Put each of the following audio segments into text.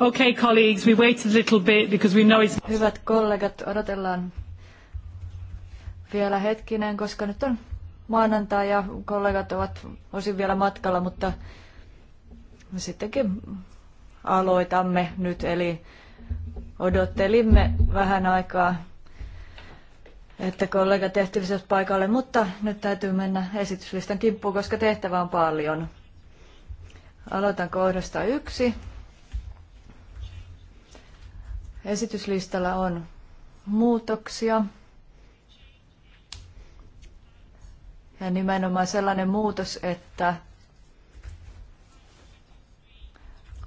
Okay, colleagues, we wait a little bit because we know it's... Hyvät kollegat, odotellaan vielä hetkinen, koska nyt on maanantai ja kollegat ovat osin vielä matkalla, mutta sittenkin aloitamme nyt, eli odottelimme vähän aikaa että kollega tehtävissä paikalle, mutta nyt täytyy mennä esityslistan kimppuun, koska tehtävä on paljon. Aloitan kohdasta yksi. Esityslistalla on muutoksia. Ja nimenomaan sellainen muutos, että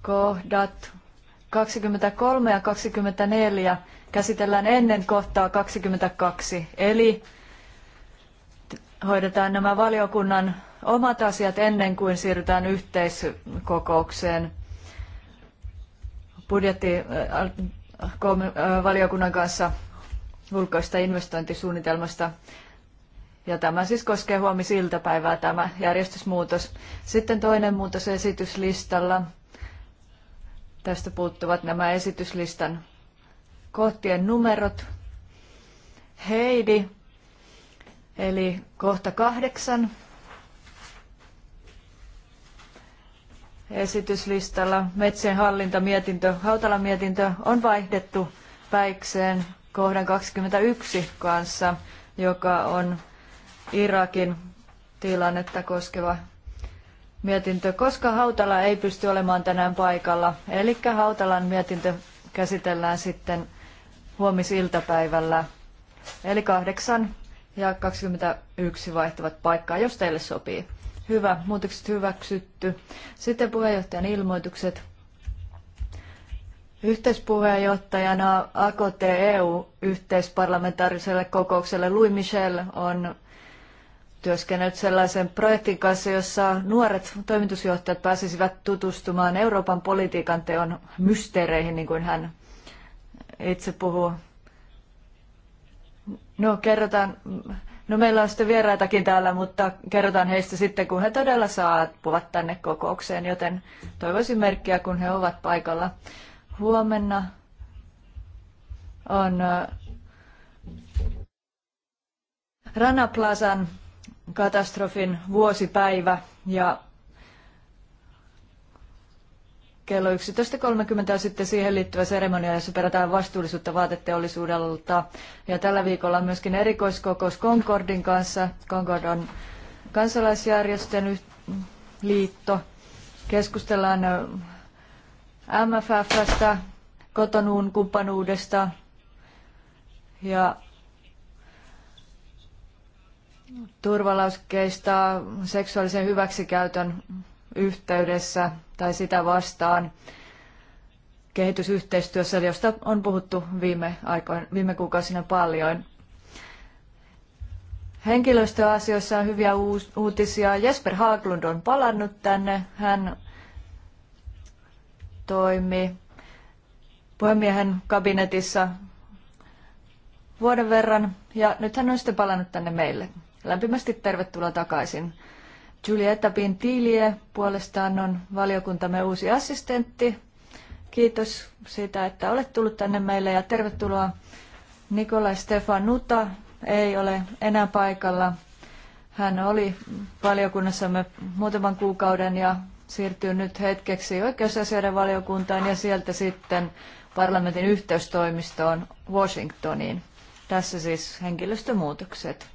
kohdat 23 ja 24 käsitellään ennen kohtaa 22, eli hoidetaan nämä valiokunnan omat asiat ennen kuin siirrytään yhteiskokoukseen budjettivaliokunnan äh, äh, kanssa ulkoista investointisuunnitelmasta. Ja tämä siis koskee huomisiltapäivää tämä järjestysmuutos. Sitten toinen muutos esityslistalla. Tästä puuttuvat nämä esityslistan kohtien numerot. Heidi, eli kohta kahdeksan esityslistalla. Metsien hallintamietintö, Hautalan mietintö on vaihdettu päikseen kohdan 21 kanssa, joka on Irakin tilannetta koskeva mietintö, koska Hautala ei pysty olemaan tänään paikalla. Eli Hautalan mietintö käsitellään sitten huomisiltapäivällä. Eli kahdeksan ja 21 vaihtavat paikkaa, jos teille sopii. Hyvä, muutokset hyväksytty. Sitten puheenjohtajan ilmoitukset. Yhteispuheenjohtajana AKT EU-yhteisparlamentaariselle kokoukselle Louis Michel on työskennellyt sellaisen projektin kanssa, jossa nuoret toimitusjohtajat pääsisivät tutustumaan Euroopan politiikan teon mysteereihin, niin kuin hän itse puhua. No kerrotaan, no meillä on sitten vieraitakin täällä, mutta kerrotaan heistä sitten, kun he todella saapuvat tänne kokoukseen, joten toivoisin merkkiä, kun he ovat paikalla. Huomenna on äh, Rana Plazan katastrofin vuosipäivä ja kello 11.30 on sitten siihen liittyvä seremonia, jossa perätään vastuullisuutta vaateteollisuudelta. Ja tällä viikolla on myöskin erikoiskokous Concordin kanssa. Concord on kansalaisjärjestön liitto. Keskustellaan MFFstä, kotonuun kumppanuudesta ja turvalauskeista seksuaalisen hyväksikäytön yhteydessä tai sitä vastaan kehitysyhteistyössä, josta on puhuttu viime, aikoin, viime kuukausina paljon. Henkilöstöasioissa on hyviä uutisia. Jesper Haaglund on palannut tänne. Hän toimi puhemiehen kabinetissa vuoden verran ja nyt hän on sitten palannut tänne meille. Lämpimästi tervetuloa takaisin. Julieta Pintilie puolestaan on valiokuntamme uusi assistentti. Kiitos siitä, että olet tullut tänne meille ja tervetuloa Nikolai Stefanuta. Ei ole enää paikalla. Hän oli valiokunnassamme muutaman kuukauden ja siirtyy nyt hetkeksi oikeusasioiden valiokuntaan ja sieltä sitten parlamentin yhteystoimistoon Washingtoniin. Tässä siis henkilöstömuutokset.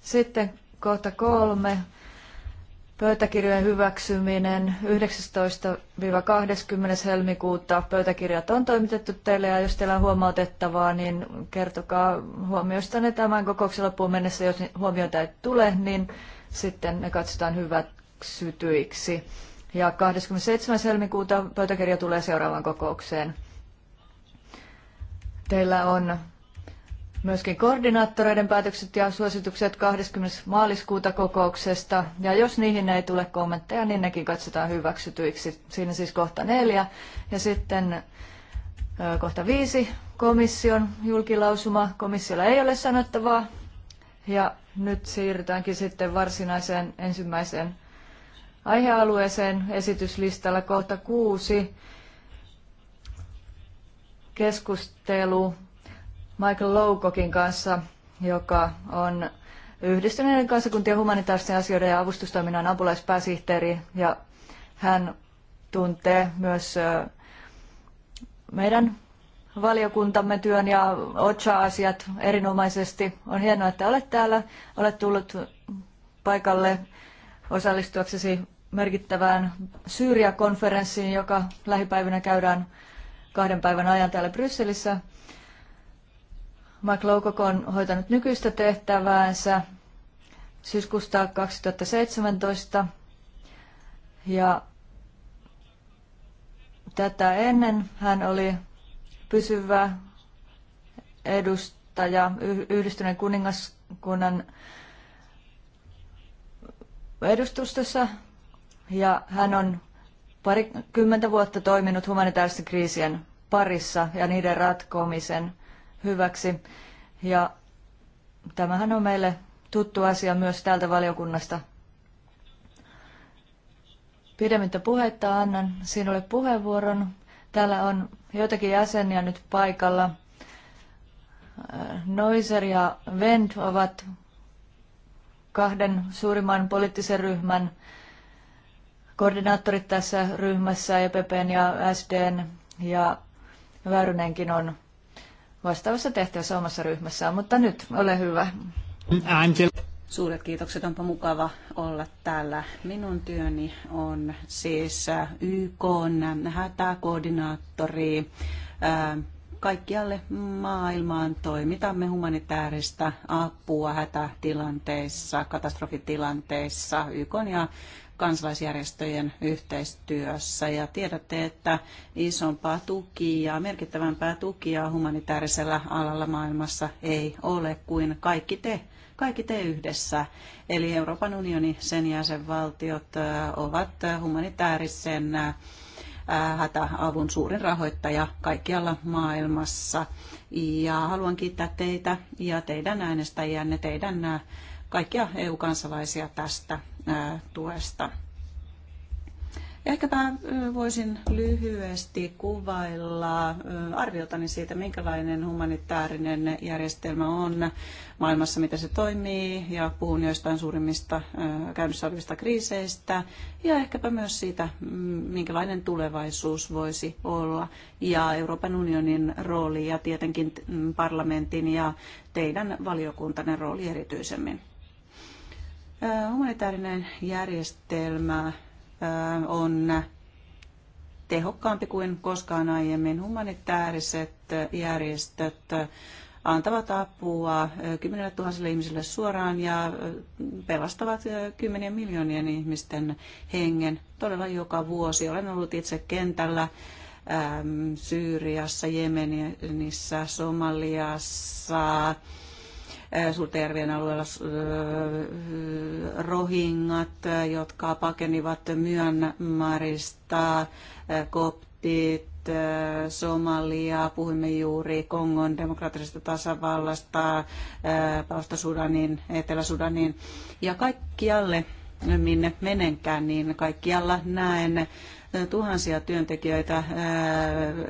Sitten kohta kolme Pöytäkirjojen hyväksyminen 19-20. helmikuuta. Pöytäkirjat on toimitettu teille ja jos teillä on huomautettavaa, niin kertokaa huomioistanne tämän kokouksen loppuun mennessä. Jos huomioita ei tule, niin sitten ne katsotaan hyväksytyiksi. Ja 27. helmikuuta pöytäkirja tulee seuraavaan kokoukseen. Teillä on myöskin koordinaattoreiden päätökset ja suositukset 20. maaliskuuta kokouksesta. Ja jos niihin ei tule kommentteja, niin nekin katsotaan hyväksytyiksi. Siinä siis kohta neljä. Ja sitten kohta viisi, komission julkilausuma. Komissiolla ei ole sanottavaa. Ja nyt siirrytäänkin sitten varsinaiseen ensimmäiseen aihealueeseen esityslistalla kohta kuusi. Keskustelu Michael Lowcockin kanssa, joka on yhdistyneiden kansakuntien humanitaaristen asioiden ja avustustoiminnan apulaispääsihteeri, ja hän tuntee myös meidän valiokuntamme työn ja OCHA-asiat erinomaisesti. On hienoa, että olet täällä. Olet tullut paikalle osallistuaksesi merkittävään Syyria-konferenssiin, joka lähipäivinä käydään kahden päivän ajan täällä Brysselissä. McLaughlin on hoitanut nykyistä tehtäväänsä syyskuusta 2017 ja tätä ennen hän oli pysyvä edustaja Yhdistyneen kuningaskunnan edustustossa ja hän on parikymmentä vuotta toiminut humanitaaristen kriisien parissa ja niiden ratkomisen – hyväksi. Ja tämähän on meille tuttu asia myös täältä valiokunnasta. Pidemmittä puhetta annan sinulle puheenvuoron. Täällä on joitakin jäseniä nyt paikalla. Noiser ja Vent ovat kahden suurimman poliittisen ryhmän koordinaattorit tässä ryhmässä, EPPn ja SDn, ja Väyrynenkin on vastaavassa tehtävässä omassa ryhmässään, mutta nyt ole hyvä. Suuret kiitokset, onpa mukava olla täällä. Minun työni on siis äh, YK hätäkoordinaattori äh, kaikkialle maailmaan toimitamme humanitaarista apua hätätilanteissa, katastrofitilanteissa YK ja kansalaisjärjestöjen yhteistyössä. Ja tiedätte, että isompaa tukia, merkittävämpää tukia humanitaarisella alalla maailmassa ei ole kuin kaikki te kaikki te yhdessä. Eli Euroopan unioni, sen jäsenvaltiot ovat humanitaarisen hätäavun suurin rahoittaja kaikkialla maailmassa. Ja haluan kiittää teitä ja teidän äänestäjiänne, teidän kaikkia EU-kansalaisia tästä tuesta. Ehkäpä voisin lyhyesti kuvailla arviotani siitä, minkälainen humanitaarinen järjestelmä on maailmassa, miten se toimii, ja puhun joistain suurimmista käynnissä olevista kriiseistä, ja ehkäpä myös siitä, minkälainen tulevaisuus voisi olla, ja Euroopan unionin rooli, ja tietenkin parlamentin ja teidän valiokuntanne rooli erityisemmin. Humanitaarinen järjestelmä on tehokkaampi kuin koskaan aiemmin. Humanitaariset järjestöt antavat apua kymmenille tuhansille ihmisille suoraan ja pelastavat kymmenien miljoonien ihmisten hengen todella joka vuosi. Olen ollut itse kentällä Syyriassa, Jemenissä, Somaliassa, Äh, Suurtajärvien alueella äh, rohingat, äh, jotka pakenivat Myönmarista, koptit, Somalia, puhuimme juuri Kongon demokraattisesta tasavallasta, Pausta-Sudanin, Etelä-Sudanin ja kaikkialle minne menenkään, niin kaikkialla näen tuhansia työntekijöitä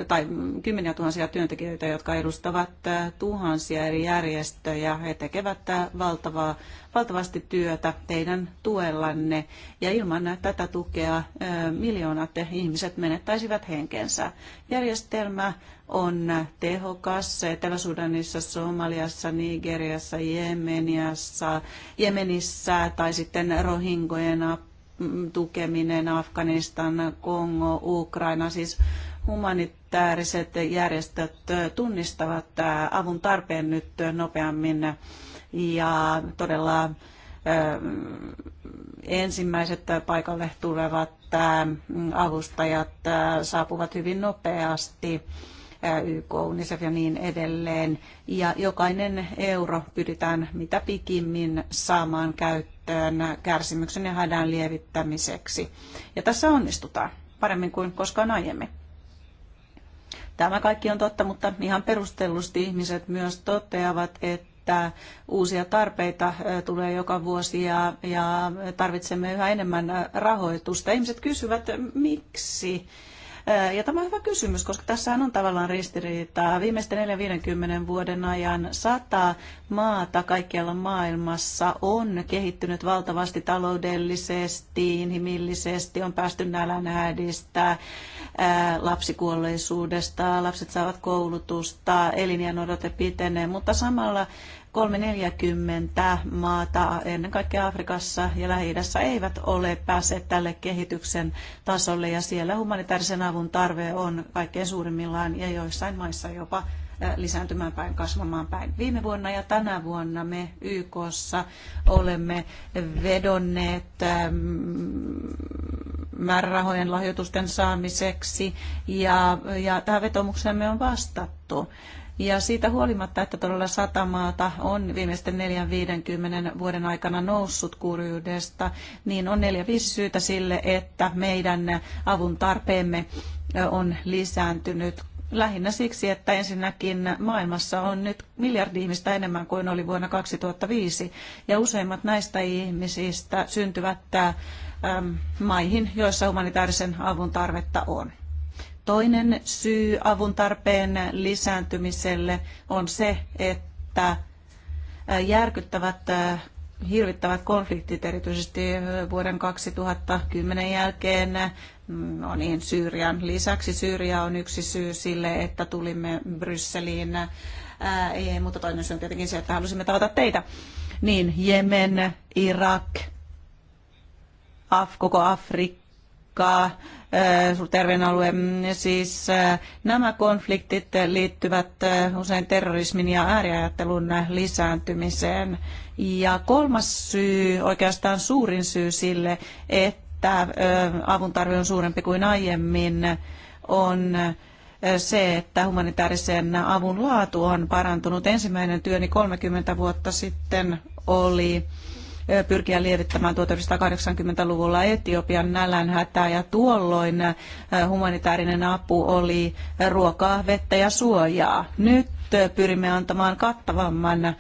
tai kymmeniä tuhansia työntekijöitä, jotka edustavat tuhansia eri järjestöjä. He tekevät valtavaa, valtavasti työtä teidän tuellanne ja ilman tätä tukea miljoonat ihmiset menettäisivät henkensä. Järjestelmä on tehokas Etelä-Sudanissa, Somaliassa, Nigeriassa, Jemeniassa, Jemenissä tai sitten Rohingojen tukeminen, Afganistan, Kongo, Ukraina, siis humanitaariset järjestöt tunnistavat avun tarpeen nyt nopeammin ja todella ensimmäiset paikalle tulevat avustajat saapuvat hyvin nopeasti. YK, UNICEF ja niin edelleen. Ja jokainen euro pyritään mitä pikimmin saamaan käyttöön käyttöön kärsimyksen ja hädän lievittämiseksi. Ja tässä onnistutaan paremmin kuin koskaan aiemmin. Tämä kaikki on totta, mutta ihan perustellusti ihmiset myös toteavat, että uusia tarpeita tulee joka vuosi ja, ja tarvitsemme yhä enemmän rahoitusta. Ihmiset kysyvät, miksi ja tämä on hyvä kysymys, koska tässä on tavallaan ristiriitaa. Viimeisten 4-50 vuoden ajan sata maata kaikkialla maailmassa on kehittynyt valtavasti taloudellisesti, inhimillisesti, on päästy nälänhädistä, lapsikuolleisuudesta, lapset saavat koulutusta, eliniän odote pitenee, mutta samalla 340 maata ennen kaikkea Afrikassa ja lähi eivät ole päässeet tälle kehityksen tasolle ja siellä humanitaarisen avun tarve on kaikkein suurimmillaan ja joissain maissa jopa eh, lisääntymään päin, kasvamaan päin. Viime vuonna ja tänä vuonna me YKssa olemme vedonneet ehm, määrärahojen lahjoitusten saamiseksi ja, ja tähän vetomukseen me on vastattu. Ja siitä huolimatta, että todella satamaata on viimeisten 4-50 vuoden aikana noussut kurjuudesta, niin on neljä viisi syytä sille, että meidän avun tarpeemme on lisääntynyt Lähinnä siksi, että ensinnäkin maailmassa on nyt miljardi ihmistä enemmän kuin oli vuonna 2005, ja useimmat näistä ihmisistä syntyvät maihin, joissa humanitaarisen avun tarvetta on. Toinen syy avun tarpeen lisääntymiselle on se, että järkyttävät hirvittävät konfliktit, erityisesti vuoden 2010 jälkeen, no niin, Syyrian lisäksi. Syyria on yksi syy sille, että tulimme Brysseliin, Ää, ei, mutta toinen syy on tietenkin se, että halusimme tavata teitä. Niin, Jemen, Irak, Af, koko Afrikka Afrikkaa, äh, terveydenalueen, siis äh, nämä konfliktit liittyvät äh, usein terrorismin ja ääriajattelun lisääntymiseen. Ja kolmas syy, oikeastaan suurin syy sille, että avun tarve on suurempi kuin aiemmin, on se, että humanitaarisen avun laatu on parantunut. Ensimmäinen työni 30 vuotta sitten oli pyrkiä lievittämään 1980-luvulla Etiopian nälänhätää ja tuolloin humanitaarinen apu oli ruokaa, vettä ja suojaa. Nyt pyrimme antamaan kattavamman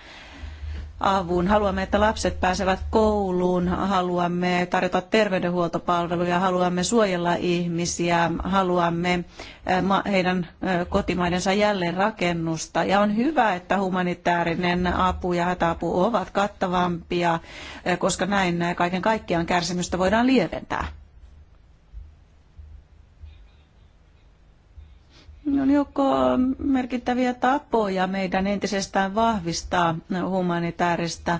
avun. Haluamme, että lapset pääsevät kouluun, haluamme tarjota terveydenhuoltopalveluja, haluamme suojella ihmisiä, haluamme eh, heidän eh, kotimaidensa jälleenrakennusta. Ja on hyvä, että humanitaarinen apu ja hätäapu ovat kattavampia, eh, koska näin kaiken kaikkiaan kärsimystä voidaan lieventää. Niin on joko ähm, merkittäviä tapoja meidän entisestään vahvistaa humanitaarista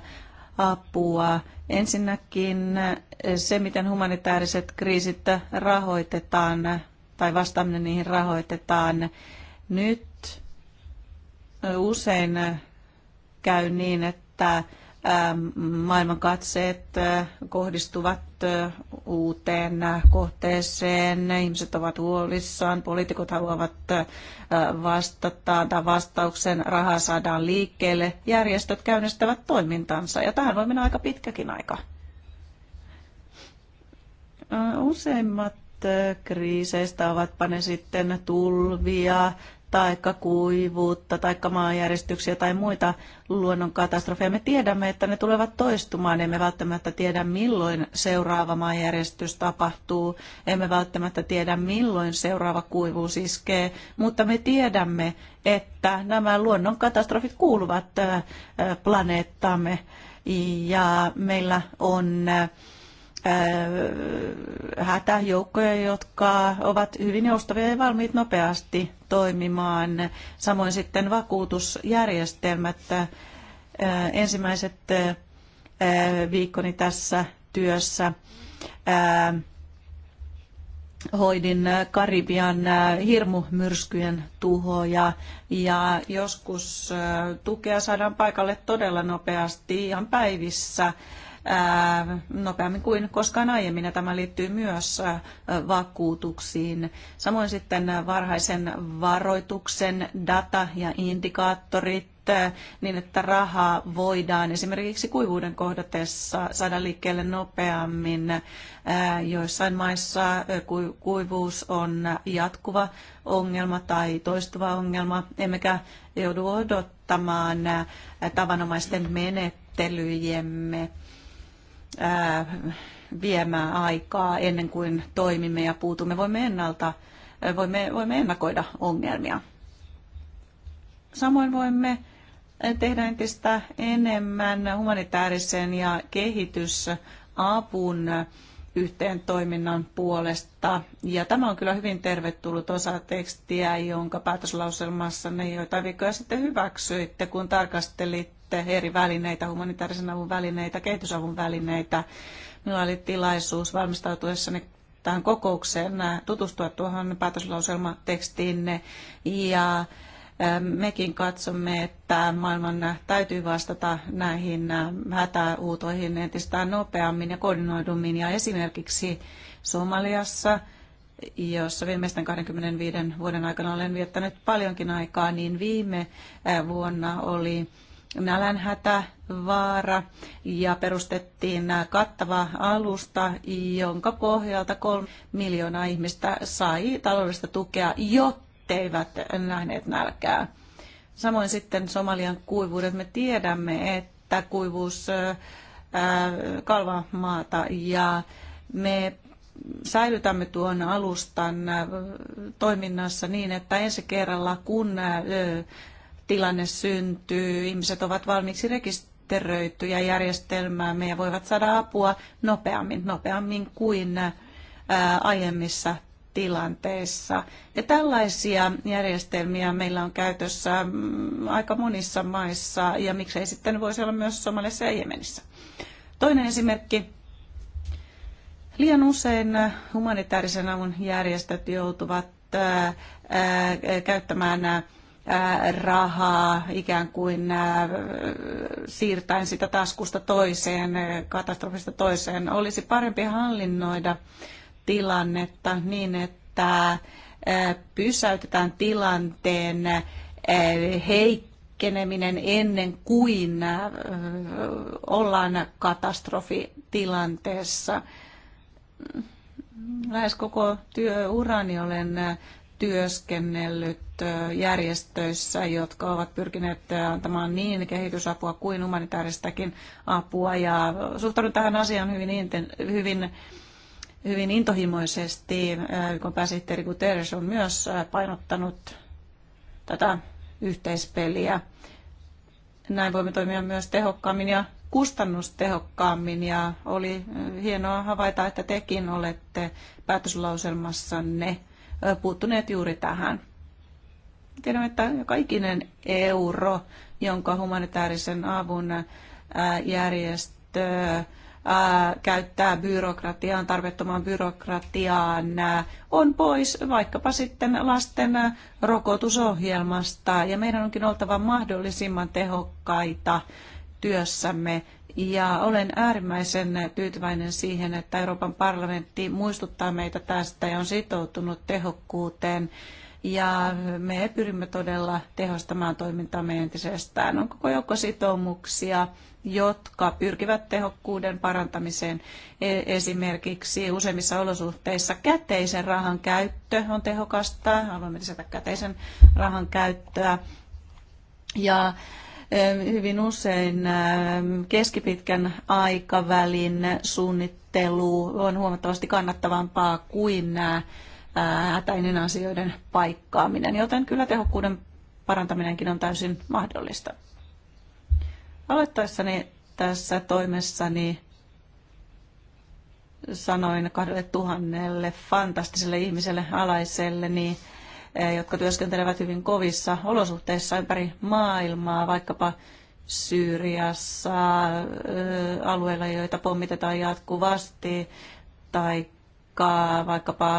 apua. Ensinnäkin äh, se, miten humanitaariset kriisit rahoitetaan äh, tai vastaaminen niihin rahoitetaan. Nyt äh, usein käy niin, että Ähm, maailmankatseet äh, kohdistuvat äh, uuteen äh, kohteeseen, ihmiset ovat huolissaan, poliitikot haluavat vastata, antaa vastauksen, rahaa saadaan liikkeelle, järjestöt käynnistävät toimintansa ja tähän voi mennä aika pitkäkin aika. Useimmat kriiseistä, ovatpa ne sitten tulvia, tai kuivuutta tai maanjäristyksiä tai muita luonnonkatastrofeja. Me tiedämme, että ne tulevat toistumaan. Emme välttämättä tiedä, milloin seuraava maanjäristys tapahtuu. Emme välttämättä tiedä, milloin seuraava kuivuus iskee. Mutta me tiedämme, että nämä luonnonkatastrofit kuuluvat äh, äh, planeettamme. Ja meillä on äh, Äh, hätäjoukkoja, jotka ovat hyvin joustavia ja valmiit nopeasti toimimaan. Samoin sitten vakuutusjärjestelmät. Äh, ensimmäiset äh, viikkoni tässä työssä hoidin Karibian hirmumyrskyjen tuhoja ja joskus tukea saadaan paikalle todella nopeasti ihan päivissä nopeammin kuin koskaan aiemmin, ja tämä liittyy myös vakuutuksiin. Samoin sitten varhaisen varoituksen data ja indikaattorit, niin että rahaa voidaan esimerkiksi kuivuuden kohdatessa saada liikkeelle nopeammin. Joissain maissa kuivuus on jatkuva ongelma tai toistuva ongelma, emmekä joudu odottamaan tavanomaisten menettelyjemme viemään aikaa ennen kuin toimimme ja puutumme. Voimme, ennalta, voimme, voimme ennakoida ongelmia. Samoin voimme tehdä entistä enemmän humanitaarisen ja kehitysapun yhteen toiminnan puolesta. Ja tämä on kyllä hyvin tervetullut osa tekstiä, jonka päätöslauselmassa ne, joita viikkoja sitten hyväksyitte, kun tarkastelitte eri välineitä, humanitaarisen avun välineitä, kehitysavun välineitä. Minulla oli tilaisuus valmistautuessani tähän kokoukseen äh, tutustua tuohon päätöslauselmatekstiinne ja mekin katsomme, että maailman täytyy vastata näihin hätäuutoihin entistä nopeammin ja koordinoidummin. Ja esimerkiksi Somaliassa, jossa viimeisten 25 vuoden aikana olen viettänyt paljonkin aikaa, niin viime vuonna oli vaara ja perustettiin kattava alusta, jonka pohjalta kolme miljoonaa ihmistä sai taloudellista tukea, jotta etteivät nähneet nälkää. Samoin sitten Somalian kuivuudet. Me tiedämme, että kuivuus kalvaa maata ja me säilytämme tuon alustan toiminnassa niin, että ensi kerralla kun tilanne syntyy, ihmiset ovat valmiiksi rekisteröityjä järjestelmäämme ja voivat saada apua nopeammin, nopeammin kuin aiemmissa tilanteessa. Ja tällaisia järjestelmiä meillä on käytössä mm, aika monissa maissa ja miksei sitten voisi olla myös Somaliassa ja Jemenissä. Toinen esimerkki. Liian usein humanitaarisen avun järjestöt joutuvat äh, äh, käyttämään äh, rahaa ikään kuin siirtäen sitä taskusta toiseen, katastrofista toiseen. Olisi parempi hallinnoida tilannetta niin, että pysäytetään tilanteen heikkeneminen ennen kuin ollaan katastrofitilanteessa. Lähes koko työurani olen työskennellyt järjestöissä, jotka ovat pyrkineet antamaan niin kehitysapua kuin humanitaaristakin apua. Ja suhtaudun tähän asiaan hyvin, hyvin hyvin intohimoisesti. YK pääsihteeri Guterres on myös painottanut tätä yhteispeliä. Näin voimme toimia myös tehokkaammin ja kustannustehokkaammin ja oli hienoa havaita, että tekin olette päätöslauselmassanne puuttuneet juuri tähän. Tiedämme, että kaikinen euro, jonka humanitaarisen avun järjestö käyttää byrokratiaan, tarpeettomaan byrokratiaan, on pois vaikkapa sitten lasten rokotusohjelmasta. Ja meidän onkin oltava mahdollisimman tehokkaita työssämme. Ja olen äärimmäisen tyytyväinen siihen, että Euroopan parlamentti muistuttaa meitä tästä ja on sitoutunut tehokkuuteen. Ja me pyrimme todella tehostamaan toimintaamme entisestään. On koko joukko sitoumuksia, jotka pyrkivät tehokkuuden parantamiseen e- esimerkiksi useimmissa olosuhteissa. Käteisen rahan käyttö on tehokasta, haluamme lisätä käteisen rahan käyttöä. Ja e, hyvin usein e, keskipitkän aikavälin suunnittelu on huomattavasti kannattavampaa kuin nämä hätäinen asioiden paikkaaminen, joten kyllä tehokkuuden parantaminenkin on täysin mahdollista. Aloittaessani tässä toimessani sanoin kahdelle tuhannelle fantastiselle ihmiselle alaiselle, niin eh, jotka työskentelevät hyvin kovissa olosuhteissa ympäri maailmaa, vaikkapa Syyriassa, eh, alueilla, joita pommitetaan jatkuvasti, tai vaikkapa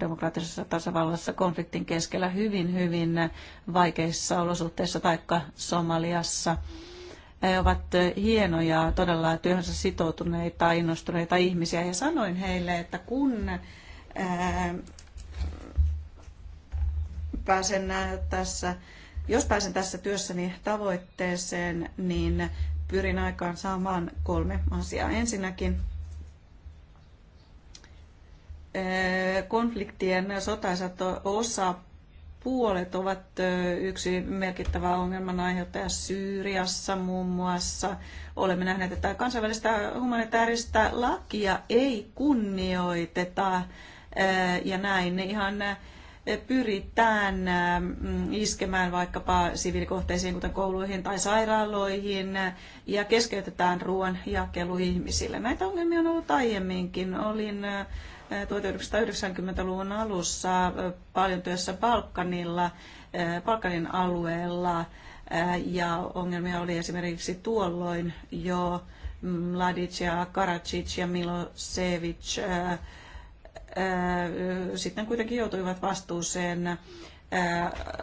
demokraattisessa tasavallassa konfliktin keskellä hyvin, hyvin vaikeissa olosuhteissa, taikka Somaliassa – he ovat hienoja, todella työhönsä sitoutuneita, innostuneita ihmisiä. Ja sanoin heille, että kun pääsen tässä, jos pääsen tässä työssäni tavoitteeseen, niin pyrin aikaan saamaan kolme asiaa. Ensinnäkin konfliktien sotaisat osa puolet ovat yksi merkittävä ongelman aiheuttaja Syyriassa muun muassa. Olemme nähneet, että kansainvälistä humanitaarista lakia ei kunnioiteta ja näin ihan pyritään iskemään vaikkapa siviilikohteisiin, kuten kouluihin tai sairaaloihin, ja keskeytetään ruoan jakelu ihmisille. Näitä ongelmia on ollut aiemminkin. Olin 1990-luvun alussa paljon työssä Balkanilla, Balkanin alueella ja ongelmia oli esimerkiksi tuolloin jo mm, Mladic ja Karadzic ja Milosevic sitten kuitenkin joutuivat vastuuseen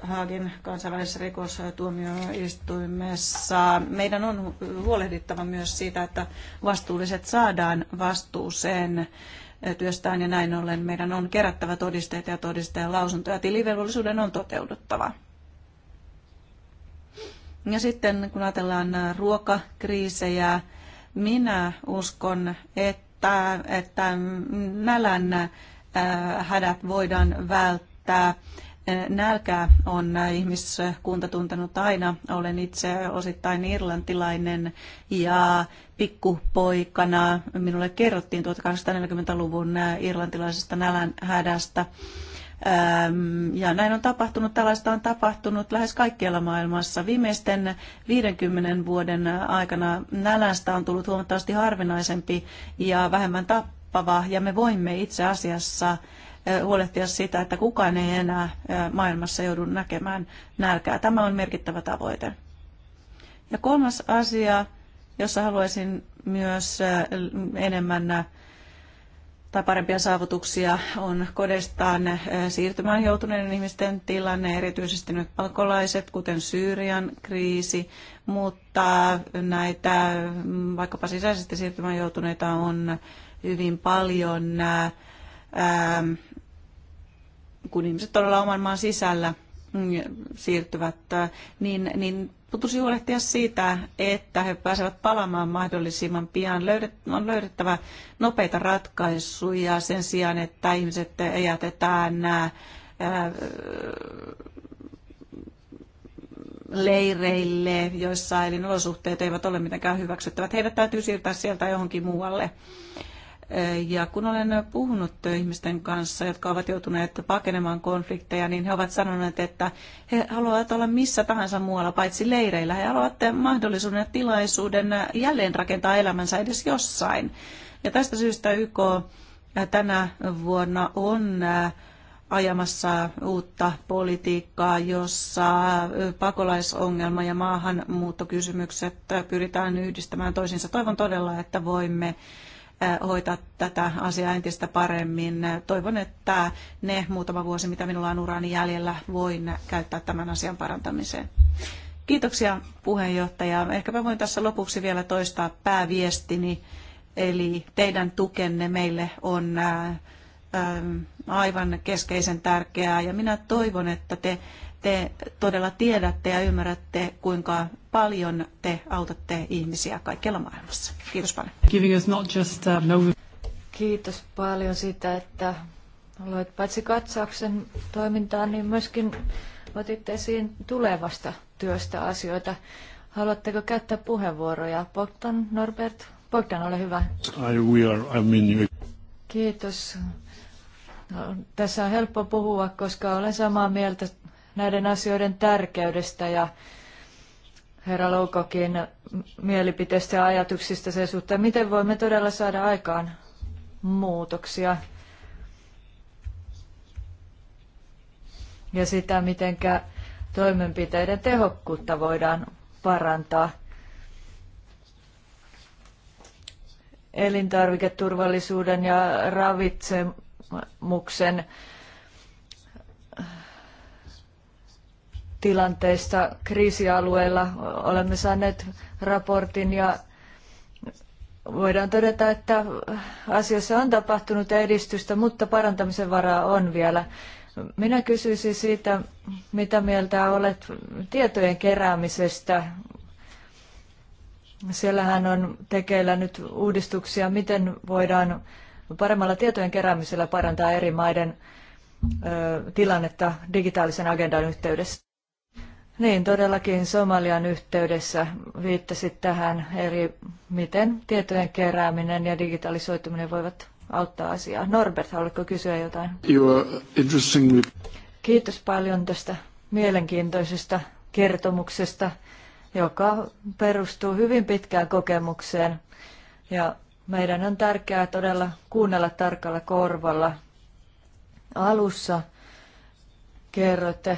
Haagin kansainvälisessä rikostuomioistuimessa. Meidän on huolehdittava myös siitä, että vastuulliset saadaan vastuuseen työstään ja näin ollen meidän on kerättävä todisteita ja todisteen lausuntoja. Tilivelvollisuuden on toteuduttava. Ja sitten kun ajatellaan ruokakriisejä, minä uskon, että, että nälän äh, hädät voidaan välttää Nälkää on ihmiskunta tuntenut aina. Olen itse osittain irlantilainen ja pikkupoikana minulle kerrottiin 1840-luvun irlantilaisesta nälänhädästä. Ja näin on tapahtunut, tällaista on tapahtunut lähes kaikkialla maailmassa. Viimeisten 50 vuoden aikana nälästä on tullut huomattavasti harvinaisempi ja vähemmän tappava, ja me voimme itse asiassa huolehtia sitä, että kukaan ei enää maailmassa joudu näkemään nälkää. Tämä on merkittävä tavoite. Ja kolmas asia, jossa haluaisin myös enemmän tai parempia saavutuksia on kodestaan siirtymään joutuneiden ihmisten tilanne, erityisesti nyt pakolaiset, kuten Syyrian kriisi, mutta näitä mm, vaikkapa sisäisesti siirtymään joutuneita on hyvin paljon kun ihmiset todella oman maan sisällä mm, siirtyvät, niin, niin tulisi huolehtia siitä, että he pääsevät palaamaan mahdollisimman pian. on löydettävä nopeita ratkaisuja sen sijaan, että ihmiset jätetään nämä leireille, joissa elinolosuhteet eivät ole mitenkään hyväksyttävät. Heidät täytyy siirtää sieltä johonkin muualle. Ja kun olen puhunut ihmisten kanssa, jotka ovat joutuneet pakenemaan konflikteja, niin he ovat sanoneet, että he haluavat olla missä tahansa muualla paitsi leireillä. He haluavat mahdollisuuden ja tilaisuuden jälleen rakentaa elämänsä edes jossain. Ja tästä syystä YK tänä vuonna on ajamassa uutta politiikkaa, jossa pakolaisongelma ja maahanmuuttokysymykset pyritään yhdistämään toisiinsa. Toivon todella, että voimme hoitaa tätä asiaa entistä paremmin. Toivon, että ne muutama vuosi, mitä minulla on uraani jäljellä, voin käyttää tämän asian parantamiseen. Kiitoksia puheenjohtaja. Ehkäpä voin tässä lopuksi vielä toistaa pääviestini. Eli teidän tukenne meille on aivan keskeisen tärkeää ja minä toivon, että te te todella tiedätte ja ymmärrätte, kuinka paljon te autatte ihmisiä kaikkialla maailmassa. Kiitos paljon. Uh, no- Kiitos paljon sitä, että olet paitsi katsauksen toimintaan, niin myöskin otitte esiin tulevasta työstä asioita. Haluatteko käyttää puheenvuoroja? Bogdan, Norbert, Bogdan, ole hyvä. I will, I mean... Kiitos. No, tässä on helppo puhua, koska olen samaa mieltä näiden asioiden tärkeydestä ja herra Loukokin mielipiteistä ja ajatuksista sen suhteen, miten voimme todella saada aikaan muutoksia ja sitä, miten toimenpiteiden tehokkuutta voidaan parantaa. Elintarviketurvallisuuden ja ravitsemuksen tilanteesta kriisialueella. Olemme saaneet raportin ja voidaan todeta, että asiassa on tapahtunut edistystä, mutta parantamisen varaa on vielä. Minä kysyisin siitä, mitä mieltä olet tietojen keräämisestä. Siellähän on tekeillä nyt uudistuksia, miten voidaan paremmalla tietojen keräämisellä parantaa eri maiden tilannetta digitaalisen agendan yhteydessä. Niin, todellakin Somalian yhteydessä viittasit tähän, eli miten tietojen kerääminen ja digitalisoituminen voivat auttaa asiaa. Norbert, haluatko kysyä jotain? Kiitos paljon tästä mielenkiintoisesta kertomuksesta, joka perustuu hyvin pitkään kokemukseen. Ja meidän on tärkeää todella kuunnella tarkalla korvalla. Alussa kerroitte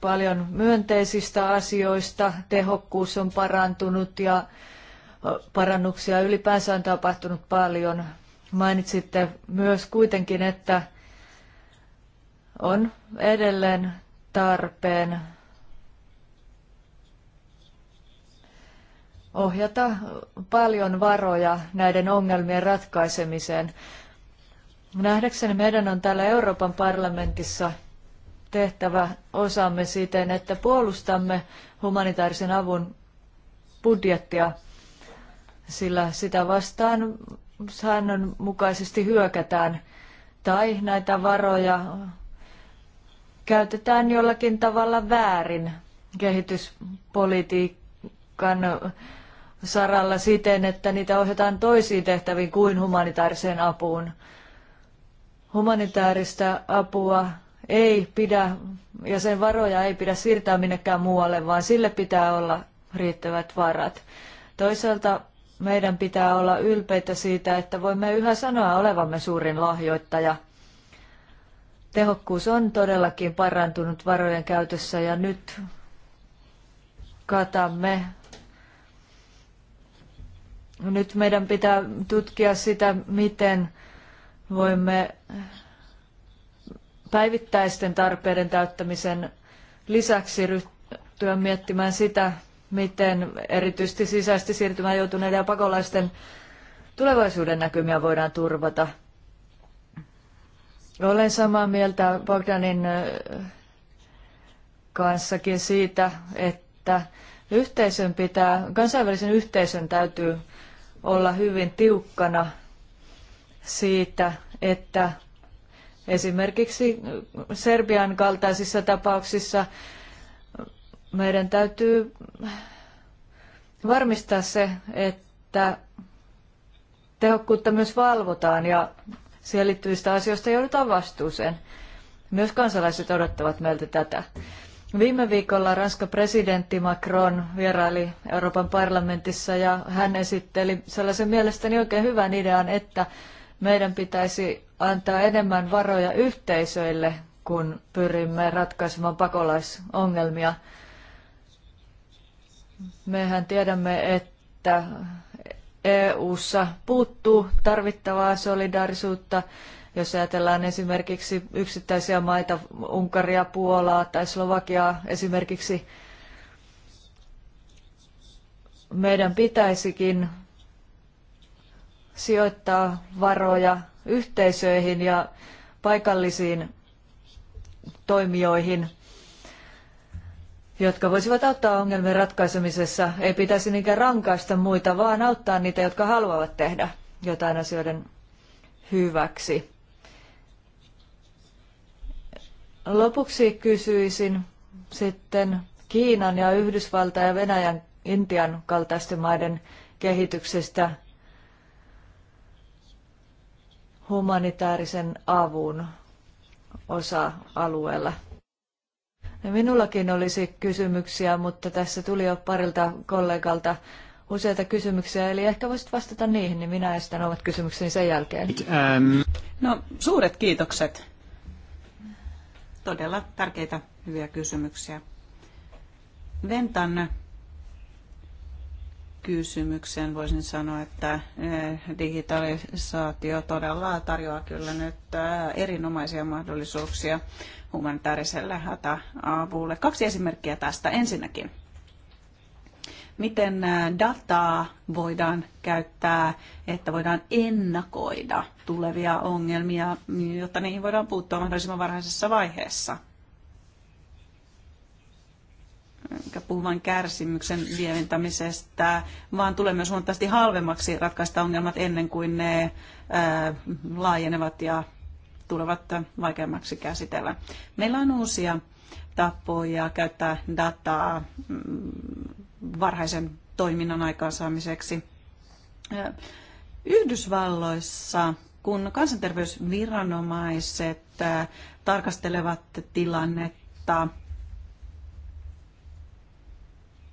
paljon myönteisistä asioista, tehokkuus on parantunut ja parannuksia ylipäänsä on tapahtunut paljon. Mainitsitte myös kuitenkin, että on edelleen tarpeen ohjata paljon varoja näiden ongelmien ratkaisemiseen. Nähdäkseni meidän on täällä Euroopan parlamentissa tehtävä osamme siten, että puolustamme humanitaarisen avun budjettia, sillä sitä vastaan säännönmukaisesti hyökätään tai näitä varoja käytetään jollakin tavalla väärin kehityspolitiikan saralla siten, että niitä ohjataan toisiin tehtäviin kuin humanitaariseen apuun. Humanitaarista apua ei pidä, ja sen varoja ei pidä siirtää minnekään muualle, vaan sille pitää olla riittävät varat. Toisaalta meidän pitää olla ylpeitä siitä, että voimme yhä sanoa olevamme suurin lahjoittaja. Tehokkuus on todellakin parantunut varojen käytössä ja nyt katamme. Nyt meidän pitää tutkia sitä, miten voimme päivittäisten tarpeiden täyttämisen lisäksi ryhtyä miettimään sitä, miten erityisesti sisäisesti siirtymään joutuneiden ja pakolaisten tulevaisuuden näkymiä voidaan turvata. Olen samaa mieltä Bogdanin kanssakin siitä, että yhteisön pitää, kansainvälisen yhteisön täytyy olla hyvin tiukkana siitä, että Esimerkiksi Serbian kaltaisissa tapauksissa meidän täytyy varmistaa se, että tehokkuutta myös valvotaan ja siihen liittyvistä asioista joudutaan vastuuseen. Myös kansalaiset odottavat meiltä tätä. Viime viikolla Ranskan presidentti Macron vieraili Euroopan parlamentissa ja hän esitteli sellaisen mielestäni oikein hyvän idean, että meidän pitäisi antaa enemmän varoja yhteisöille, kun pyrimme ratkaisemaan pakolaisongelmia. Mehän tiedämme, että EU:ssa puuttuu tarvittavaa solidaarisuutta. Jos ajatellaan esimerkiksi yksittäisiä maita, Unkaria, Puolaa tai Slovakiaa esimerkiksi, meidän pitäisikin sijoittaa varoja yhteisöihin ja paikallisiin toimijoihin, jotka voisivat auttaa ongelmien ratkaisemisessa. Ei pitäisi niinkään rankaista muita, vaan auttaa niitä, jotka haluavat tehdä jotain asioiden hyväksi. Lopuksi kysyisin sitten Kiinan ja Yhdysvaltain ja Venäjän Intian kaltaisten maiden kehityksestä humanitaarisen avun osa-alueella. Minullakin olisi kysymyksiä, mutta tässä tuli jo parilta kollegalta useita kysymyksiä, eli ehkä voisit vastata niihin, niin minä estän omat kysymykseni sen jälkeen. Ähm. No, suuret kiitokset. Todella tärkeitä, hyviä kysymyksiä. Ventan kysymykseen voisin sanoa, että eh, digitalisaatio todella tarjoaa kyllä nyt eh, erinomaisia mahdollisuuksia humanitaariselle hätäavulle. Kaksi esimerkkiä tästä. Ensinnäkin, miten eh, dataa voidaan käyttää, että voidaan ennakoida tulevia ongelmia, jotta niihin voidaan puuttua mahdollisimman varhaisessa vaiheessa – enkä puhu vain kärsimyksen lieventämisestä, vaan tulee myös huomattavasti halvemmaksi ratkaista ongelmat ennen kuin ne ää, laajenevat ja tulevat vaikeammaksi käsitellä. Meillä on uusia tapoja käyttää dataa mm, varhaisen toiminnan aikaansaamiseksi. Yhdysvalloissa, kun kansanterveysviranomaiset tarkastelevat tilannetta,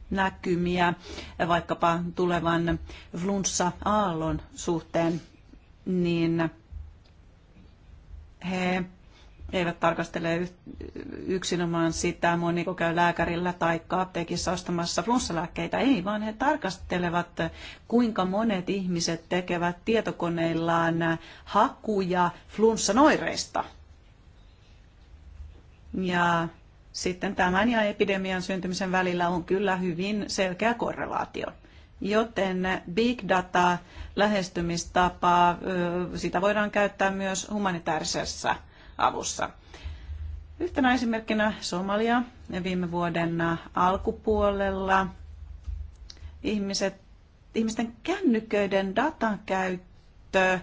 näkymiä vaikkapa tulevan flunssa-aallon suhteen, niin he eivät tarkastele yksinomaan sitä, moni käy lääkärillä tai apteekissa ostamassa flunssalääkkeitä. Ei, vaan he tarkastelevat, kuinka monet ihmiset tekevät tietokoneillaan hakuja flunssanoireista. Ja sitten tämän ja epidemian syntymisen välillä on kyllä hyvin selkeä korrelaatio. Joten big data lähestymistapaa, sitä voidaan käyttää myös humanitaarisessa avussa. Yhtenä esimerkkinä Somalia viime vuoden alkupuolella ihmiset, ihmisten kännyköiden datan käyttö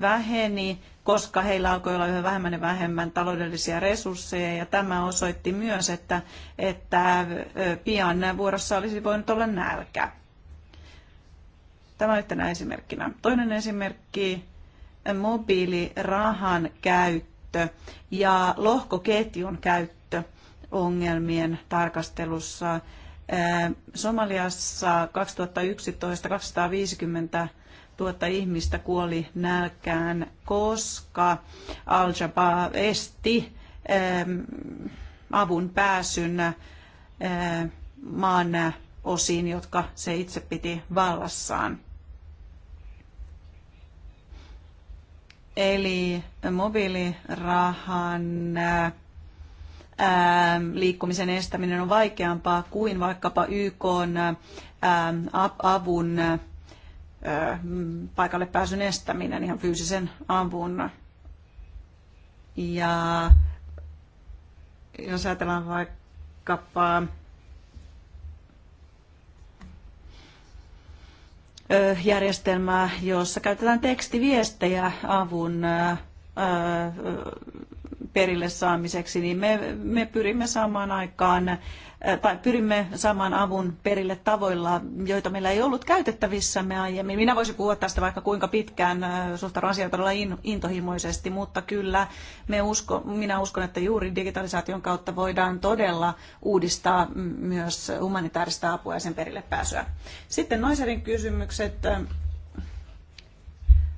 väheni, koska heillä alkoi olla yhä vähemmän ja vähemmän taloudellisia resursseja. Ja tämä osoitti myös, että, että pian vuorossa olisi voinut olla nälkä. Tämä yhtenä esimerkkinä. Toinen esimerkki, mobiilirahan käyttö ja lohkoketjun käyttö ongelmien tarkastelussa. Somaliassa 2011 250 tuhatta ihmistä kuoli nälkään, koska Al-Jabaa esti avun pääsyn maan osiin, jotka se itse piti vallassaan. Eli mobiilirahan liikkumisen estäminen on vaikeampaa kuin vaikkapa YK avun paikalle pääsyn estäminen, ihan fyysisen avun. Ja jos ajatellaan vaikkapa järjestelmää, jossa käytetään tekstiviestejä avun perille saamiseksi, niin me, me pyrimme saamaan aikaan äh, tai pyrimme saamaan avun perille tavoilla, joita meillä ei ollut käytettävissämme aiemmin. Minä voisin puhua tästä vaikka kuinka pitkään, äh, suhtaudun asiaan todella intohimoisesti, mutta kyllä me usko, minä uskon, että juuri digitalisaation kautta voidaan todella uudistaa myös humanitaarista apua ja sen perille pääsyä. Sitten Noiserin kysymykset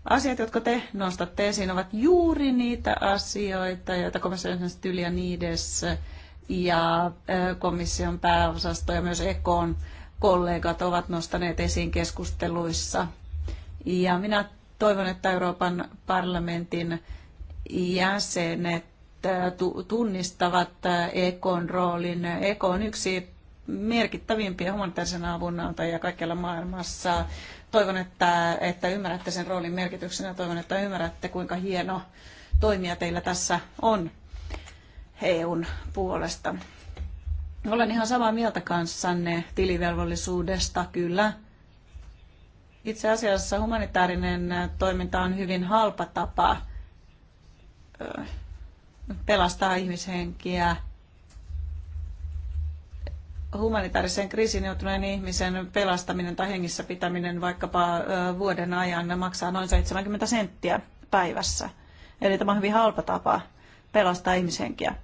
asiat, jotka te nostatte esiin, ovat juuri niitä asioita, joita komission tyliä Niides ja komission pääosasto ja myös EKOn kollegat ovat nostaneet esiin keskusteluissa. Ja minä toivon, että Euroopan parlamentin jäsenet tunnistavat Ekon roolin. Eko on yksi merkittävimpiä humanitaarisen avun ja kaikkialla maailmassa toivon, että, että ymmärrätte sen roolin merkityksen ja Toivon, että ymmärrätte, kuinka hieno toimija teillä tässä on EUn puolesta. Olen ihan samaa mieltä kanssanne tilivelvollisuudesta, kyllä. Itse asiassa humanitaarinen toiminta on hyvin halpa tapa pelastaa ihmishenkiä humanitaariseen kriisiin joutuneen ihmisen pelastaminen tai hengissä pitäminen vaikkapa vuoden ajan maksaa noin 70 senttiä päivässä. Eli tämä on hyvin halpa tapa pelastaa ihmishenkiä.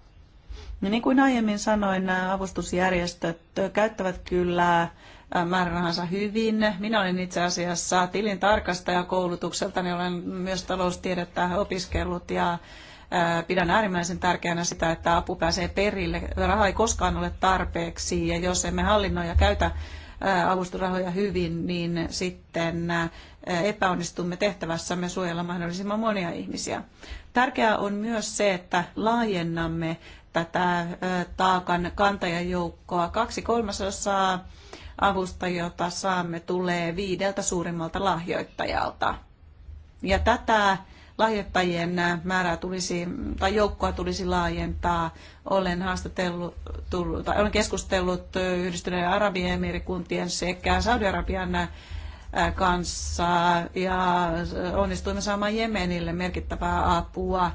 Ja niin kuin aiemmin sanoin, nämä avustusjärjestöt käyttävät kyllä määrärahansa hyvin. Minä olen itse asiassa tilintarkastaja koulutukselta, niin olen myös taloustiedettä opiskellut ja Pidän äärimmäisen tärkeänä sitä, että apu pääsee perille. Raha ei koskaan ole tarpeeksi ja jos emme hallinnoi ja käytä avustusrahoja hyvin, niin sitten epäonnistumme tehtävässämme suojella mahdollisimman monia ihmisiä. Tärkeää on myös se, että laajennamme tätä taakan kantajajoukkoa. Kaksi kolmasosaa avustajia, jota saamme, tulee viideltä suurimmalta lahjoittajalta. Ja tätä lahjoittajien määrää tulisi, tai joukkoa tulisi laajentaa. Olen haastatellut, tai olen keskustellut Yhdistyneen Arabiemiirikuntien sekä Saudi-Arabian kanssa ja onnistuimme saamaan Jemenille merkittävää apua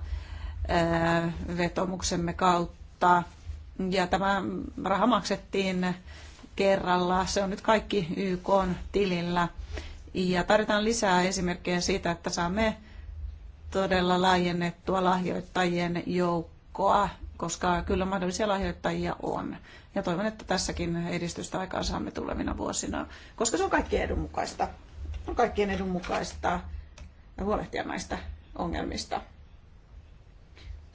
vetomuksemme kautta. Ja tämä raha maksettiin kerralla. Se on nyt kaikki YK tilillä. Ja tarvitaan lisää esimerkkejä siitä, että saamme todella laajennettua lahjoittajien joukkoa, koska kyllä mahdollisia lahjoittajia on. Ja toivon, että tässäkin edistystä aikaa saamme tulevina vuosina, koska se on kaikkien edun mukaista. On kaikkien edun mukaista huolehtia näistä ongelmista.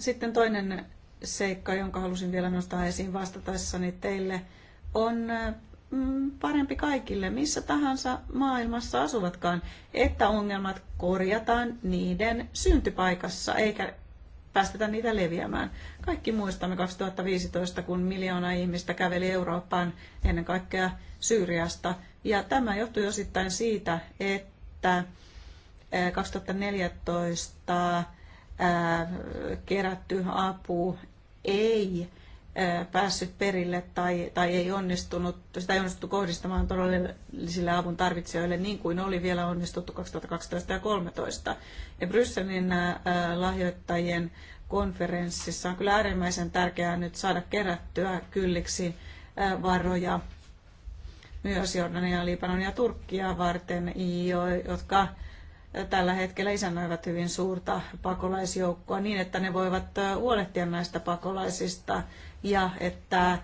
Sitten toinen seikka, jonka halusin vielä nostaa esiin vastataessani teille, on Mm, parempi kaikille, missä tahansa maailmassa asuvatkaan, että ongelmat korjataan niiden syntypaikassa eikä päästetä niitä leviämään. Kaikki muistamme 2015, kun miljoona ihmistä käveli Eurooppaan ennen kaikkea Syyriasta. Ja tämä johtui osittain siitä, että 2014 eh, eh, kerätty apu ei päässyt perille tai, tai ei onnistunut, sitä ei onnistuttu kohdistamaan todellisille avun tarvitsijoille niin kuin oli vielä onnistuttu 2012 ja 2013. Ja Brysselin lahjoittajien konferenssissa on kyllä äärimmäisen tärkeää nyt saada kerättyä kylliksi varoja myös Jordania, Libanon ja Turkkia varten, jotka tällä hetkellä isännöivät hyvin suurta pakolaisjoukkoa niin, että ne voivat huolehtia näistä pakolaisista ja että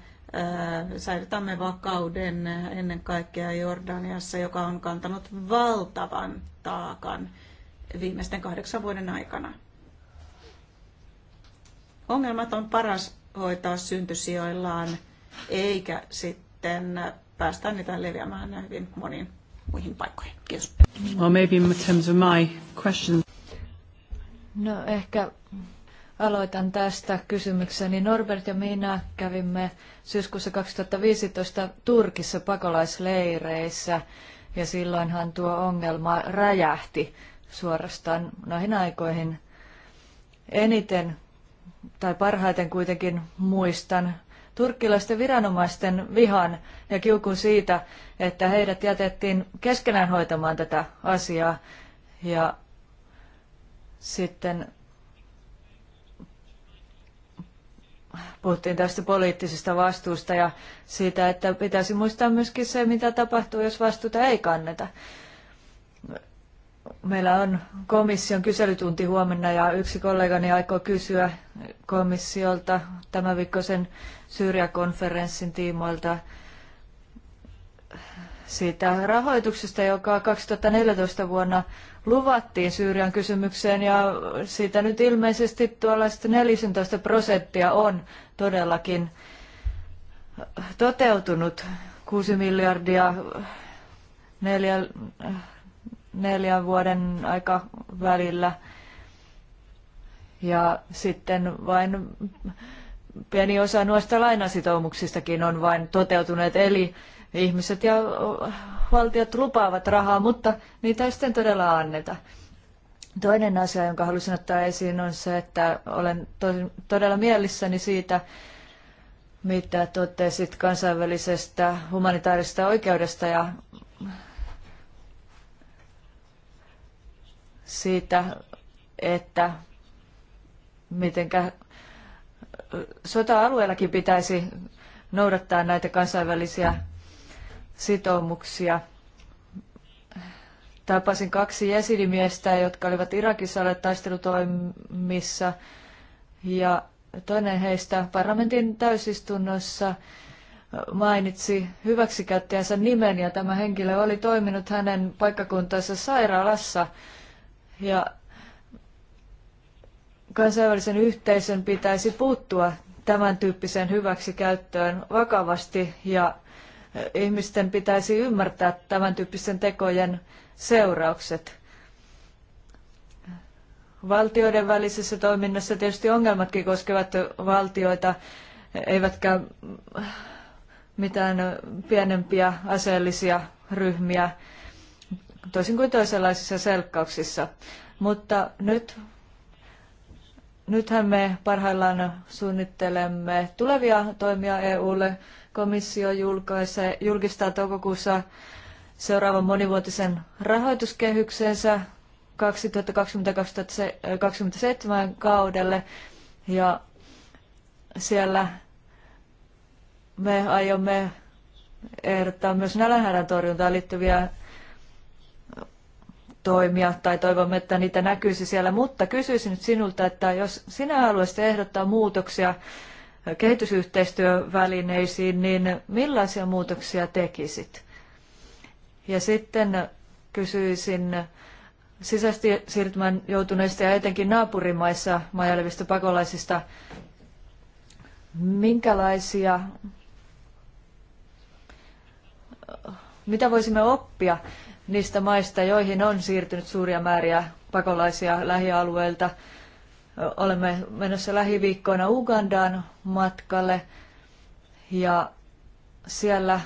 säilytämme vakauden ennen kaikkea Jordaniassa, joka on kantanut valtavan taakan viimeisten kahdeksan vuoden aikana. Ongelmat on paras hoitaa syntysijoillaan, eikä sitten päästä niitä leviämään hyvin moniin muihin paikkoihin. Kiitos. Well, maybe in terms of my question. No ehkä Aloitan tästä kysymykseni. Norbert ja minä kävimme syyskuussa 2015 Turkissa pakolaisleireissä ja silloinhan tuo ongelma räjähti suorastaan noihin aikoihin. Eniten tai parhaiten kuitenkin muistan turkkilaisten viranomaisten vihan ja kiukun siitä, että heidät jätettiin keskenään hoitamaan tätä asiaa ja sitten puhuttiin tästä poliittisesta vastuusta ja siitä, että pitäisi muistaa myöskin se, mitä tapahtuu, jos vastuuta ei kanneta. Meillä on komission kyselytunti huomenna ja yksi kollegani aikoo kysyä komissiolta tämän viikkoisen syrjäkonferenssin tiimoilta siitä rahoituksesta, joka 2014 vuonna luvattiin Syyrian kysymykseen ja siitä nyt ilmeisesti tuollaiset 14 prosenttia on todellakin toteutunut 6 miljardia neljä, neljän vuoden aikavälillä ja sitten vain pieni osa noista lainasitoumuksistakin on vain toteutuneet. Eli ihmiset ja valtiot lupaavat rahaa, mutta niitä ei sitten todella anneta. Toinen asia, jonka halusin ottaa esiin, on se, että olen todella mielissäni siitä, mitä totesit kansainvälisestä humanitaarista oikeudesta ja siitä, että mitenkä sota-alueellakin pitäisi noudattaa näitä kansainvälisiä sitoumuksia. Tapasin kaksi jesidimiestä, jotka olivat Irakissa olleet taistelutoimissa ja toinen heistä parlamentin täysistunnossa mainitsi hyväksikäyttäjänsä nimen ja tämä henkilö oli toiminut hänen paikkakuntansa sairaalassa. Ja kansainvälisen yhteisön pitäisi puuttua tämän tyyppiseen hyväksikäyttöön vakavasti ja ihmisten pitäisi ymmärtää tämän tyyppisten tekojen seuraukset. Valtioiden välisessä toiminnassa tietysti ongelmatkin koskevat valtioita, eivätkä mitään pienempiä aseellisia ryhmiä, toisin kuin toisenlaisissa selkkauksissa. Mutta nyt nythän me parhaillaan suunnittelemme tulevia toimia EUlle komissio julkaisee, julkistaa toukokuussa seuraavan monivuotisen rahoituskehyksensä 2020-2027 kaudelle ja siellä me aiomme ehdottaa myös nälänhädän torjuntaan liittyviä toimia tai toivomme, että niitä näkyisi siellä. Mutta kysyisin nyt sinulta, että jos sinä haluaisit ehdottaa muutoksia kehitysyhteistyövälineisiin, niin millaisia muutoksia tekisit? Ja sitten kysyisin sisäisesti siirtymään joutuneista ja etenkin naapurimaissa majailevista pakolaisista, minkälaisia, mitä voisimme oppia niistä maista, joihin on siirtynyt suuria määriä pakolaisia lähialueilta Olemme menossa lähiviikkoina Ugandaan matkalle ja siellä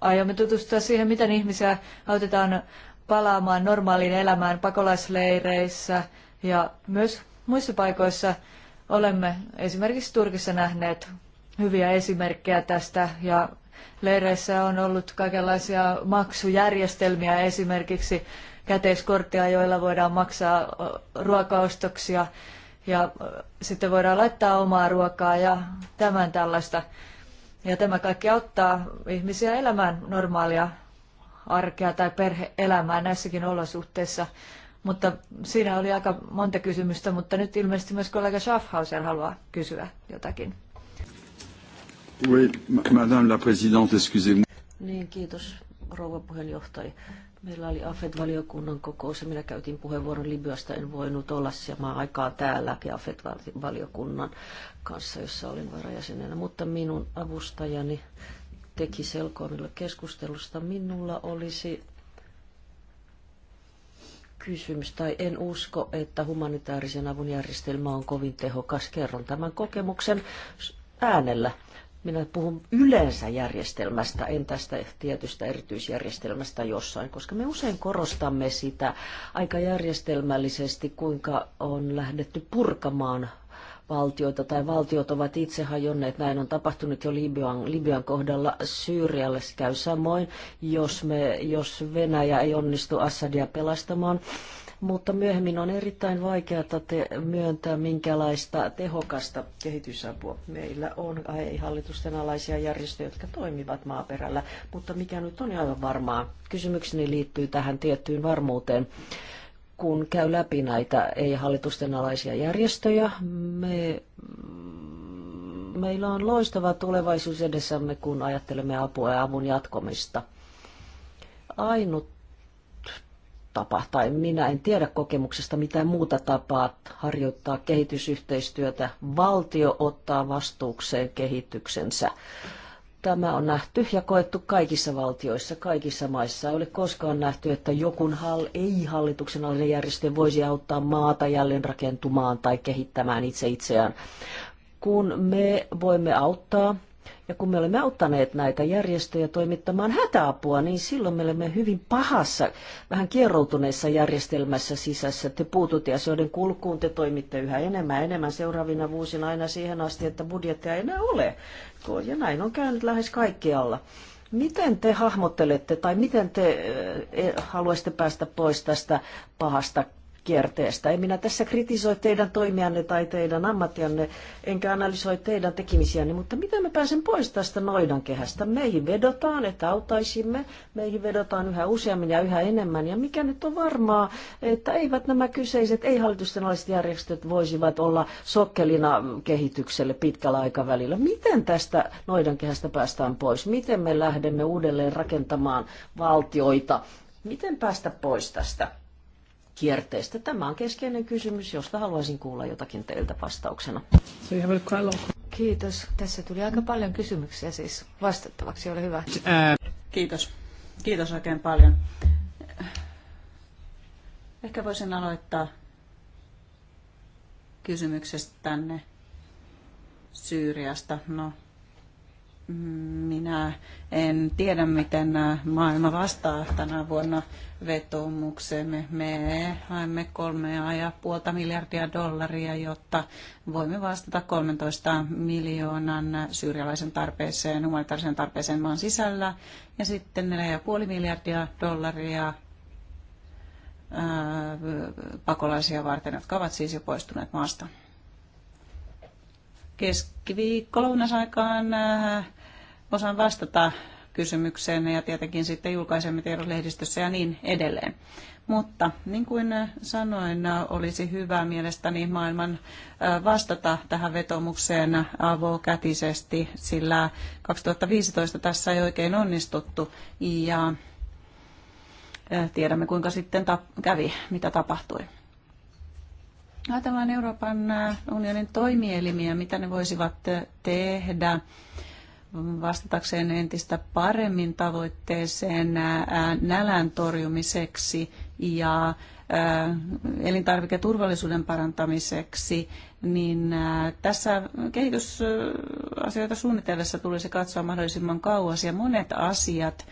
aiomme tutustua siihen, miten ihmisiä autetaan palaamaan normaaliin elämään pakolaisleireissä ja myös muissa paikoissa olemme esimerkiksi Turkissa nähneet hyviä esimerkkejä tästä ja leireissä on ollut kaikenlaisia maksujärjestelmiä esimerkiksi käteiskorttia, joilla voidaan maksaa ruokaostoksia ja sitten voidaan laittaa omaa ruokaa ja tämän tällaista. Ja tämä kaikki auttaa ihmisiä elämään normaalia arkea tai perhe-elämää näissäkin olosuhteissa. Mutta siinä oli aika monta kysymystä, mutta nyt ilmeisesti myös kollega Schaffhauser haluaa kysyä jotakin. Oui, madame la présidente, excusez-moi. Niin, kiitos rouva puheenjohtaja. Meillä oli AFET-valiokunnan kokous ja minä käytin puheenvuoron Libyasta. En voinut olla samaan aikaa täällä AFET-valiokunnan kanssa, jossa olin varajäsenenä. Mutta minun avustajani teki selkoa keskustelusta. Minulla olisi kysymys, tai en usko, että humanitaarisen avun järjestelmä on kovin tehokas. Kerron tämän kokemuksen äänellä. Minä puhun yleensä järjestelmästä, en tästä tietystä erityisjärjestelmästä jossain, koska me usein korostamme sitä aika järjestelmällisesti, kuinka on lähdetty purkamaan valtioita tai valtiot ovat itse hajonneet. Näin on tapahtunut jo Libyan, Libyan kohdalla. Syyrialle käy samoin, jos, me, jos Venäjä ei onnistu Assadia pelastamaan mutta myöhemmin on erittäin vaikeaa te- myöntää minkälaista tehokasta kehitysapua. Meillä on ei hallitusten alaisia järjestöjä, jotka toimivat maaperällä, mutta mikä nyt on aivan varmaa, kysymykseni liittyy tähän tiettyyn varmuuteen kun käy läpi näitä ei-hallitusten alaisia järjestöjä, me, meillä on loistava tulevaisuus edessämme, kun ajattelemme apua ja avun jatkomista. Ainut tapa, tai minä en tiedä kokemuksesta mitään muuta tapaa harjoittaa kehitysyhteistyötä. Valtio ottaa vastuukseen kehityksensä. Tämä on nähty ja koettu kaikissa valtioissa, kaikissa maissa. Ei ole koskaan nähty, että joku hal- ei-hallituksen alainen järjestö voisi auttaa maata jälleen rakentumaan tai kehittämään itse itseään. Kun me voimme auttaa ja kun me olemme auttaneet näitä järjestöjä toimittamaan hätäapua, niin silloin me olemme hyvin pahassa, vähän kierroutuneessa järjestelmässä sisässä. Te puututte asioiden kulkuun, te toimitte yhä enemmän enemmän seuraavina vuosina aina siihen asti, että budjettia ei enää ole. Ja näin on käynyt lähes kaikkialla. Miten te hahmottelette tai miten te eh, eh, haluaisitte päästä pois tästä pahasta kierteestä. En minä tässä kritisoi teidän toimianne tai teidän ammattianne, enkä analysoi teidän tekemisiänne, mutta miten me pääsen pois tästä noidankehästä? Meihin vedotaan, että auttaisimme, meihin vedotaan yhä useammin ja yhä enemmän, ja mikä nyt on varmaa, että eivät nämä kyseiset ei-hallitustenalaiset järjestöt voisivat olla sokkelina kehitykselle pitkällä aikavälillä. Miten tästä noidankehästä päästään pois? Miten me lähdemme uudelleen rakentamaan valtioita? Miten päästä pois tästä? kierteestä? Tämä on keskeinen kysymys, josta haluaisin kuulla jotakin teiltä vastauksena. Kiitos. Tässä tuli aika paljon kysymyksiä siis vastattavaksi. Ole hyvä. Kiitos. Kiitos oikein paljon. Ehkä voisin aloittaa kysymyksestä tänne Syyriasta. No, minä en tiedä, miten äh, maailma vastaa tänä vuonna vetoomuksemme. Me haemme kolmea ja puolta miljardia dollaria, jotta voimme vastata 13 miljoonan syyrialaisen tarpeeseen, humanitaarisen tarpeeseen maan sisällä. Ja sitten 4,5 miljardia dollaria äh, pakolaisia varten, jotka ovat siis jo poistuneet maasta. Keskiviikko lounasaikaan äh, osaan vastata kysymykseen ja tietenkin sitten julkaisemme tiedon lehdistössä ja niin edelleen. Mutta niin kuin sanoin, olisi hyvä mielestäni maailman vastata tähän vetomukseen avokätisesti, sillä 2015 tässä ei oikein onnistuttu ja tiedämme kuinka sitten kävi, mitä tapahtui. Ajatellaan Euroopan unionin toimielimiä, mitä ne voisivat tehdä vastatakseen entistä paremmin tavoitteeseen nälän torjumiseksi ja elintarviketurvallisuuden parantamiseksi, niin tässä kehitysasioita suunnitellessa tulisi katsoa mahdollisimman kauas ja monet asiat,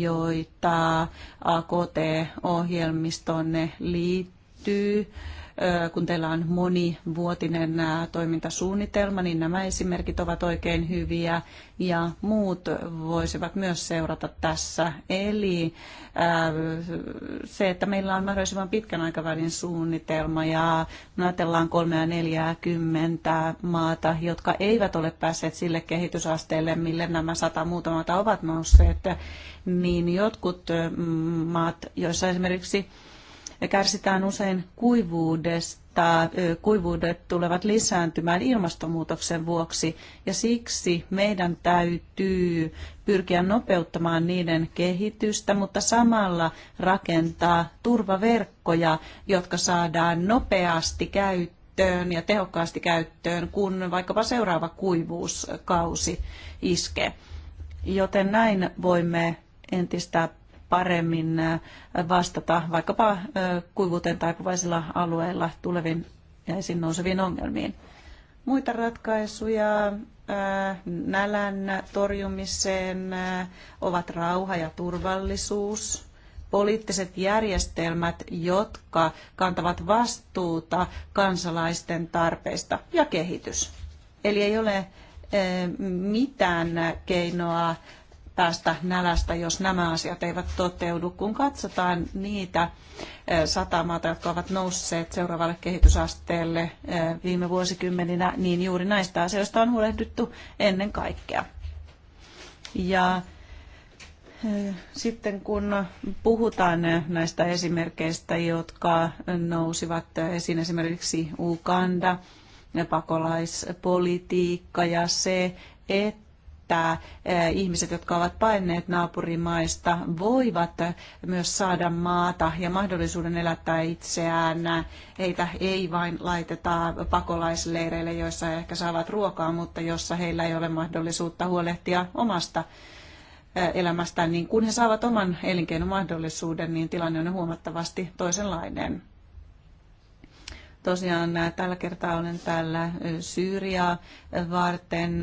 joita AKT-ohjelmistonne liittyy, kun teillä on monivuotinen toimintasuunnitelma, niin nämä esimerkit ovat oikein hyviä ja muut voisivat myös seurata tässä. Eli se, että meillä on mahdollisimman pitkän aikavälin suunnitelma ja ajatellaan 3 ja kymmentä maata, jotka eivät ole päässeet sille kehitysasteelle, mille nämä sata muutamata ovat nousseet, niin jotkut maat, joissa esimerkiksi kärsitään usein kuivuudesta. Kuivuudet tulevat lisääntymään ilmastonmuutoksen vuoksi ja siksi meidän täytyy pyrkiä nopeuttamaan niiden kehitystä, mutta samalla rakentaa turvaverkkoja, jotka saadaan nopeasti käyttöön käyttöön ja tehokkaasti käyttöön, kun vaikkapa seuraava kuivuuskausi iskee. Joten näin voimme entistä paremmin vastata vaikkapa kuivuuteen taipuvaisilla alueilla tuleviin ja esiin nouseviin ongelmiin. Muita ratkaisuja nälän torjumiseen ovat rauha ja turvallisuus, poliittiset järjestelmät, jotka kantavat vastuuta kansalaisten tarpeista ja kehitys. Eli ei ole mitään keinoa päästä nälästä, jos nämä asiat eivät toteudu. Kun katsotaan niitä satamaata, jotka ovat nousseet seuraavalle kehitysasteelle viime vuosikymmeninä, niin juuri näistä asioista on huolehdittu ennen kaikkea. Ja sitten kun puhutaan näistä esimerkkeistä, jotka nousivat esiin esimerkiksi Uganda, pakolaispolitiikka ja se, että että eh, ihmiset, jotka ovat paineet naapurimaista, voivat myös saada maata ja mahdollisuuden elättää itseään. Heitä ei vain laiteta pakolaisleireille, joissa he ehkä saavat ruokaa, mutta jossa heillä ei ole mahdollisuutta huolehtia omasta eh, elämästään, niin kun he saavat oman elinkeinomahdollisuuden, niin tilanne on huomattavasti toisenlainen. Tosiaan eh, tällä kertaa olen täällä Syyriaa varten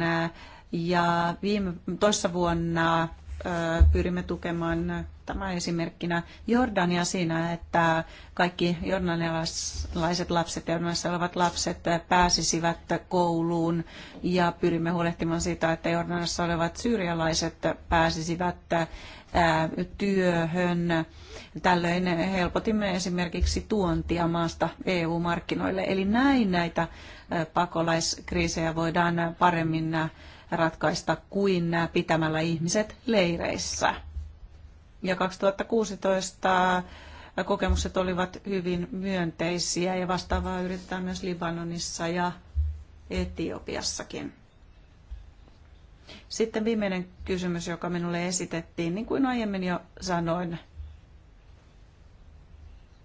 ja viime, toissa vuonna pyrimme tukemaan tämä esimerkkinä Jordania siinä, että kaikki jordanialaiset lapset ja Jordanissa olevat lapset pääsisivät kouluun ja pyrimme huolehtimaan siitä, että Jordanissa olevat syyrialaiset pääsisivät työhön. Tällöin helpotimme esimerkiksi tuontia maasta EU-markkinoille. Eli näin näitä pakolaiskriisejä voidaan paremmin ratkaista kuin pitämällä ihmiset leireissä. Ja 2016 kokemukset olivat hyvin myönteisiä ja vastaavaa yritetään myös Libanonissa ja Etiopiassakin. Sitten viimeinen kysymys, joka minulle esitettiin, niin kuin aiemmin jo sanoin,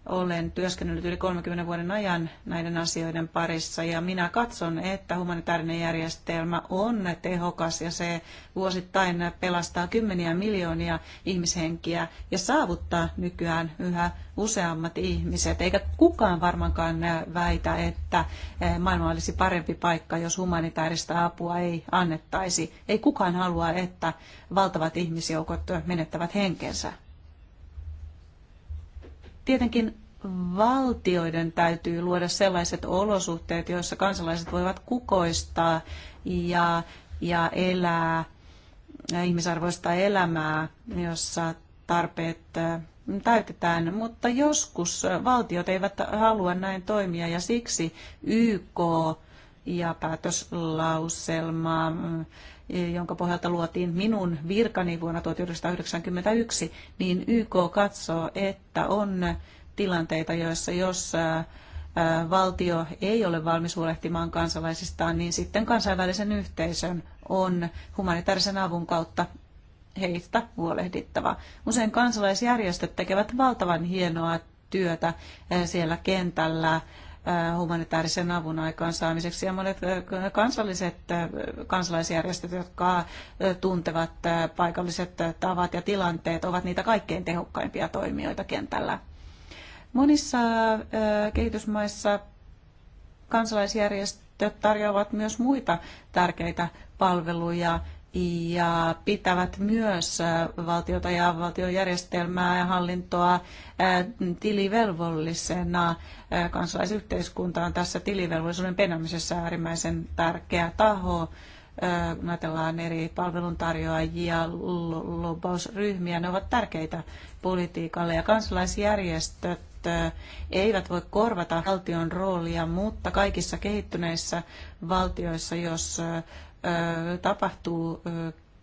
olen työskennellyt yli 30 vuoden ajan näiden asioiden parissa ja minä katson, että humanitaarinen järjestelmä on tehokas ja se vuosittain pelastaa kymmeniä miljoonia ihmishenkiä ja saavuttaa nykyään yhä useammat ihmiset. Eikä kukaan varmaankaan väitä, että maailma olisi parempi paikka, jos humanitaarista apua ei annettaisi. Ei kukaan halua, että valtavat ihmisjoukot menettävät henkensä. Tietenkin valtioiden täytyy luoda sellaiset olosuhteet, joissa kansalaiset voivat kukoistaa ja, ja elää ihmisarvoista elämää, jossa tarpeet täytetään, mutta joskus valtiot eivät halua näin toimia ja siksi YK ja päätöslauselmaa, jonka pohjalta luotiin minun virkani vuonna 1991, niin YK katsoo, että on tilanteita, joissa jos valtio ei ole valmis huolehtimaan kansalaisistaan, niin sitten kansainvälisen yhteisön on humanitaarisen avun kautta heistä huolehdittava. Usein kansalaisjärjestöt tekevät valtavan hienoa työtä siellä kentällä Äh, humanitaarisen avun aikaansaamiseksi. Ja monet äh, kansalliset äh, kansalaisjärjestöt, jotka tuntevat paikalliset tavat ja tilanteet, ovat niitä kaikkein tehokkaimpia toimijoita kentällä. Monissa kehitysmaissa kansalaisjärjestöt tarjoavat myös muita tärkeitä palveluja ja pitävät myös äh, valtiota ja valtiojärjestelmää ja hallintoa äh, tilivelvollisena. Äh, kansalaisyhteiskunta on tässä tilivelvollisuuden penämisessä äärimmäisen tärkeä taho. Ajatellaan eri palveluntarjoajia, lobbausryhmiä, ne ovat tärkeitä politiikalle ja kansalaisjärjestöt eivät voi korvata valtion roolia, mutta kaikissa kehittyneissä valtioissa, jos tapahtuu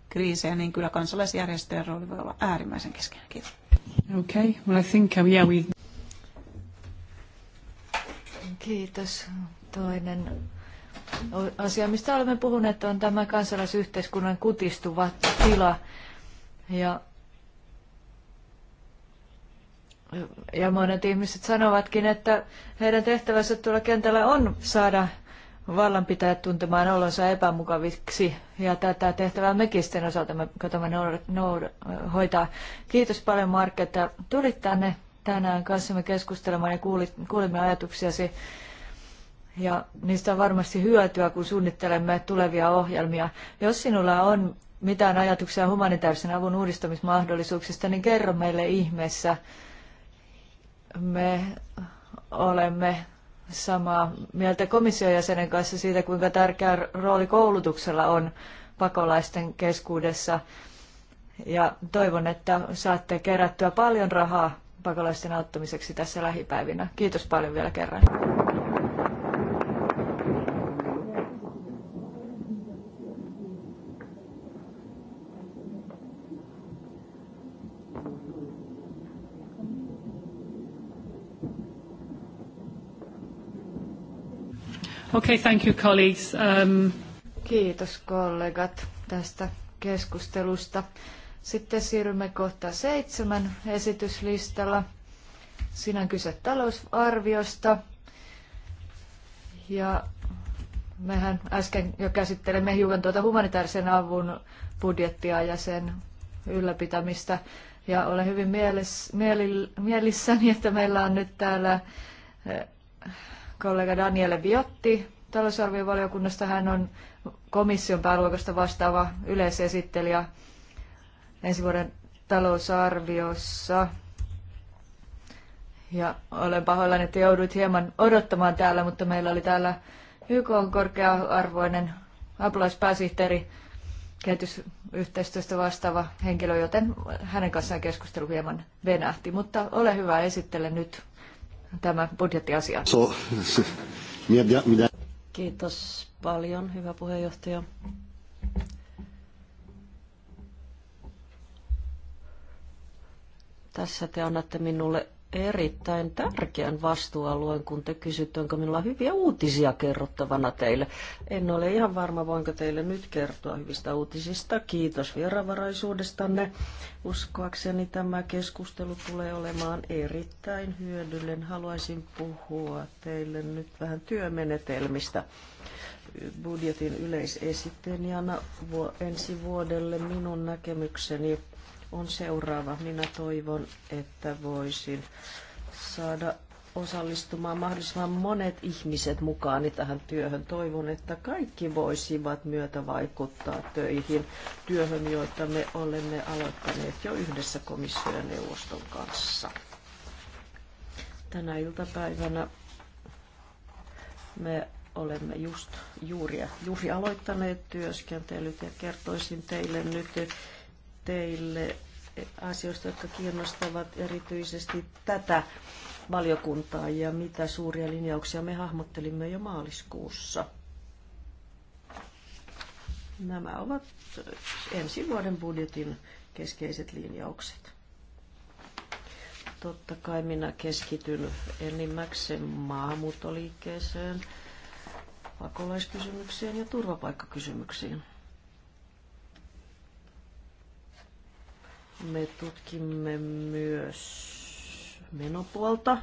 kriisejä, niin kyllä kansalaisjärjestöjen rooli voi olla äärimmäisen keskeinen. Kiitos. Okay, well I think, um, yeah, we... Kiitos. Toinen asia, mistä olemme puhuneet, on tämä kansalaisyhteiskunnan kutistuva tila. Ja, ja monet ihmiset sanovatkin, että heidän tehtävänsä tuolla kentällä on saada vallanpitäjät tuntemaan olonsa epämukaviksi ja tätä tehtävää mekin sitten osaltamme kotamme hoitaa. Kiitos paljon Mark, että tulit tänne tänään kanssamme keskustelemaan ja kuulimme ajatuksiasi. Ja niistä on varmasti hyötyä, kun suunnittelemme tulevia ohjelmia. Jos sinulla on mitään ajatuksia humanitaarisen avun uudistamismahdollisuuksista, niin kerro meille ihmeessä. Me olemme samaa mieltä komission jäsenen kanssa siitä, kuinka tärkeä rooli koulutuksella on pakolaisten keskuudessa. Ja toivon, että saatte kerättyä paljon rahaa pakolaisten auttamiseksi tässä lähipäivinä. Kiitos paljon vielä kerran. Okay, thank you colleagues. Um... Kiitos kollegat tästä keskustelusta. Sitten siirrymme kohta seitsemän esityslistalla. Siinä on kyse talousarviosta. Ja mehän äsken jo käsittelemme hiukan tuota humanitaarisen avun budjettia ja sen ylläpitämistä. Ja olen hyvin mielis, mieli, mielissäni, että meillä on nyt täällä eh, kollega Daniele Viotti talousarviovaliokunnasta. Hän on komission pääluokasta vastaava yleisesittelijä ensi vuoden talousarviossa. Ja olen pahoillani, että joudut hieman odottamaan täällä, mutta meillä oli täällä YK on korkea-arvoinen apulaispääsihteeri, kehitysyhteistyöstä vastaava henkilö, joten hänen kanssaan keskustelu hieman venähti. Mutta ole hyvä, esittele nyt tämä budjettiasia. So, Kiitos paljon, hyvä puheenjohtaja. Tässä te annatte minulle erittäin tärkeän vastuualueen, kun te kysytte, onko minulla hyviä uutisia kerrottavana teille. En ole ihan varma, voinko teille nyt kertoa hyvistä uutisista. Kiitos vieravaraisuudestanne. Uskoakseni tämä keskustelu tulee olemaan erittäin hyödyllinen. Haluaisin puhua teille nyt vähän työmenetelmistä budjetin yleisesittelijänä ensi vuodelle minun näkemykseni on seuraava. Minä toivon, että voisin saada osallistumaan mahdollisimman monet ihmiset mukaan tähän työhön. Toivon, että kaikki voisivat myötä vaikuttaa töihin, työhön, joita me olemme aloittaneet jo yhdessä komission ja neuvoston kanssa. Tänä iltapäivänä me olemme just juuri, juuri aloittaneet työskentelyt ja kertoisin teille nyt teille asioista, jotka kiinnostavat erityisesti tätä valiokuntaa ja mitä suuria linjauksia me hahmottelimme jo maaliskuussa. Nämä ovat ensi vuoden budjetin keskeiset linjaukset. Totta kai minä keskityn enimmäkseen maahanmuuttoliikkeeseen, pakolaiskysymykseen ja turvapaikkakysymyksiin. Me tutkimme myös menopuolta,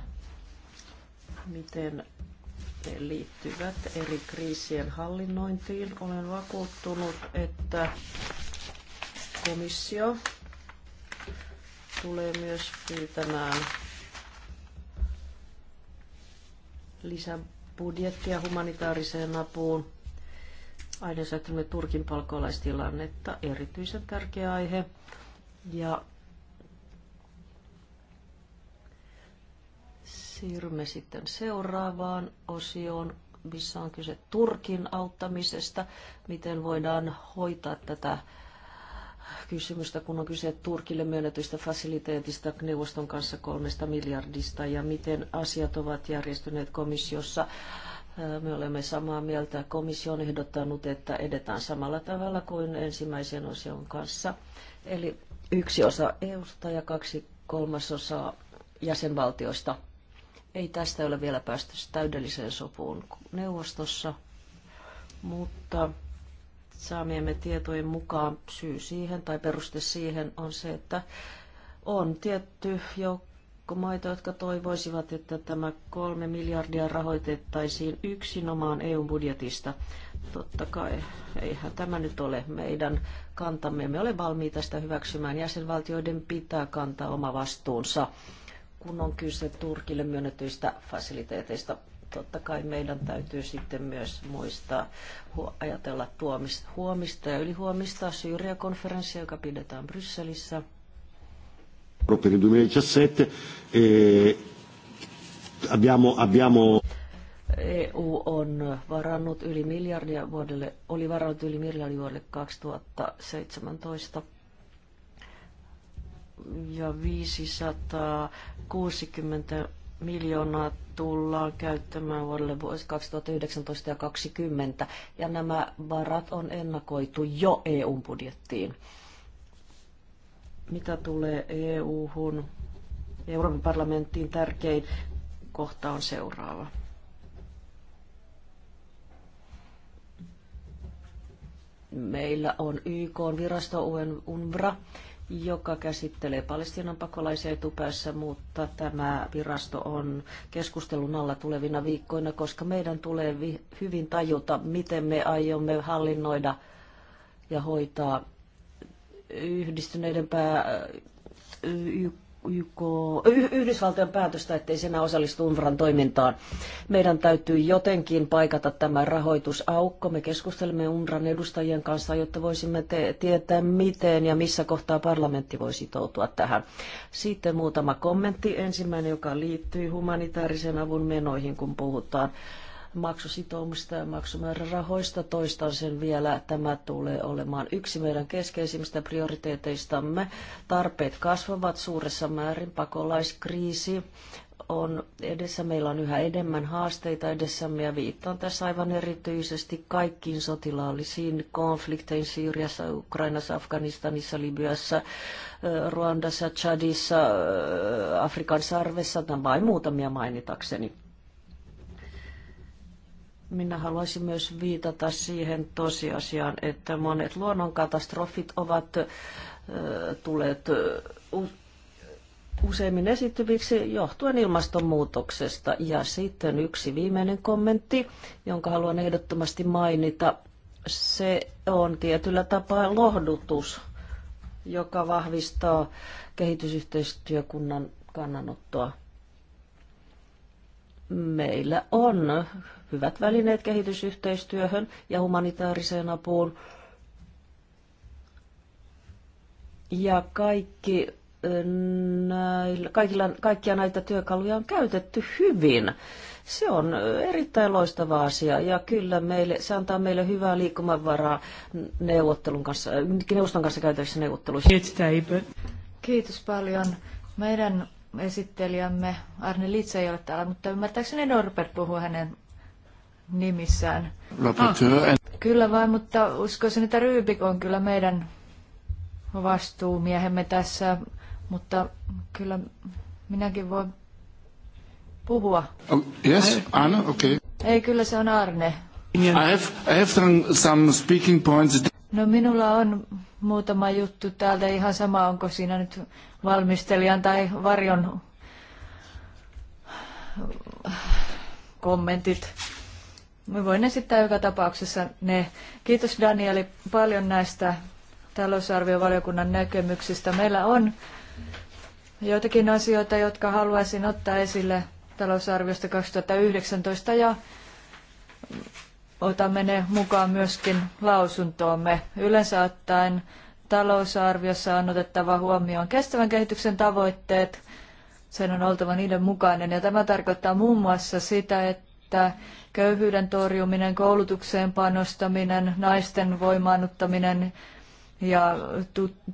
miten ne liittyvät eri kriisien hallinnointiin. Olen vakuuttunut, että komissio tulee myös pyytämään lisäbudjettia humanitaariseen apuun. Aina säätämme Turkin palkolaistilannetta, erityisen tärkeä aihe. Ja siirrymme sitten seuraavaan osioon, missä on kyse Turkin auttamisesta, miten voidaan hoitaa tätä kysymystä, kun on kyse Turkille myönnetystä fasiliteetista neuvoston kanssa kolmesta miljardista ja miten asiat ovat järjestyneet komissiossa. Me olemme samaa mieltä. Komissio on ehdottanut, että edetään samalla tavalla kuin ensimmäisen osion kanssa. Eli yksi osa EUsta ja kaksi kolmasosaa jäsenvaltioista. Ei tästä ole vielä päästy täydelliseen sopuun neuvostossa, mutta saamiemme tietojen mukaan syy siihen tai peruste siihen on se, että on tietty joukko maita, jotka toivoisivat, että tämä kolme miljardia rahoitettaisiin yksinomaan EU-budjetista. Totta kai, eihän tämä nyt ole meidän kantamme. Me ole valmiita sitä hyväksymään. Jäsenvaltioiden pitää kantaa oma vastuunsa, kun on kyse Turkille myönnetyistä fasiliteeteista totta kai meidän täytyy sitten myös muistaa ajatella tuomista, huomista ja ylihuomista syyria joka pidetään Brysselissä. Per 2017 eh, abbiamo, abbiamo... EU on varannut yli miljardia vuodelle, oli varannut yli miljardia vuodelle 2017 ja 560 miljoonaa tullaan käyttämään vuodelle vuosi 2019 ja 2020. Ja nämä varat on ennakoitu jo eu budjettiin. Mitä tulee EU-hun, Euroopan parlamenttiin tärkein kohta on seuraava. Meillä on YK-virasto UNBRA, joka käsittelee Palestiinan pakolaisia etupäässä, mutta tämä virasto on keskustelun alla tulevina viikkoina, koska meidän tulee hyvin tajuta, miten me aiomme hallinnoida ja hoitaa yhdistyneiden pää, YK, Yhdysvaltojen päätöstä, ettei se osallistu UNRWAn toimintaan. Meidän täytyy jotenkin paikata tämä rahoitusaukko. Me keskustelemme UNRAN edustajien kanssa, jotta voisimme te- tietää, miten ja missä kohtaa parlamentti voi sitoutua tähän. Sitten muutama kommentti. Ensimmäinen, joka liittyy humanitaarisen avun menoihin, kun puhutaan maksusitoumusta ja maksumäärärahoista. Toistan sen vielä. Tämä tulee olemaan yksi meidän keskeisimmistä prioriteeteistamme. Tarpeet kasvavat suuressa määrin. Pakolaiskriisi on edessä. Meillä on yhä enemmän haasteita edessämme ja viittaan tässä aivan erityisesti kaikkiin sotilaallisiin konflikteihin Syyriassa, Ukrainassa, Afganistanissa, Libyassa, Ruandassa, Chadissa, Afrikan sarvessa tai vain muutamia mainitakseni. Minä haluaisin myös viitata siihen tosiasiaan, että monet luonnonkatastrofit ovat tulleet useimmin esittyviksi johtuen ilmastonmuutoksesta. Ja sitten yksi viimeinen kommentti, jonka haluan ehdottomasti mainita. Se on tietyllä tapaa lohdutus, joka vahvistaa kehitysyhteistyökunnan kannanottoa. Meillä on hyvät välineet kehitysyhteistyöhön ja humanitaariseen apuun. Ja kaikki näillä, kaikilla, kaikkia näitä työkaluja on käytetty hyvin. Se on erittäin loistava asia ja kyllä meille, se antaa meille hyvää liikkumavaraa neuvottelun kanssa, neuvoston kanssa käytävissä neuvotteluissa. Kiitos paljon. Meidän esittelijämme Arne Litsa ei ole täällä, mutta ymmärtääkseni Norbert puhuu hänen nimissään. Ah, kyllä vain, mutta uskoisin, että Rybik on kyllä meidän vastuumiehemme tässä, mutta kyllä minäkin voin puhua. Oh, yes, Anna, okay. Ei, kyllä se on Arne. I have, I have some speaking points. No minulla on muutama juttu täältä, ihan sama onko siinä nyt valmistelijan tai varjon kommentit. Me voin esittää joka tapauksessa ne. Kiitos Danieli paljon näistä talousarviovaliokunnan näkemyksistä. Meillä on joitakin asioita, jotka haluaisin ottaa esille talousarviosta 2019 ja otamme ne mukaan myöskin lausuntoomme. Yleensä ottaen talousarviossa on otettava huomioon kestävän kehityksen tavoitteet, sen on oltava niiden mukainen ja tämä tarkoittaa muun muassa sitä, että köyhyyden torjuminen, koulutukseen panostaminen, naisten voimaannuttaminen ja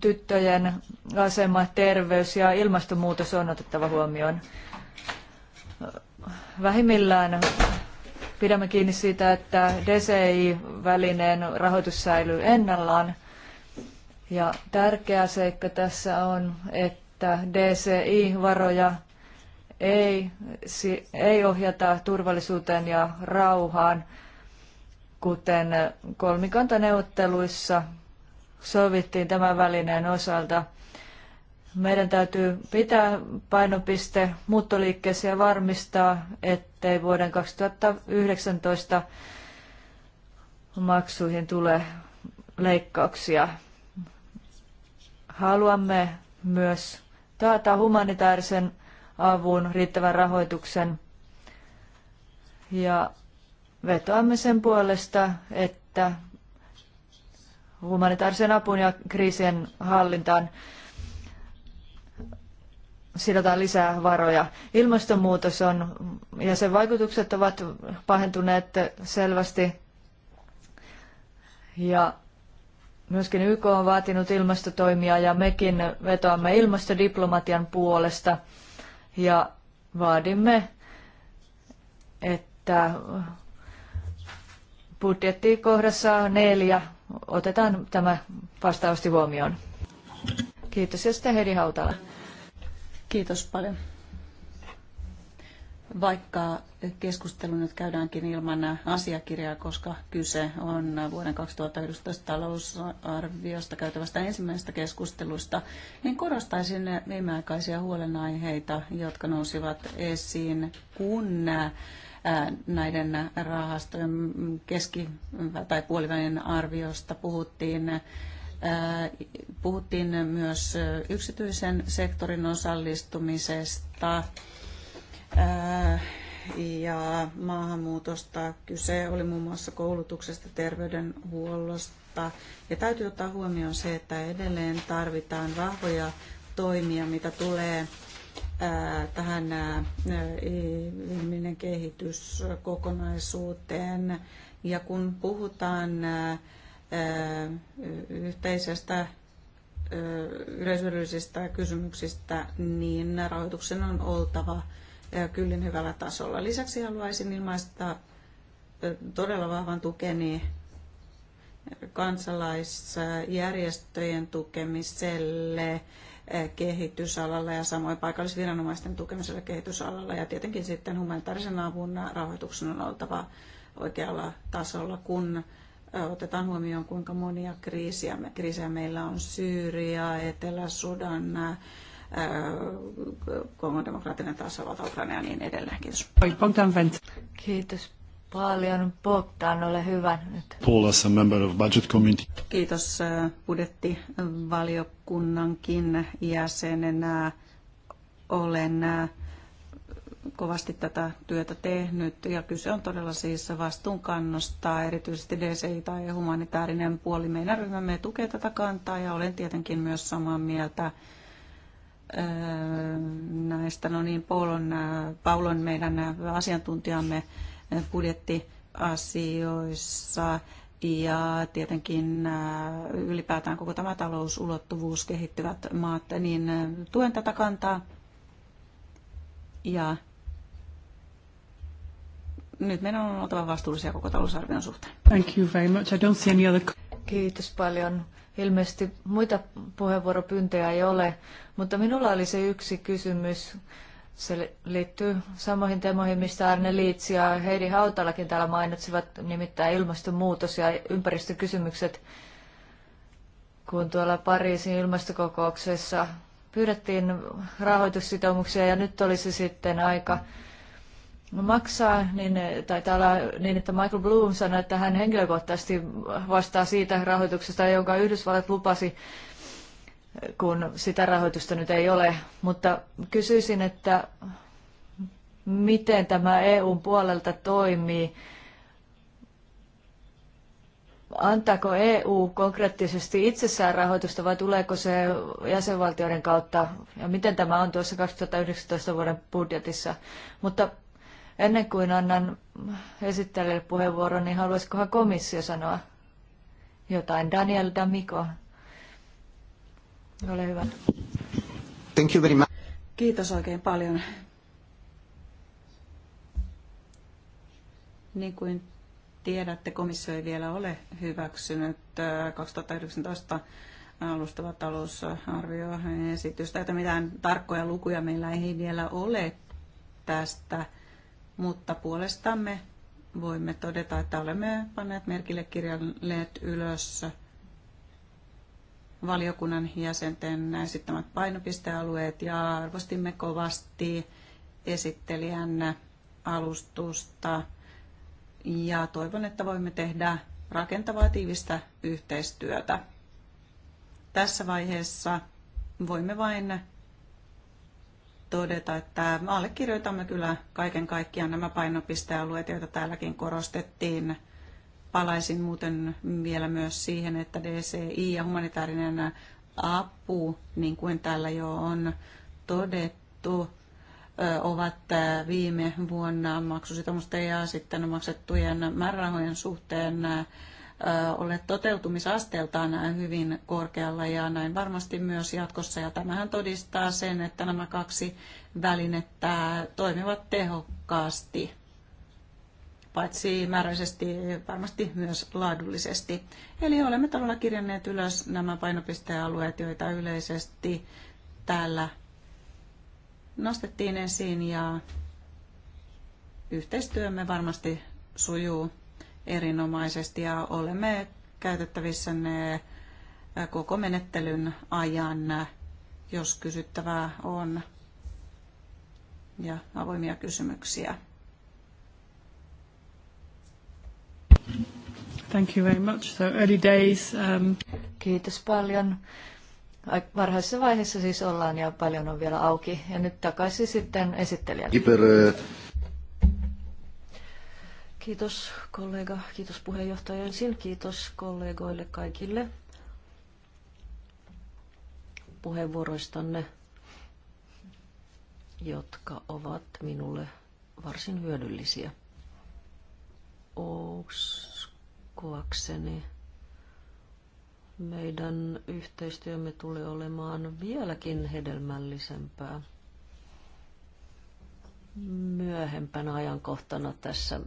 tyttöjen asema, terveys ja ilmastonmuutos on otettava huomioon. Vähimmillään pidämme kiinni siitä, että DCI-välineen rahoitus säilyy ennallaan. Ja tärkeä seikka tässä on, että DCI-varoja ei, ei ohjata turvallisuuteen ja rauhaan, kuten kolmikantaneuvotteluissa sovittiin tämän välineen osalta. Meidän täytyy pitää painopiste muuttoliikkeessä ja varmistaa, ettei vuoden 2019 maksuihin tule leikkauksia. Haluamme myös taata humanitaarisen avun, riittävän rahoituksen. Ja vetoamme sen puolesta, että humanitaarisen apun ja kriisien hallintaan sidotaan lisää varoja. Ilmastonmuutos on, ja sen vaikutukset ovat pahentuneet selvästi. Ja myöskin YK on vaatinut ilmastotoimia ja mekin vetoamme ilmastodiplomatian puolesta – ja vaadimme, että budjettikohdassa neljä otetaan tämä vastaavasti huomioon. Kiitos ja sitten Heidi Hautala. Kiitos paljon vaikka keskustelu nyt käydäänkin ilman asiakirjaa, koska kyse on vuoden 2011 talousarviosta käytävästä ensimmäisestä keskustelusta, niin korostaisin viimeaikaisia huolenaiheita, jotka nousivat esiin, kun näiden rahastojen keski- tai puolivälin arviosta puhuttiin Puhuttiin myös yksityisen sektorin osallistumisesta ja maahanmuutosta. Kyse oli muun muassa koulutuksesta, terveydenhuollosta. Ja täytyy ottaa huomioon se, että edelleen tarvitaan vahvoja toimia, mitä tulee tähän ihminen kehityskokonaisuuteen. Ja kun puhutaan yhteisestä yleisöllisistä kysymyksistä, niin rahoituksen on oltava kyllin hyvällä tasolla. Lisäksi haluaisin ilmaista todella vahvan tukeni kansalaisjärjestöjen tukemiselle kehitysalalla ja samoin paikallisviranomaisten tukemiselle kehitysalalla ja tietenkin sitten humanitaarisen avun rahoituksen on oltava oikealla tasolla, kun otetaan huomioon kuinka monia kriisiä, meillä on Syyria, Etelä-Sudan, Äh, Kongon demokraattinen tasavalta, Ukraina ja niin edelleen. Kiitos. Kiitos paljon. Bogdan, ole hyvä nyt. a member of budget committee. Kiitos äh, budjettivaliokunnankin jäsenenä. Olen äh, kovasti tätä työtä tehnyt ja kyse on todella siis vastuunkannosta, erityisesti DCI tai humanitaarinen puoli. Meidän ryhmämme tukee tätä kantaa ja olen tietenkin myös samaa mieltä Äh, näistä, no niin, Paulon, äh, Paulon meidän asiantuntijamme äh, budjettiasioissa ja tietenkin ylipäätään koko tämä talousulottuvuus kehittyvät maat, niin tuen tätä kantaa. Ja nyt meidän on oltava vastuullisia koko talousarvion suhteen. Thank you very much. I don't see any other... Kiitos paljon. Ilmeisesti muita puheenvuoropyyntöjä ei ole, mutta minulla oli se yksi kysymys. Se liittyy samoihin teemoihin, mistä Arne Liits ja Heidi Hautalakin täällä mainitsivat, nimittäin ilmastonmuutos ja ympäristökysymykset, kun tuolla Pariisin ilmastokokouksessa pyydettiin rahoitussitoumuksia ja nyt olisi sitten aika mm maksaa, niin eh, taitaa olla niin, että Michael Bloom sanoi, että hän henkilökohtaisesti vastaa siitä rahoituksesta, jonka Yhdysvallat lupasi, eh, kun sitä rahoitusta nyt ei ole. Mutta kysyisin, että miten tämä EUn puolelta toimii? Antaako EU konkreettisesti itsessään rahoitusta vai tuleeko se jäsenvaltioiden kautta ja miten tämä on tuossa 2019 vuoden budjetissa? Mutta Ennen kuin annan esittelijälle puheenvuoron, niin haluaisikohan komissio sanoa jotain? Daniel D'Amico, ole hyvä. Thank you very much. Kiitos oikein paljon. Niin kuin tiedätte, komissio ei vielä ole hyväksynyt 2019 äh, alustava talousarvioesitystä, että mitään tarkkoja lukuja meillä ei vielä ole tästä mutta puolestamme voimme todeta, että olemme panneet merkille kirjalleet ylös valiokunnan jäsenten esittämät painopistealueet ja arvostimme kovasti esittelijän alustusta ja toivon, että voimme tehdä rakentavaa tiivistä yhteistyötä. Tässä vaiheessa voimme vain todeta, että allekirjoitamme kyllä kaiken kaikkiaan nämä painopistealueet, joita täälläkin korostettiin. Palaisin muuten vielä myös siihen, että DCI ja humanitaarinen apu, niin kuin täällä jo on todettu, ovat viime vuonna maksusitomusten ja sitten maksettujen määrärahojen suhteen olleet toteutumisasteeltaan hyvin korkealla ja näin varmasti myös jatkossa. Ja tämähän todistaa sen, että nämä kaksi välinettä toimivat tehokkaasti, paitsi määräisesti, varmasti myös laadullisesti. Eli olemme todella kirjanneet ylös nämä painopistealueet, joita yleisesti täällä nostettiin esiin ja yhteistyömme varmasti sujuu erinomaisesti ja olemme käytettävissä ne koko menettelyn ajan, jos kysyttävää on ja avoimia kysymyksiä. Thank you very much. So early days, um... Kiitos paljon. Varhaisessa vaiheessa siis ollaan ja paljon on vielä auki. Ja nyt takaisin sitten esittelijälle. Kiitos kollega, kiitos puheenjohtaja ensin, kiitos kollegoille kaikille puheenvuoroistanne, jotka ovat minulle varsin hyödyllisiä. Uskoakseni meidän yhteistyömme tulee olemaan vieläkin hedelmällisempää myöhempänä ajankohtana tässä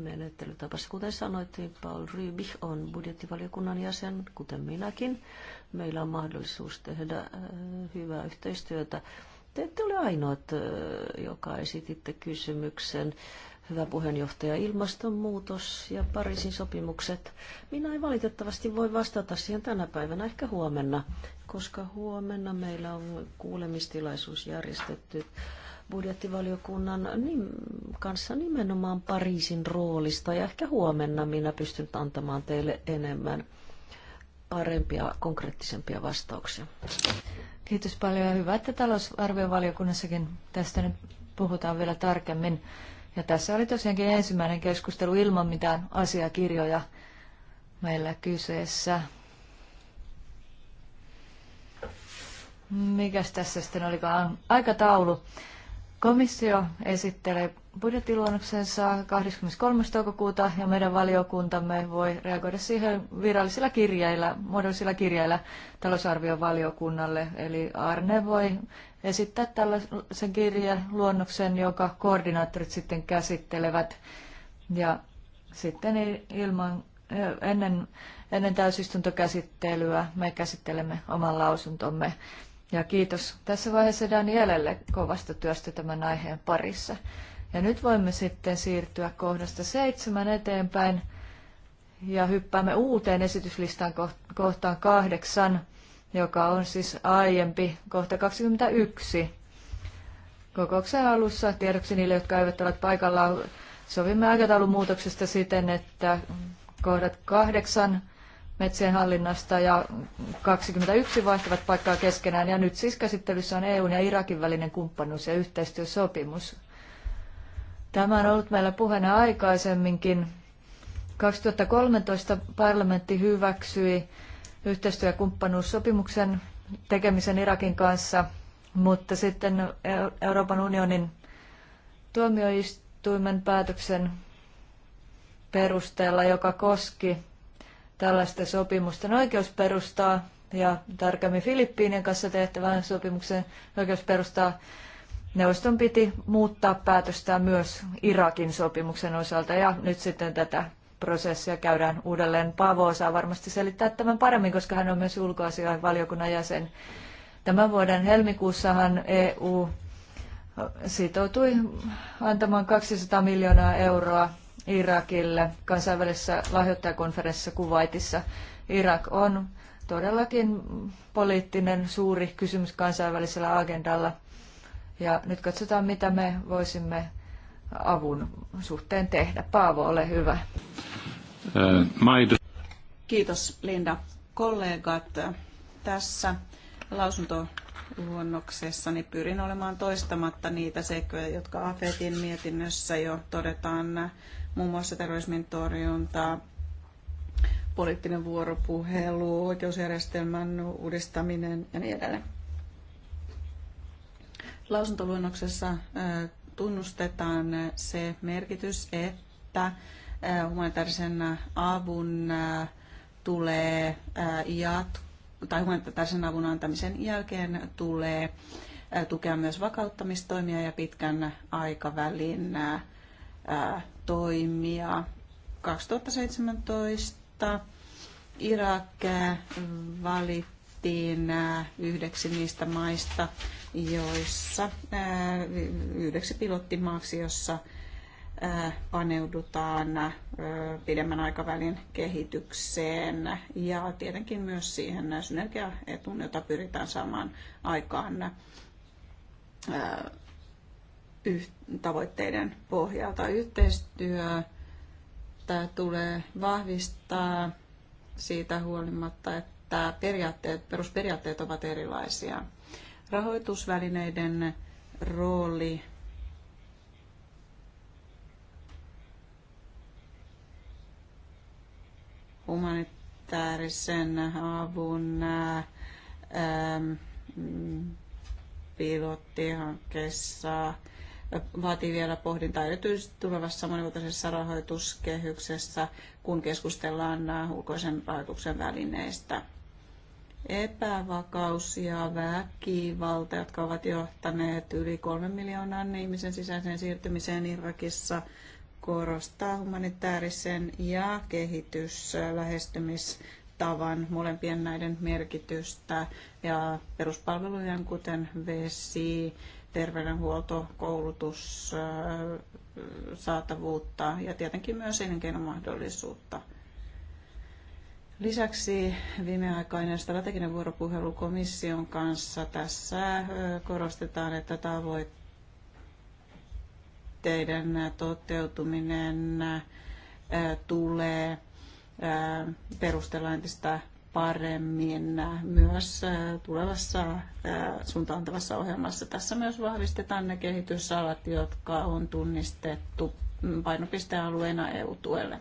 menettelytapassa. Kuten sanoit, Paul Rybich on budjettivaliokunnan jäsen, kuten minäkin. Meillä on mahdollisuus tehdä äh, hyvää yhteistyötä. Te ette ole ainoat, äh, joka esititte kysymyksen. Hyvä puheenjohtaja, ilmastonmuutos ja Pariisin sopimukset. Minä en valitettavasti voi vastata siihen tänä päivänä, ehkä huomenna, koska huomenna meillä on kuulemistilaisuus järjestetty budjettivaliokunnan kanssa nimenomaan Pariisin roolista ja ehkä huomenna minä pystyn antamaan teille enemmän parempia, konkreettisempia vastauksia. Kiitos paljon ja hyvä, että talousarviovaliokunnassakin tästä nyt puhutaan vielä tarkemmin. Ja tässä oli tosiaankin ensimmäinen keskustelu ilman mitään asiakirjoja meillä kyseessä. Mikäs tässä sitten olikaan aikataulu? Komissio esittelee budjettiluonnoksensa 23. toukokuuta ja meidän valiokuntamme voi reagoida siihen virallisilla kirjeillä, muodollisilla kirjeillä talousarviovaliokunnalle. Eli Arne voi esittää tällaisen kirjeluonnoksen, joka koordinaattorit sitten käsittelevät. Ja sitten ilman, eh, ennen, ennen täysistuntokäsittelyä me käsittelemme oman lausuntomme. Ja kiitos tässä vaiheessa Danielelle kovasta työstä tämän aiheen parissa. Ja nyt voimme sitten siirtyä kohdasta seitsemän eteenpäin ja hyppäämme uuteen esityslistaan kohtaan kahdeksan, joka on siis aiempi kohta 21. Kokouksen alussa tiedoksi niille, jotka eivät ole paikalla, sovimme aikataulun muutoksesta siten, että kohdat kahdeksan metsien hallinnasta ja 21 vaihtavat paikkaa keskenään. Ja nyt siis käsittelyssä on EUn ja Irakin välinen kumppanuus- ja yhteistyösopimus. Tämä on ollut meillä puheena aikaisemminkin. 2013 parlamentti hyväksyi yhteistyö- ja kumppanuussopimuksen tekemisen Irakin kanssa, mutta sitten Euroopan unionin tuomioistuimen päätöksen perusteella, joka koski tällaista sopimusten oikeusperustaa ja tarkemmin Filippiinien kanssa tehtävän sopimuksen oikeusperustaa. Neuvoston piti muuttaa päätöstään myös Irakin sopimuksen osalta ja nyt sitten tätä prosessia käydään uudelleen. Paavo osaa varmasti selittää tämän paremmin, koska hän on myös ulkoasian valiokunnan jäsen. Tämän vuoden helmikuussahan EU sitoutui antamaan 200 miljoonaa euroa Irakille kansainvälisessä lahjoittajakonferenssissa Kuwaitissa. Irak on todellakin poliittinen suuri kysymys kansainvälisellä agendalla. Ja nyt katsotaan, mitä me voisimme avun suhteen tehdä. Paavo, ole hyvä. Äh, Kiitos Linda. Kollegat, tässä lausuntoluonnoksessani pyrin olemaan toistamatta niitä seikkoja, jotka AFETin mietinnössä jo todetaan muun muassa terrorismin torjunta, poliittinen vuoropuhelu, oikeusjärjestelmän uudistaminen ja niin edelleen. Lausuntoluonnoksessa tunnustetaan se merkitys, että humanitaarisen avun tulee jatkuu tai humanitaarisen avun antamisen jälkeen tulee tukea myös vakauttamistoimia ja pitkän aikavälin toimia. 2017 Irak valittiin äh, yhdeksi niistä maista, joissa äh, yhdeksi pilottimaaksi, jossa äh, paneudutaan pidemmän aikavälin kehitykseen ja tietenkin myös siihen synergiaetun, jota pyritään saamaan aikaan tavoitteiden pohjalta. Yhteistyö tämä tulee vahvistaa siitä huolimatta, että periaatteet, perusperiaatteet ovat erilaisia. Rahoitusvälineiden rooli humanitaarisen avun ähm, pilottihankkeessa vaatii vielä pohdintaa erityisesti tulevassa monivuotisessa rahoituskehyksessä, kun keskustellaan äh, ulkoisen rahoituksen välineistä. Epävakaus ja väkivalta, jotka ovat johtaneet yli kolmen miljoonan ihmisen sisäiseen siirtymiseen Irakissa, korostaa humanitaarisen ja kehityslähestymistavan molempien näiden merkitystä ja peruspalvelujen, kuten vesi, terveydenhuolto, koulutus, äh, saatavuutta ja tietenkin myös elinkeinomahdollisuutta. Lisäksi viimeaikainen strateginen vuoropuhelu komission kanssa tässä äh, korostetaan, että tavoitteiden toteutuminen äh, tulee perustella entistä paremmin myös äh, tulevassa äh, suuntaantavassa ohjelmassa. Tässä myös vahvistetaan ne kehitysalat, jotka on tunnistettu painopistealueena EU-tuelle.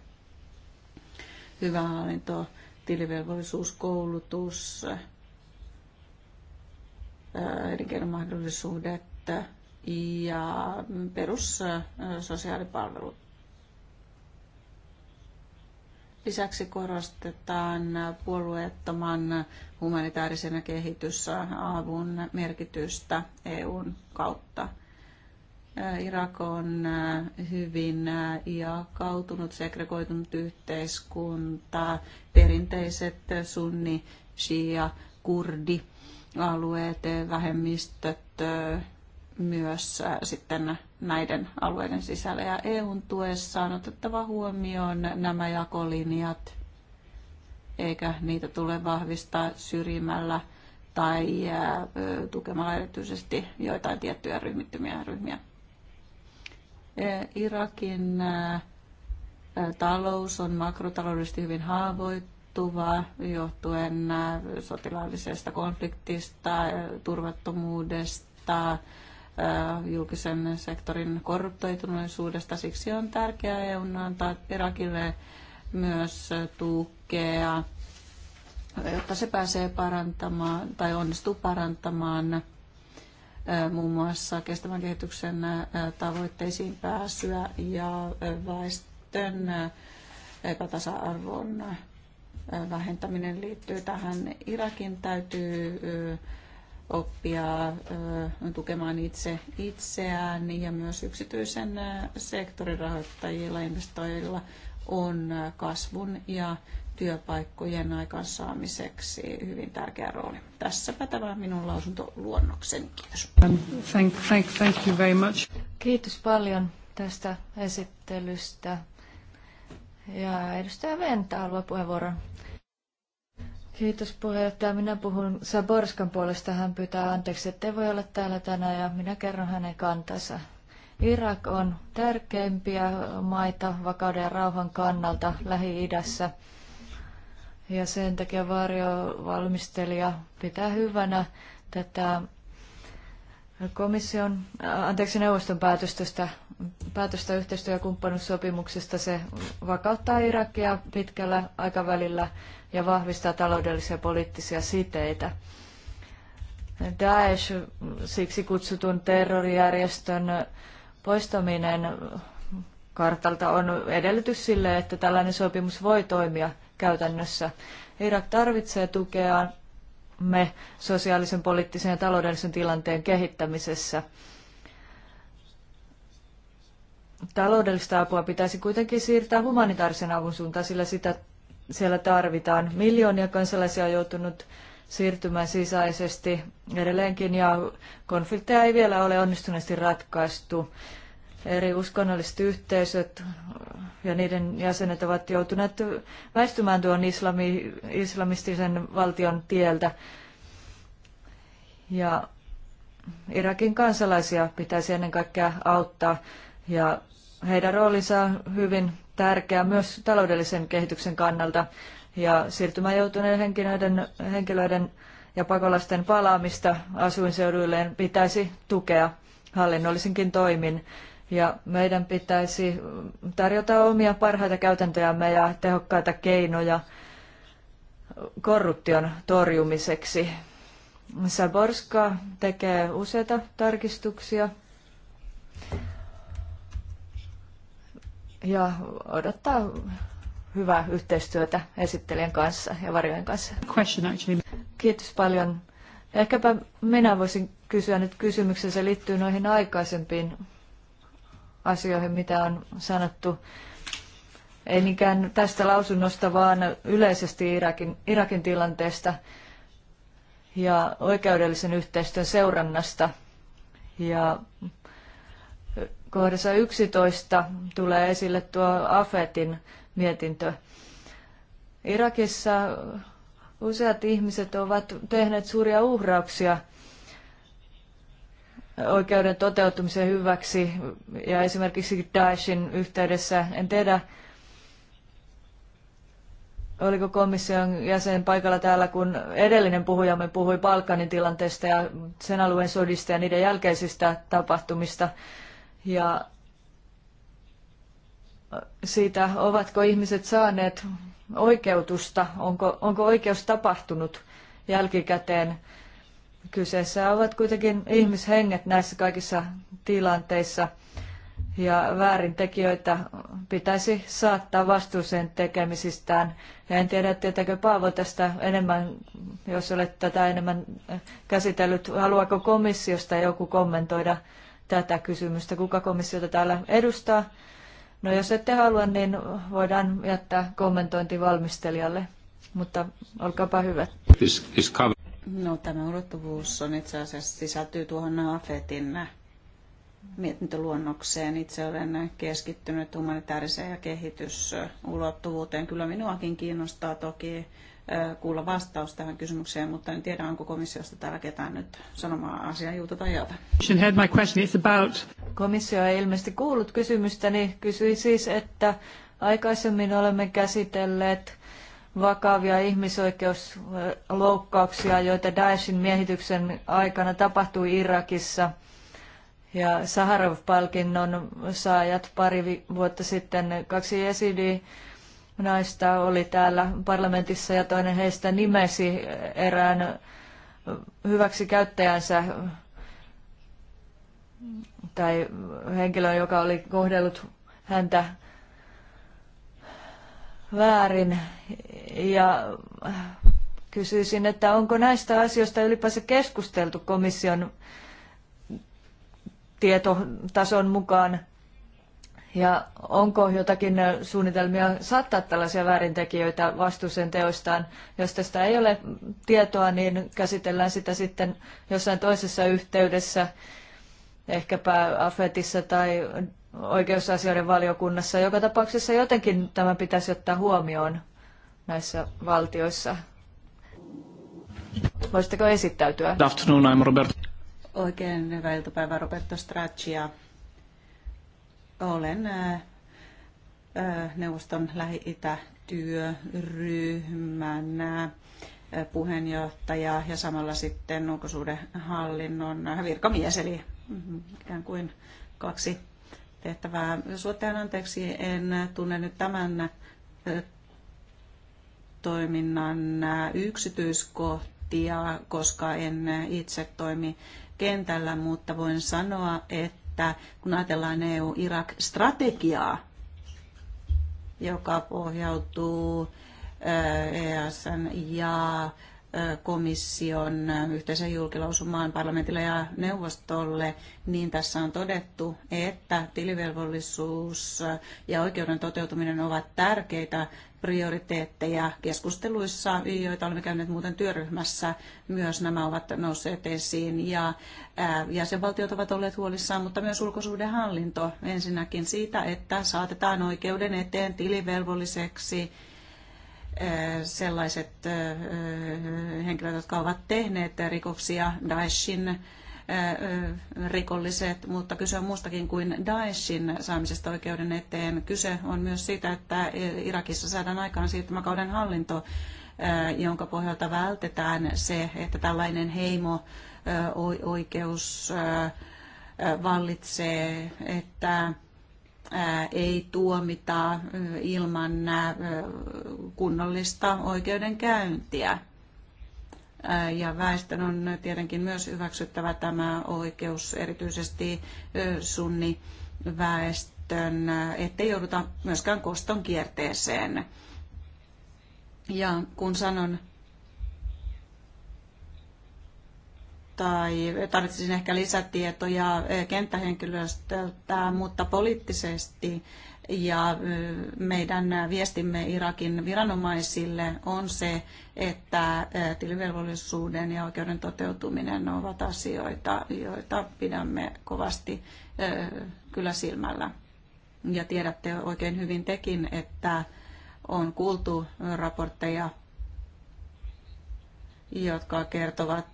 Hyvä hallinto, tilivelvollisuus, koulutus, äh, elinkeinomahdollisuudet ja perussosiaalipalvelut Lisäksi korostetaan puolueettoman humanitaarisen ja kehitysavun merkitystä EUn kautta. Irak on hyvin jakautunut, segregoitunut yhteiskunta, perinteiset sunni, shia, kurdi, alueet, vähemmistöt, myös sitten näiden alueiden sisällä. Ja EUn tuessa on otettava huomioon nämä jakolinjat, eikä niitä tule vahvistaa syrjimällä tai tukemalla erityisesti joitain tiettyjä ryhmittymiä ryhmiä. E, Irakin talous on makrotaloudellisesti hyvin haavoittuva johtuen sotilaallisesta konfliktista, turvattomuudesta, Äh, julkisen sektorin korruptoituneisuudesta. Siksi on tärkeää EUn antaa Irakille myös tukea, jotta se pääsee parantamaan tai onnistuu parantamaan äh, muun muassa kestävän kehityksen äh, tavoitteisiin pääsyä ja väestön epätasa-arvon vähentäminen liittyy tähän. Irakin täytyy oppia tukemaan itse itseään ja myös yksityisen sektorin rahoittajilla, investoijilla on kasvun ja työpaikkojen aikaansaamiseksi hyvin tärkeä rooli. Tässäpä tämä minun lausuntoluonnokseni. Kiitos. Thank, thank, thank you very much. Kiitos paljon tästä esittelystä. Ja edustaja Venta haluaa puheenvuoron. Kiitos puheenjohtaja. Minä puhun Saborskan puolesta. Hän pyytää anteeksi, ettei voi olla täällä tänään ja minä kerron hänen kantansa. Irak on tärkeimpiä maita vakauden ja rauhan kannalta Lähi-idässä. Ja sen takia varjovalmistelija pitää hyvänä tätä komission, anteeksi neuvoston päätöstä, päätöstä yhteistyö- ja kumppanuussopimuksesta. Se vakauttaa Irakia pitkällä aikavälillä ja vahvistaa taloudellisia ja poliittisia siteitä. Daesh, siksi kutsutun terrorijärjestön poistaminen kartalta on edellytys sille, että tällainen sopimus voi toimia käytännössä. Irak tarvitsee tukea me sosiaalisen, poliittisen ja taloudellisen tilanteen kehittämisessä. Taloudellista apua pitäisi kuitenkin siirtää humanitaarisen avun suuntaan, sillä sitä siellä tarvitaan. Miljoonia kansalaisia on joutunut siirtymään sisäisesti edelleenkin ja konflikteja ei vielä ole onnistuneesti ratkaistu. Eri uskonnolliset yhteisöt ja niiden jäsenet ovat joutuneet väistymään tuon islami, islamistisen valtion tieltä. Ja Irakin kansalaisia pitäisi ennen kaikkea auttaa ja heidän roolinsa on hyvin tärkeä myös taloudellisen kehityksen kannalta ja siirtymään joutuneiden henkilöiden, henkilöiden ja pakolaisten palaamista asuinseuduilleen pitäisi tukea hallinnollisinkin toimin. Ja meidän pitäisi tarjota omia parhaita käytäntöjämme ja tehokkaita keinoja korruption torjumiseksi. Saborska tekee useita tarkistuksia ja odottaa hyvää yhteistyötä esittelijän kanssa ja varjojen kanssa. Kiitos paljon. Ehkäpä minä voisin kysyä nyt kysymyksen, se liittyy noihin aikaisempiin asioihin, mitä on sanottu. Ei niinkään tästä lausunnosta, vaan yleisesti Irakin, Irakin tilanteesta ja oikeudellisen yhteistyön seurannasta ja kohdassa 11 tulee esille tuo AFETin mietintö. Irakissa useat ihmiset ovat tehneet suuria uhrauksia oikeuden toteutumisen hyväksi ja esimerkiksi Daeshin yhteydessä. En tiedä, oliko komission jäsen paikalla täällä, kun edellinen puhujamme puhui Balkanin tilanteesta ja sen alueen sodista ja niiden jälkeisistä tapahtumista ja siitä, ovatko ihmiset saaneet oikeutusta, onko, onko oikeus tapahtunut jälkikäteen. Kyseessä ovat kuitenkin ihmishenget näissä kaikissa tilanteissa ja väärintekijöitä pitäisi saattaa vastuuseen tekemisistään. Ja en tiedä, tietääkö Paavo tästä enemmän, jos olet tätä enemmän käsitellyt. Haluaako komissiosta joku kommentoida tätä kysymystä, kuka komissiota täällä edustaa. No jos ette halua, niin voidaan jättää kommentointi valmistelijalle, mutta olkaapa hyvä. No tämä ulottuvuus on itse asiassa sisältyy tuohon AFETin mietintöluonnokseen. Itse olen keskittynyt humanitaariseen ja kehitysulottuvuuteen. Kyllä minuakin kiinnostaa toki kuulla vastaus tähän kysymykseen, mutta en tiedä, onko komissiosta täällä ketään nyt sanomaa asiaa juuta tai jota. Komissio ei ilmeisesti kuullut kysymystäni. Niin kysyi siis, että aikaisemmin olemme käsitelleet vakavia ihmisoikeusloukkauksia, joita Daeshin miehityksen aikana tapahtui Irakissa. Ja Saharov-palkinnon saajat pari vuotta sitten, kaksi esidiä, naista oli täällä parlamentissa ja toinen heistä nimesi erään hyväksi käyttäjänsä tai henkilön, joka oli kohdellut häntä väärin. Ja kysyisin, että onko näistä asioista ylipäänsä keskusteltu komission tietotason mukaan ja onko jotakin suunnitelmia saattaa tällaisia väärintekijöitä vastuuseen teoistaan? Jos tästä ei ole tietoa, niin käsitellään sitä sitten jossain toisessa yhteydessä, ehkäpä AFETissa tai oikeusasioiden valiokunnassa. Joka tapauksessa jotenkin tämä pitäisi ottaa huomioon näissä valtioissa. Voisitteko esittäytyä? Good afternoon, I'm Roberto. Oikein hyvää iltapäivää, Roberto Straccia. Olen neuvoston Lähi-Itä-työryhmän puheenjohtaja ja samalla sitten ulkosuudenhallinnon virkamies, eli mm, ikään kuin kaksi tehtävää. Suottajan anteeksi, en tunne nyt tämän toiminnan yksityiskohtia, koska en itse toimi kentällä, mutta voin sanoa, että että kun ajatellaan EU-Irak-strategiaa, joka pohjautuu EASN ja komission yhteisen julkilausumaan parlamentille ja neuvostolle, niin tässä on todettu, että tilivelvollisuus ja oikeuden toteutuminen ovat tärkeitä prioriteetteja keskusteluissa, joita olemme käyneet muuten työryhmässä, myös nämä ovat nousseet esiin ja jäsenvaltiot ovat olleet huolissaan, mutta myös ulkosuhdehallinto ensinnäkin siitä, että saatetaan oikeuden eteen tilivelvolliseksi sellaiset henkilöt, jotka ovat tehneet rikoksia Daeshin rikolliset, mutta kyse on muustakin kuin Daeshin saamisesta oikeuden eteen. Kyse on myös siitä, että Irakissa saadaan aikaan siirtymäkauden hallinto, jonka pohjalta vältetään se, että tällainen heimo oikeus vallitsee, että ei tuomita ilman kunnollista oikeudenkäyntiä ja väestön on tietenkin myös hyväksyttävä tämä oikeus, erityisesti sunniväestön, ettei jouduta myöskään koston kierteeseen. Ja kun sanon tai tarvitsisin ehkä lisätietoja kenttähenkilöstöltä, mutta poliittisesti ja meidän viestimme Irakin viranomaisille on se, että tilivelvollisuuden ja oikeuden toteutuminen ovat asioita, joita pidämme kovasti kyllä silmällä. Ja tiedätte oikein hyvin tekin, että on kuultu raportteja, jotka kertovat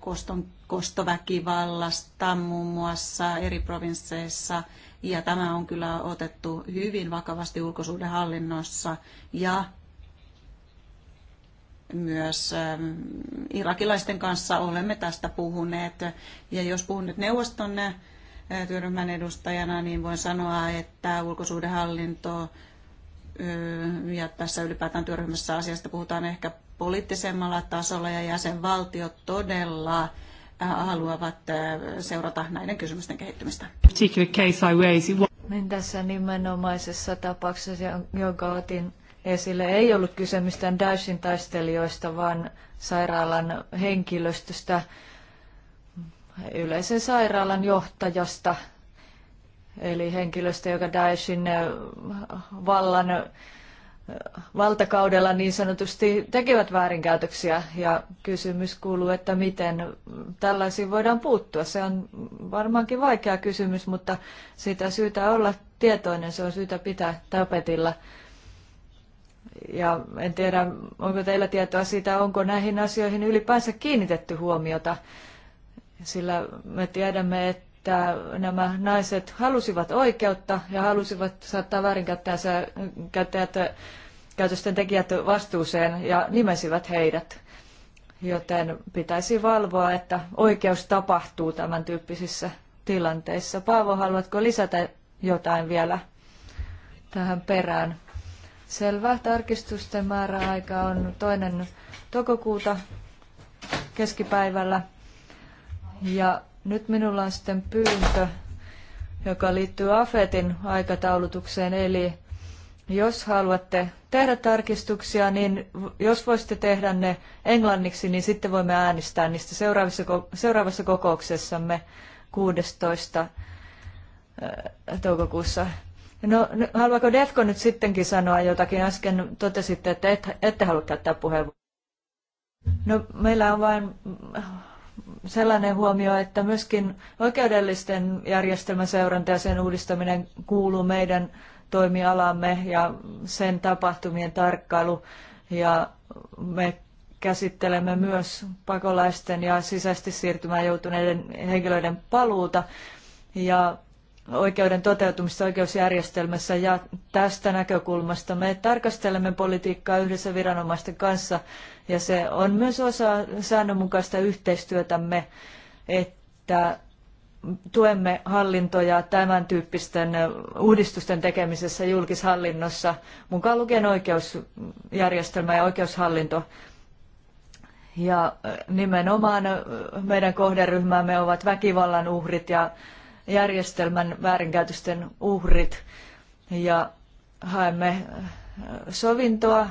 koston, kostoväkivallasta muun muassa eri provinsseissa – ja tämä on kyllä otettu hyvin vakavasti hallinnossa ja myös ähm, irakilaisten kanssa olemme tästä puhuneet. Ja jos puhun nyt neuvoston äh, työryhmän edustajana, niin voin sanoa, että ulkosuudenhallinto äh, ja tässä ylipäätään työryhmässä asiasta puhutaan ehkä poliittisemmalla tasolla ja jäsenvaltiot todella haluavat seurata näiden kysymysten kehittymistä. Niin tässä nimenomaisessa tapauksessa, jonka otin esille, ei ollut kyse mistään Daeshin taistelijoista, vaan sairaalan henkilöstöstä, yleisen sairaalan johtajasta, eli henkilöstä, joka Daeshin vallan valtakaudella niin sanotusti tekevät väärinkäytöksiä ja kysymys kuuluu, että miten tällaisiin voidaan puuttua. Se on varmaankin vaikea kysymys, mutta siitä syytä olla tietoinen, se on syytä pitää tapetilla. Ja en tiedä, onko teillä tietoa siitä, onko näihin asioihin ylipäänsä kiinnitetty huomiota, sillä me tiedämme, että että nämä naiset halusivat oikeutta ja halusivat saattaa väärinkäyttäjänsä käyttäjät, käytösten tekijät vastuuseen ja nimesivät heidät. Joten pitäisi valvoa, että oikeus tapahtuu tämän tyyppisissä tilanteissa. Paavo, haluatko lisätä jotain vielä tähän perään? Selvä. Tarkistusten määräaika on toinen toukokuuta keskipäivällä. Ja nyt minulla on sitten pyyntö, joka liittyy AFETin aikataulutukseen, eli jos haluatte tehdä tarkistuksia, niin jos voisitte tehdä ne englanniksi, niin sitten voimme äänestää niistä seuraavassa, seuraavassa kokouksessamme 16. Äh, toukokuussa. No, haluaako Defko nyt sittenkin sanoa jotakin? Äsken totesitte, että ette, ette halua käyttää puheenvuoroa. No, meillä on vain sellainen huomio, että myöskin oikeudellisten järjestelmän seuranta ja sen uudistaminen kuuluu meidän toimialamme ja sen tapahtumien tarkkailu. Ja me käsittelemme myös pakolaisten ja sisäisesti siirtymään joutuneiden henkilöiden paluuta ja oikeuden toteutumista oikeusjärjestelmässä ja tästä näkökulmasta me tarkastelemme politiikkaa yhdessä viranomaisten kanssa ja se on myös osa säännönmukaista yhteistyötämme, että tuemme hallintoja tämän tyyppisten uudistusten tekemisessä julkishallinnossa, mukaan lukien oikeusjärjestelmä ja oikeushallinto. Ja nimenomaan meidän kohderyhmämme ovat väkivallan uhrit ja järjestelmän väärinkäytösten uhrit. Ja haemme sovintoa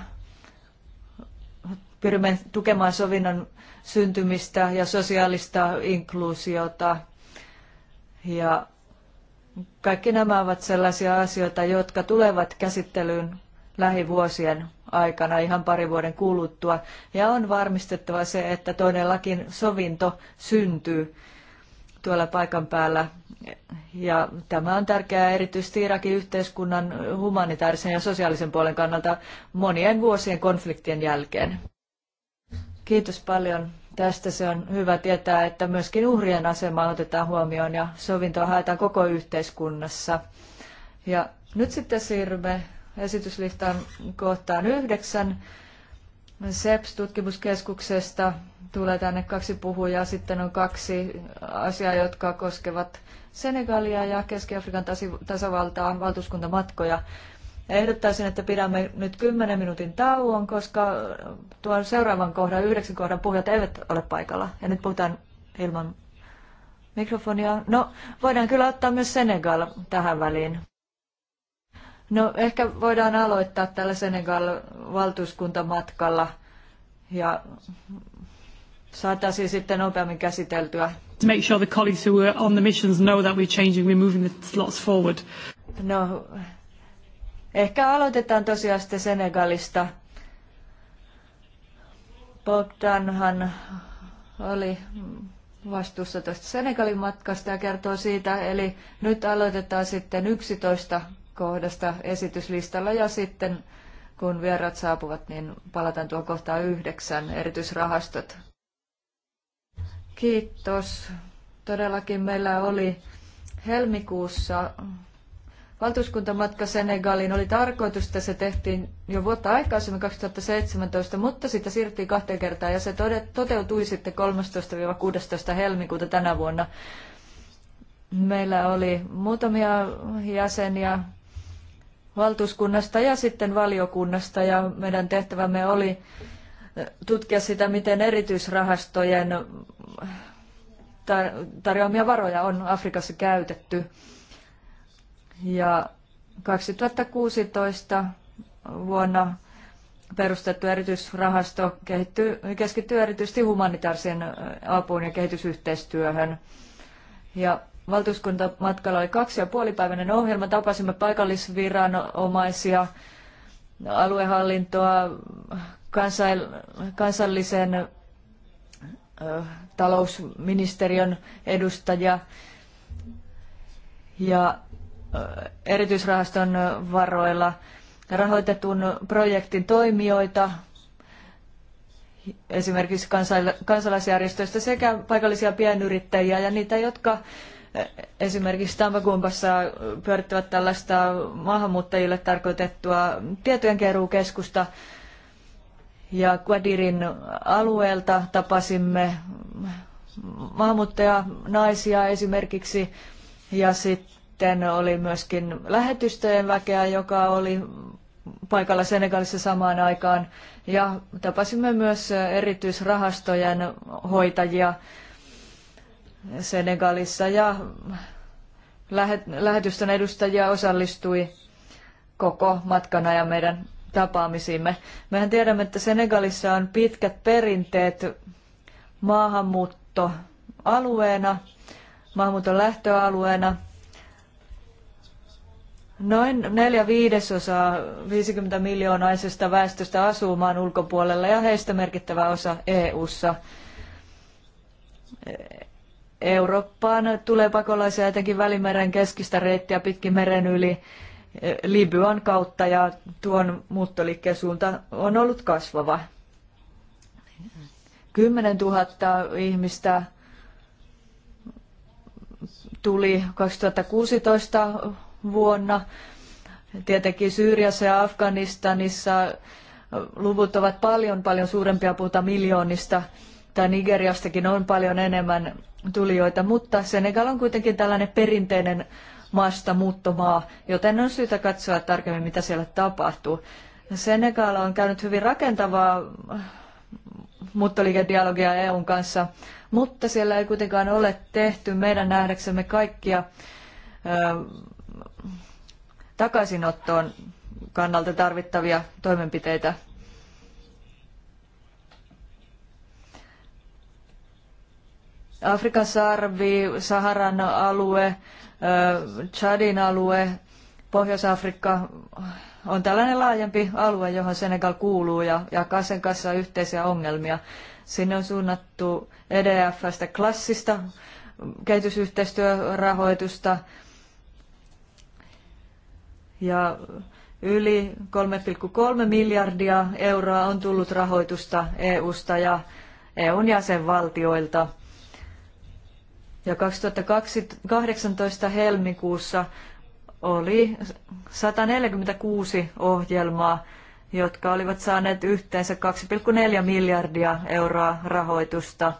pyrimme tukemaan sovinnon syntymistä ja sosiaalista inkluusiota. Ja kaikki nämä ovat sellaisia asioita, jotka tulevat käsittelyyn lähivuosien aikana ihan parin vuoden kuluttua. Ja on varmistettava se, että todellakin sovinto syntyy tuolla paikan päällä. Ja tämä on tärkeää erityisesti Irakin yhteiskunnan humanitaarisen ja sosiaalisen puolen kannalta monien vuosien konfliktien jälkeen. Kiitos paljon tästä. Se on hyvä tietää, että myöskin uhrien asema otetaan huomioon ja sovintoa haetaan koko yhteiskunnassa. Ja nyt sitten siirrymme esityslistan kohtaan yhdeksän. SEPS-tutkimuskeskuksesta tulee tänne kaksi puhujaa. Sitten on kaksi asiaa, jotka koskevat Senegalia ja Keski-Afrikan tasavaltaa valtuuskuntamatkoja. Ehdottaisin, että pidämme nyt 10 minuutin tauon, koska tuon seuraavan kohdan, yhdeksän kohdan puhujat eivät ole paikalla. Ja nyt puhutaan ilman mikrofonia. No, voidaan kyllä ottaa myös Senegal tähän väliin. No, ehkä voidaan aloittaa tällä Senegal-valtuuskuntamatkalla ja saataisiin sitten nopeammin käsiteltyä. To make sure the colleagues who were on the missions know that we're changing, we're moving the slots forward. No, Ehkä aloitetaan tosiaan sitten Senegalista. Bogdanhan oli vastuussa tuosta Senegalin matkasta ja kertoo siitä. Eli nyt aloitetaan sitten 11 kohdasta esityslistalla ja sitten kun vierat saapuvat, niin palataan tuo kohtaan yhdeksän, erityisrahastot. Kiitos. Todellakin meillä oli helmikuussa valtuuskuntamatka Senegaliin oli tarkoitus, että se tehtiin jo vuotta aikaisemmin 2017, mutta sitä siirrettiin kahteen kertaan ja se toteutui sitten 13-16 helmikuuta tänä vuonna. Meillä oli muutamia jäseniä valtuuskunnasta ja sitten valiokunnasta ja meidän tehtävämme oli tutkia sitä, miten erityisrahastojen tarjoamia varoja on Afrikassa käytetty. Ja 2016 vuonna perustettu erityisrahasto keskittyy erityisesti humanitaarisen apuun ja kehitysyhteistyöhön. Ja valtuuskuntamatkalla oli kaksi ja puolipäiväinen ohjelma. Tapasimme paikallisviranomaisia, aluehallintoa, kansallisen talousministeriön edustajia ja erityisrahaston varoilla rahoitetun projektin toimijoita, esimerkiksi kansalaisjärjestöistä sekä paikallisia pienyrittäjiä ja niitä, jotka esimerkiksi Tampakumpassa pyörittävät tällaista maahanmuuttajille tarkoitettua tietojenkeruukeskusta. Ja Quadirin alueelta tapasimme maahanmuuttajanaisia esimerkiksi ja sitten sitten oli myöskin lähetystöjen väkeä, joka oli paikalla Senegalissa samaan aikaan. Ja tapasimme myös erityisrahastojen hoitajia Senegalissa ja lähetystön edustajia osallistui koko matkana ja meidän tapaamisiimme. Mehän tiedämme, että Senegalissa on pitkät perinteet maahanmuuttoalueena, maahanmuuton lähtöalueena – Noin neljä viidesosaa 50 miljoonaisesta väestöstä asuu maan ulkopuolella ja heistä merkittävä osa EU-ssa. Eurooppaan tulee pakolaisia etenkin Välimeren keskistä reittiä pitkin meren yli eh, Libyan kautta ja tuon muuttoliikkeen suunta on ollut kasvava. 10 000 ihmistä tuli 2016 vuonna. Tietenkin Syyriassa ja Afganistanissa luvut ovat paljon paljon suurempia, puhutaan miljoonista, tai Nigeriastakin on paljon enemmän tulijoita, mutta Senegal on kuitenkin tällainen perinteinen maasta muuttomaa, joten on syytä katsoa tarkemmin, mitä siellä tapahtuu. Senegal on käynyt hyvin rakentavaa muuttoliikedialogia EUn kanssa, mutta siellä ei kuitenkaan ole tehty meidän nähdäksemme kaikkia takaisinottoon kannalta tarvittavia toimenpiteitä. Afrikan sarvi, Saharan alue, Chadin alue, Pohjois-Afrikka on tällainen laajempi alue, johon Senegal kuuluu ja jakaa sen kanssa yhteisiä ongelmia. Sinne on suunnattu EDFstä klassista kehitysyhteistyörahoitusta, ja yli 3,3 miljardia euroa on tullut rahoitusta EUsta ja EUn jäsenvaltioilta. Ja 2018 helmikuussa oli 146 ohjelmaa, jotka olivat saaneet yhteensä 2,4 miljardia euroa rahoitusta –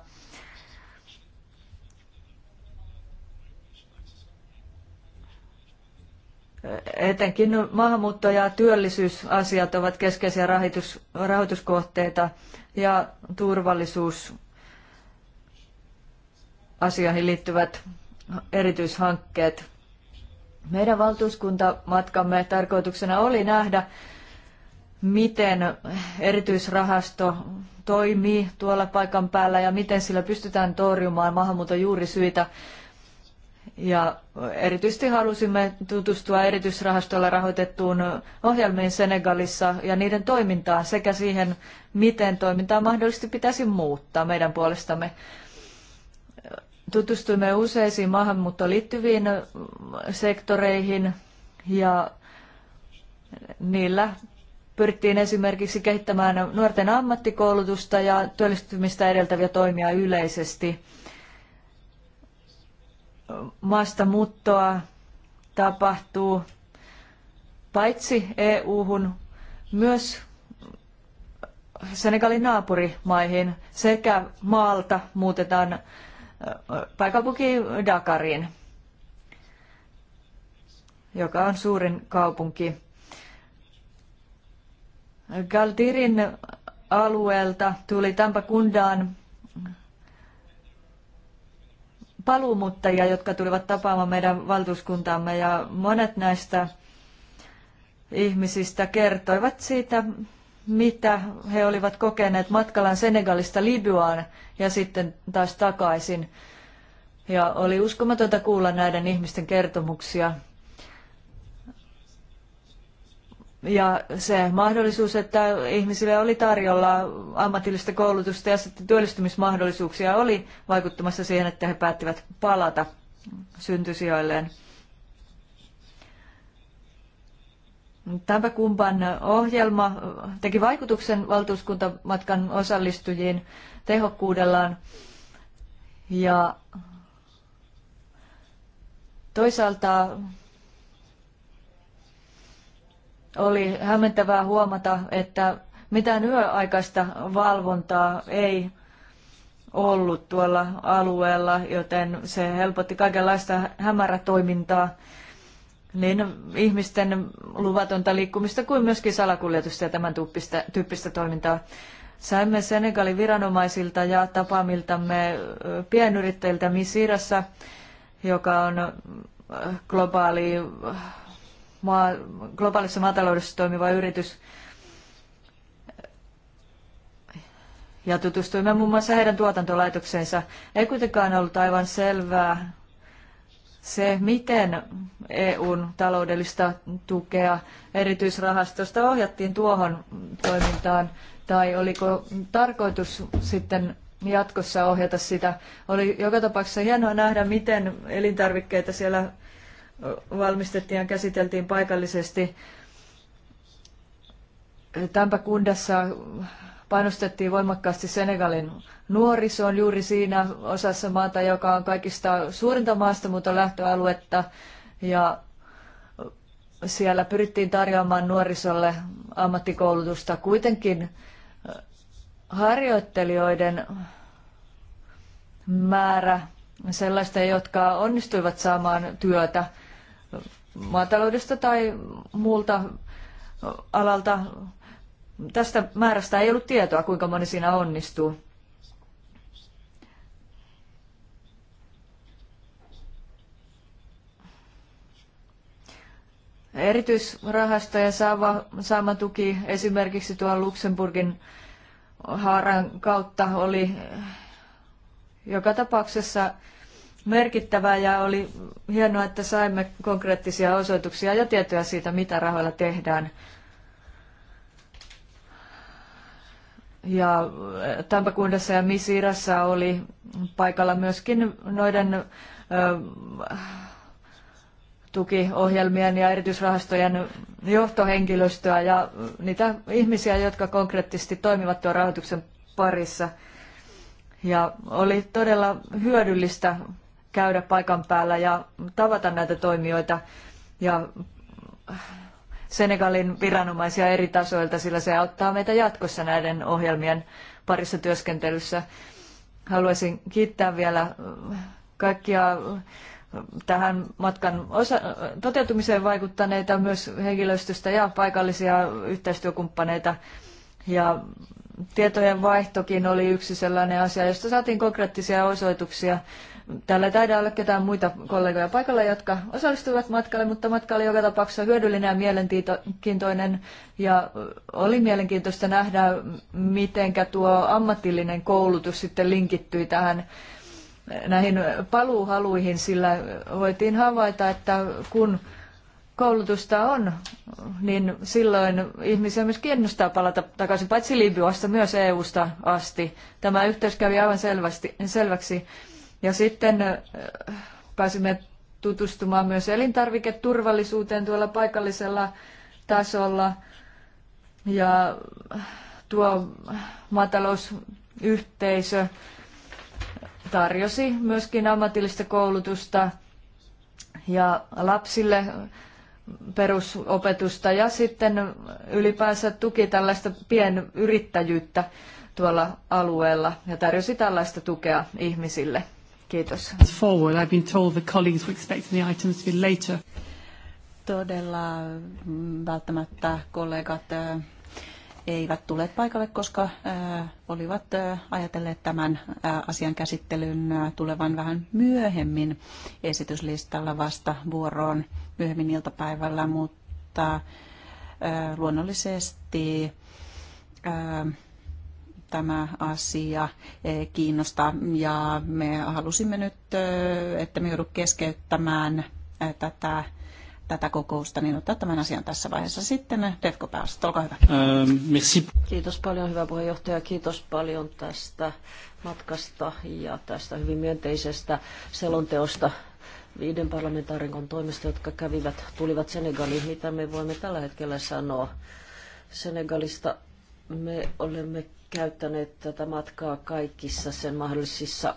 Etenkin maahanmuutto- ja työllisyysasiat ovat keskeisiä rahoitus, rahoituskohteita ja turvallisuusasioihin liittyvät erityishankkeet. Meidän valtuuskuntamatkamme tarkoituksena oli nähdä, miten erityisrahasto toimii tuolla paikan päällä ja miten sillä pystytään torjumaan maahanmuuton juurisyitä syitä ja erityisesti halusimme tutustua erityisrahastolla rahoitettuun ohjelmiin Senegalissa ja niiden toimintaan sekä siihen, miten toimintaa mahdollisesti pitäisi muuttaa meidän puolestamme. Tutustuimme useisiin maahanmuuttoon liittyviin sektoreihin ja niillä pyrittiin esimerkiksi kehittämään nuorten ammattikoulutusta ja työllistymistä edeltäviä toimia yleisesti – maastamuuttoa tapahtuu paitsi EU-hun myös Senegalin naapurimaihin sekä maalta muutetaan pääkaupunki Dakariin, joka on suurin kaupunki. Galdirin alueelta tuli Tampakundaan paluumuttajia, jotka tulivat tapaamaan meidän valtuuskuntaamme ja monet näistä ihmisistä kertoivat siitä, mitä he olivat kokeneet matkallaan Senegalista Libyaan ja sitten taas takaisin. Ja oli uskomatonta kuulla näiden ihmisten kertomuksia Ja se mahdollisuus, että ihmisille oli tarjolla ammatillista koulutusta ja sitten työllistymismahdollisuuksia oli vaikuttamassa siihen, että he päättivät palata syntysijoilleen. Tämä kumpan ohjelma teki vaikutuksen valtuuskuntamatkan osallistujiin tehokkuudellaan ja toisaalta oli hämmentävää huomata, että mitään yöaikaista valvontaa ei ollut tuolla alueella, joten se helpotti kaikenlaista hämärätoimintaa, niin ihmisten luvatonta liikkumista kuin myöskin salakuljetusta ja tämän tyyppistä, tyyppistä toimintaa. Saimme Senegalin viranomaisilta ja tapaamiltamme pienyrittäjiltä Misirassa, joka on globaali maa, globaalissa maataloudessa toimiva yritys. Ja tutustuimme muun muassa heidän tuotantolaitokseensa. Ei kuitenkaan ollut aivan selvää se, miten EUn taloudellista tukea erityisrahastosta ohjattiin tuohon toimintaan, tai oliko tarkoitus sitten jatkossa ohjata sitä. Oli joka tapauksessa hienoa nähdä, miten elintarvikkeita siellä valmistettiin ja käsiteltiin paikallisesti. Tampakundassa painostettiin voimakkaasti Senegalin nuorisoon juuri siinä osassa maata, joka on kaikista suurinta maastamuuton lähtöaluetta. Ja siellä pyrittiin tarjoamaan nuorisolle ammattikoulutusta. Kuitenkin äh, harjoittelijoiden määrä sellaisten, jotka onnistuivat saamaan työtä, maataloudesta tai muulta alalta. Tästä määrästä ei ollut tietoa, kuinka moni siinä onnistuu. Erityisrahastojen saama, saama tuki esimerkiksi tuon Luxemburgin haaran kautta oli eh, joka tapauksessa merkittävää ja oli hienoa, että saimme konkreettisia osoituksia ja tietoja siitä, mitä rahoilla tehdään. Ja eh, Tampakundassa ja Misirassa oli paikalla myöskin noiden ö, eh, tukiohjelmien ja erityisrahastojen johtohenkilöstöä ja niitä ihmisiä, jotka konkreettisesti toimivat tuon rahoituksen parissa. Ja oli todella hyödyllistä käydä paikan päällä ja tavata näitä toimijoita ja Senegalin viranomaisia eri tasoilta, sillä se auttaa meitä jatkossa näiden ohjelmien parissa työskentelyssä. Haluaisin kiittää vielä kaikkia tähän matkan osa- toteutumiseen vaikuttaneita, myös henkilöstöstä ja paikallisia yhteistyökumppaneita. Ja tietojen vaihtokin oli yksi sellainen asia, josta saatiin konkreettisia osoituksia Täällä ei taida olla ketään muita kollegoja paikalla, jotka osallistuivat matkalle, mutta matka oli joka tapauksessa hyödyllinen ja mielenkiintoinen. Ja oli mielenkiintoista nähdä, miten tuo ammatillinen koulutus sitten linkittyi tähän näihin paluuhaluihin, sillä voitiin havaita, että kun koulutusta on, niin silloin ihmisiä myös kiinnostaa palata takaisin, paitsi Libyasta, myös EU-sta asti. Tämä yhteys kävi aivan selvästi, selväksi. Ja sitten pääsimme tutustumaan myös elintarviketurvallisuuteen tuolla paikallisella tasolla. Ja tuo maatalousyhteisö tarjosi myöskin ammatillista koulutusta ja lapsille perusopetusta ja sitten ylipäänsä tuki tällaista pienyrittäjyyttä tuolla alueella ja tarjosi tällaista tukea ihmisille. Kiitos. Forward. I've been told the colleagues were expecting the items to be later. Todella mm, välttämättä kollegat eh, eivät tulleet paikalle, koska eh, olivat eh, ajatelleet tämän asian käsittelyn tulevan vähän myöhemmin esityslistalla vasta vuoroon myöhemmin iltapäivällä, mutta luonnollisesti tämä asia e, kiinnostaa ja me halusimme nyt, e, että me joudut keskeyttämään e, tätä tätä kokousta, niin ottaa tämän asian tässä vaiheessa sitten. Defko pääosasta, olkaa hyvä. Ähm, Kiitos paljon, hyvä puheenjohtaja. Kiitos paljon tästä matkasta ja tästä hyvin myönteisestä selonteosta viiden parlamentaarikon toimesta, jotka kävivät, tulivat Senegaliin. Mitä me voimme tällä hetkellä sanoa Senegalista? Me olemme käyttäneet tätä matkaa kaikissa sen mahdollisissa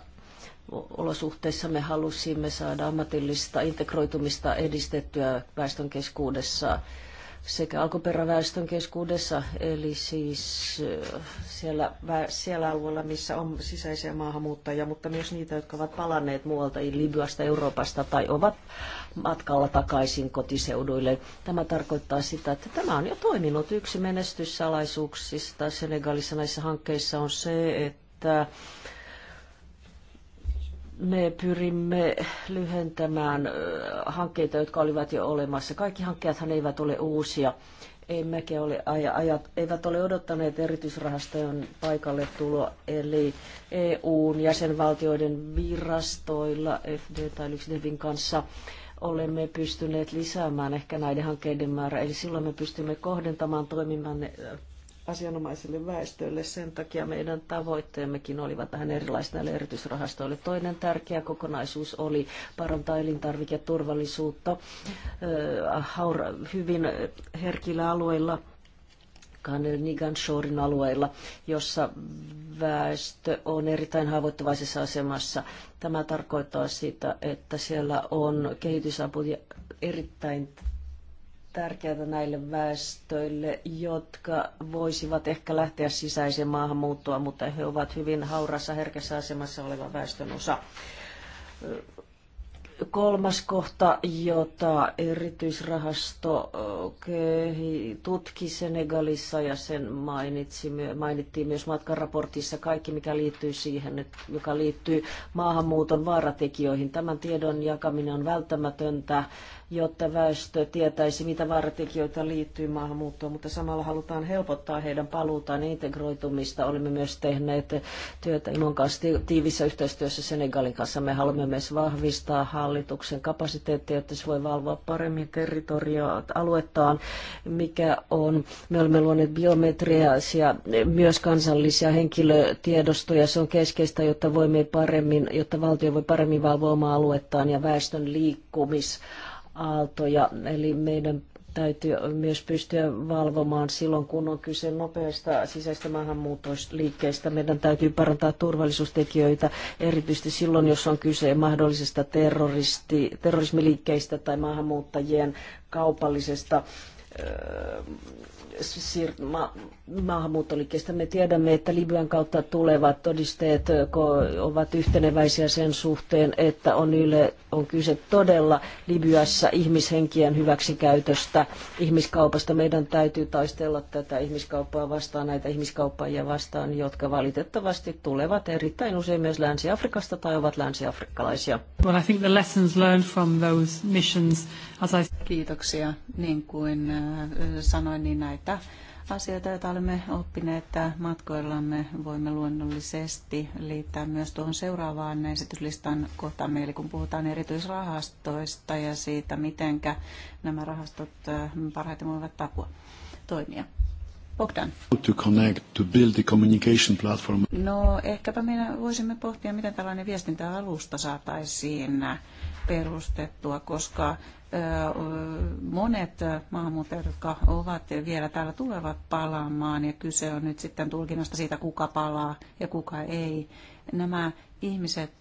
olosuhteissa. Me halusimme saada ammatillista integroitumista edistettyä väestön keskuudessa sekä alkuperäväestön keskuudessa, eli siis äh, siellä, siellä alueella, missä on sisäisiä maahanmuuttajia, mutta myös niitä, jotka ovat palanneet muualta Libyasta, Euroopasta tai ovat matkalla takaisin kotiseuduille. Tämä tarkoittaa sitä, että tämä on jo toiminut. Yksi menestyssalaisuuksista Senegalissa näissä hankkeissa on se, että me pyrimme lyhentämään hankkeita, jotka olivat jo olemassa. Kaikki hankkeethan eivät ole uusia. Emmekä ole, ajat, eivät ole odottaneet erityisrahastojen paikalle tuloa, eli EUn jäsenvaltioiden virastoilla FD tai Lyksdevin kanssa olemme pystyneet lisäämään ehkä näiden hankkeiden määrää. Eli silloin me pystymme kohdentamaan toimintamme, asianomaiselle väestölle. Sen takia meidän tavoitteemmekin olivat vähän erilaiset näille erityisrahastoille. Toinen tärkeä kokonaisuus oli parantaa elintarviketurvallisuutta hyvin herkillä alueilla Nigan Shorin alueilla, jossa väestö on erittäin haavoittuvaisessa asemassa. Tämä tarkoittaa sitä, että siellä on kehitysapu erittäin tärkeää näille väestöille, jotka voisivat ehkä lähteä sisäiseen maahanmuuttoon, mutta he ovat hyvin haurassa, herkässä asemassa oleva väestön osa. Kolmas kohta, jota erityisrahasto tutki Senegalissa ja sen mainitsi, mainittiin myös matkaraportissa kaikki, mikä liittyy siihen, joka liittyy maahanmuuton vaaratekijöihin. Tämän tiedon jakaminen on välttämätöntä jotta väestö tietäisi, mitä vaaratekijöitä liittyy maahanmuuttoon, mutta samalla halutaan helpottaa heidän paluutaan ja integroitumista. Olemme myös tehneet työtä Ilon kanssa tiivissä yhteistyössä Senegalin kanssa. Me haluamme myös vahvistaa hallituksen kapasiteettia, jotta se voi valvoa paremmin territoriaa aluettaan, mikä on. Me olemme luoneet biometriaisia, myös kansallisia henkilötiedostoja. Se on keskeistä, jotta voimme paremmin, jotta valtio voi paremmin valvoa omaa aluettaan ja väestön liikkumis aaltoja, eli meidän täytyy myös pystyä valvomaan silloin, kun on kyse nopeista sisäistä maahanmuutosliikkeistä. Meidän täytyy parantaa turvallisuustekijöitä, erityisesti silloin, jos on kyse mahdollisista terroristi, terrorismiliikkeistä tai maahanmuuttajien kaupallisesta öö, ma- maahanmuuttoliikkeestä. Me tiedämme, että Libyan kautta tulevat todisteet ovat yhteneväisiä sen suhteen, että on, yle, on kyse todella Libyassa ihmishenkien hyväksikäytöstä, ihmiskaupasta. Meidän täytyy taistella tätä ihmiskauppaa vastaan, näitä ihmiskauppaajia vastaan, jotka valitettavasti tulevat erittäin usein myös Länsi-Afrikasta tai ovat länsiafrikkalaisia. Well, I think the lessons learned from those missions, as I... Kiitoksia. Niin kuin sanoin, niin näitä asioita, joita olemme oppineet että matkoillamme, voimme luonnollisesti liittää myös tuohon seuraavaan esityslistan kohtaan, eli kun puhutaan erityisrahastoista ja siitä, miten nämä rahastot parhaiten voivat tapua toimia. Bogdan. To connect, to build the communication platform. No ehkäpä me voisimme pohtia, miten tällainen viestintäalusta saataisiin perustettua, koska monet maahanmuuttajat, jotka ovat vielä täällä, tulevat palaamaan ja kyse on nyt sitten tulkinnasta siitä, kuka palaa ja kuka ei. Nämä ihmiset,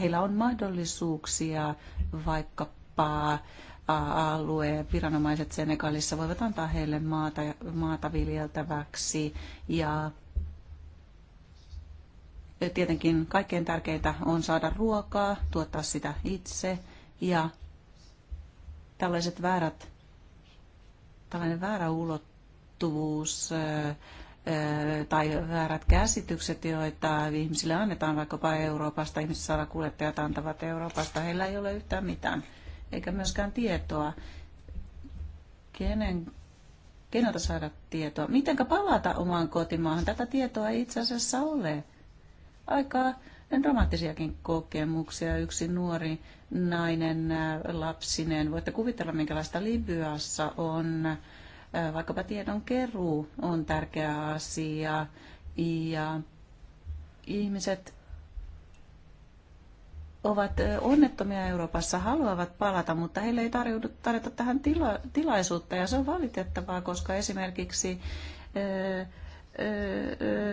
heillä on mahdollisuuksia vaikkapa alueen viranomaiset Senegalissa voivat antaa heille maata, maata viljeltäväksi ja tietenkin kaikkein tärkeintä on saada ruokaa, tuottaa sitä itse ja tällaiset väärät, tällainen väärä ulottuvuus tai väärät käsitykset, joita ihmisille annetaan vaikkapa Euroopasta, kuljettajat antavat Euroopasta, heillä ei ole yhtään mitään, eikä myöskään tietoa. Kenen keneltä saada tietoa. Mitenkä palata omaan kotimaahan? Tätä tietoa ei itse asiassa ole aika dramaattisiakin kokemuksia. Yksi nuori nainen äh, lapsinen. Voitte kuvitella, minkälaista Libyassa on. Äh, vaikkapa tiedon keruu on tärkeä asia. Ja ihmiset ovat äh, onnettomia Euroopassa, haluavat palata, mutta heille ei tarjoudu, tarjota tähän tila, tilaisuutta. Ja se on valitettavaa, koska esimerkiksi ö,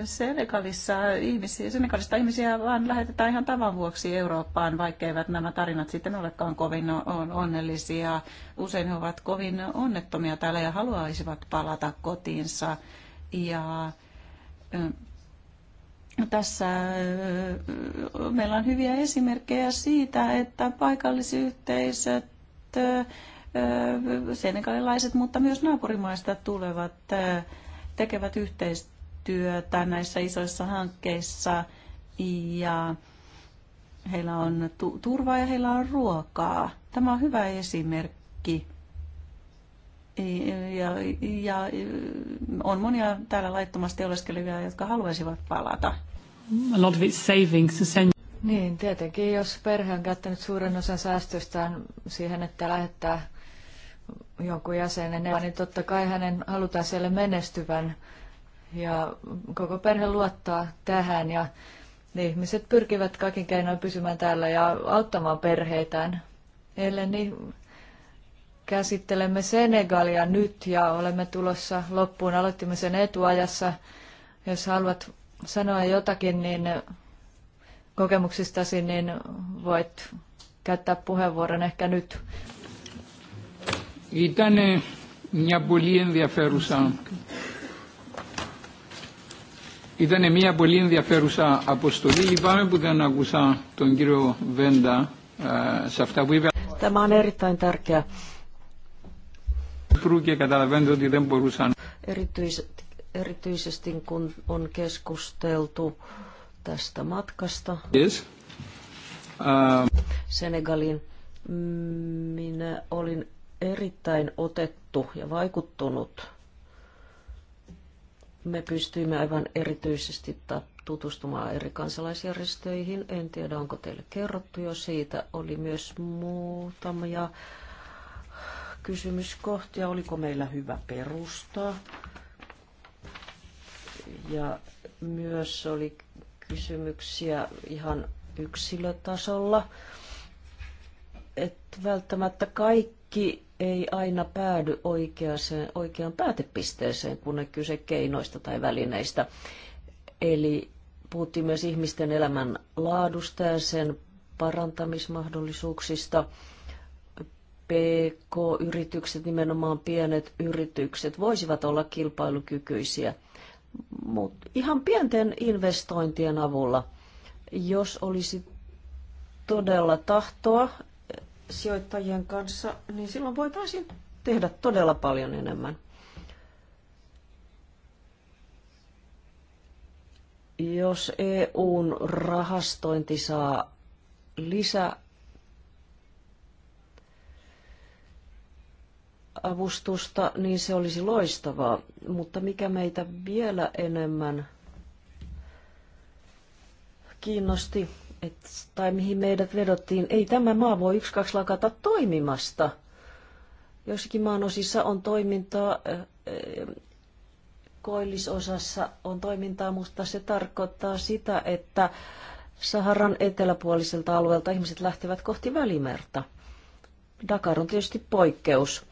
Senegalissa ihmisiä, Senegalista ihmisiä vaan lähetetään ihan tavan vuoksi Eurooppaan, vaikkeivät nämä tarinat sitten olekaan kovin onnellisia. Usein he ovat kovin onnettomia täällä ja haluaisivat palata kotiinsa. Ja tässä meillä on hyviä esimerkkejä siitä, että paikallisyhteisöt senegalilaiset, mutta myös naapurimaista tulevat tekevät yhteistyötä näissä isoissa hankkeissa ja heillä on turvaa ja heillä on ruokaa. Tämä on hyvä esimerkki. E, ja, ja on monia täällä laittomasti oleskelevia, jotka haluaisivat palata. A lot of it's savings. Niin, tietenkin jos perhe on käyttänyt suuren osan säästöstään siihen, että lähettää jonkun jäsenen niin totta kai hänen halutaan siellä menestyvän. Ja koko perhe luottaa tähän ja ihmiset pyrkivät kaikin keinoin pysymään täällä ja auttamaan perheitään. Eli niin käsittelemme Senegalia nyt ja olemme tulossa loppuun. Aloittimme sen etuajassa. Jos haluat sanoa jotakin niin kokemuksistasi, niin voit käyttää puheenvuoron ehkä nyt. Ήταν μια πολύ ενδιαφέρουσα ήταν μια πολύ ενδιαφέρουσα αποστολή. Λυπάμαι που δεν ακούσα τον κύριο Βέντα σε αυτά που είπε. Tämä on erittäin tärkeä. Και καταλαβαίνετε ότι δεν μπορούσαν. Erityisesti, erityisesti kun on keskusteltu tästä matkasta yes. uh, Senegaliin. Minä olin erittäin otettu ja vaikuttunut. Me pystyimme aivan erityisesti tutustumaan eri kansalaisjärjestöihin. En tiedä, onko teille kerrottu jo siitä. Oli myös muutamia kysymyskohtia. Oliko meillä hyvä perusta Ja myös oli kysymyksiä ihan yksilötasolla. Että välttämättä kaikki ei aina päädy oikeaan, oikeaan päätepisteeseen, kun on kyse keinoista tai välineistä. Eli puhuttiin myös ihmisten elämän laadusta ja sen parantamismahdollisuuksista. PK-yritykset, nimenomaan pienet yritykset, voisivat olla kilpailukykyisiä, mutta ihan pienten investointien avulla, jos olisi todella tahtoa sijoittajien kanssa, niin silloin voitaisiin tehdä todella paljon enemmän. Jos EUn rahastointi saa lisää avustusta, niin se olisi loistavaa. Mutta mikä meitä vielä enemmän kiinnosti, et, tai mihin meidät vedottiin, ei tämä maa voi yksi kaksi lakata toimimasta. Joissakin maan osissa on toimintaa, koillisosassa on toimintaa, mutta se tarkoittaa sitä, että Saharan eteläpuoliselta alueelta ihmiset lähtevät kohti Välimerta. Dakar on tietysti poikkeus.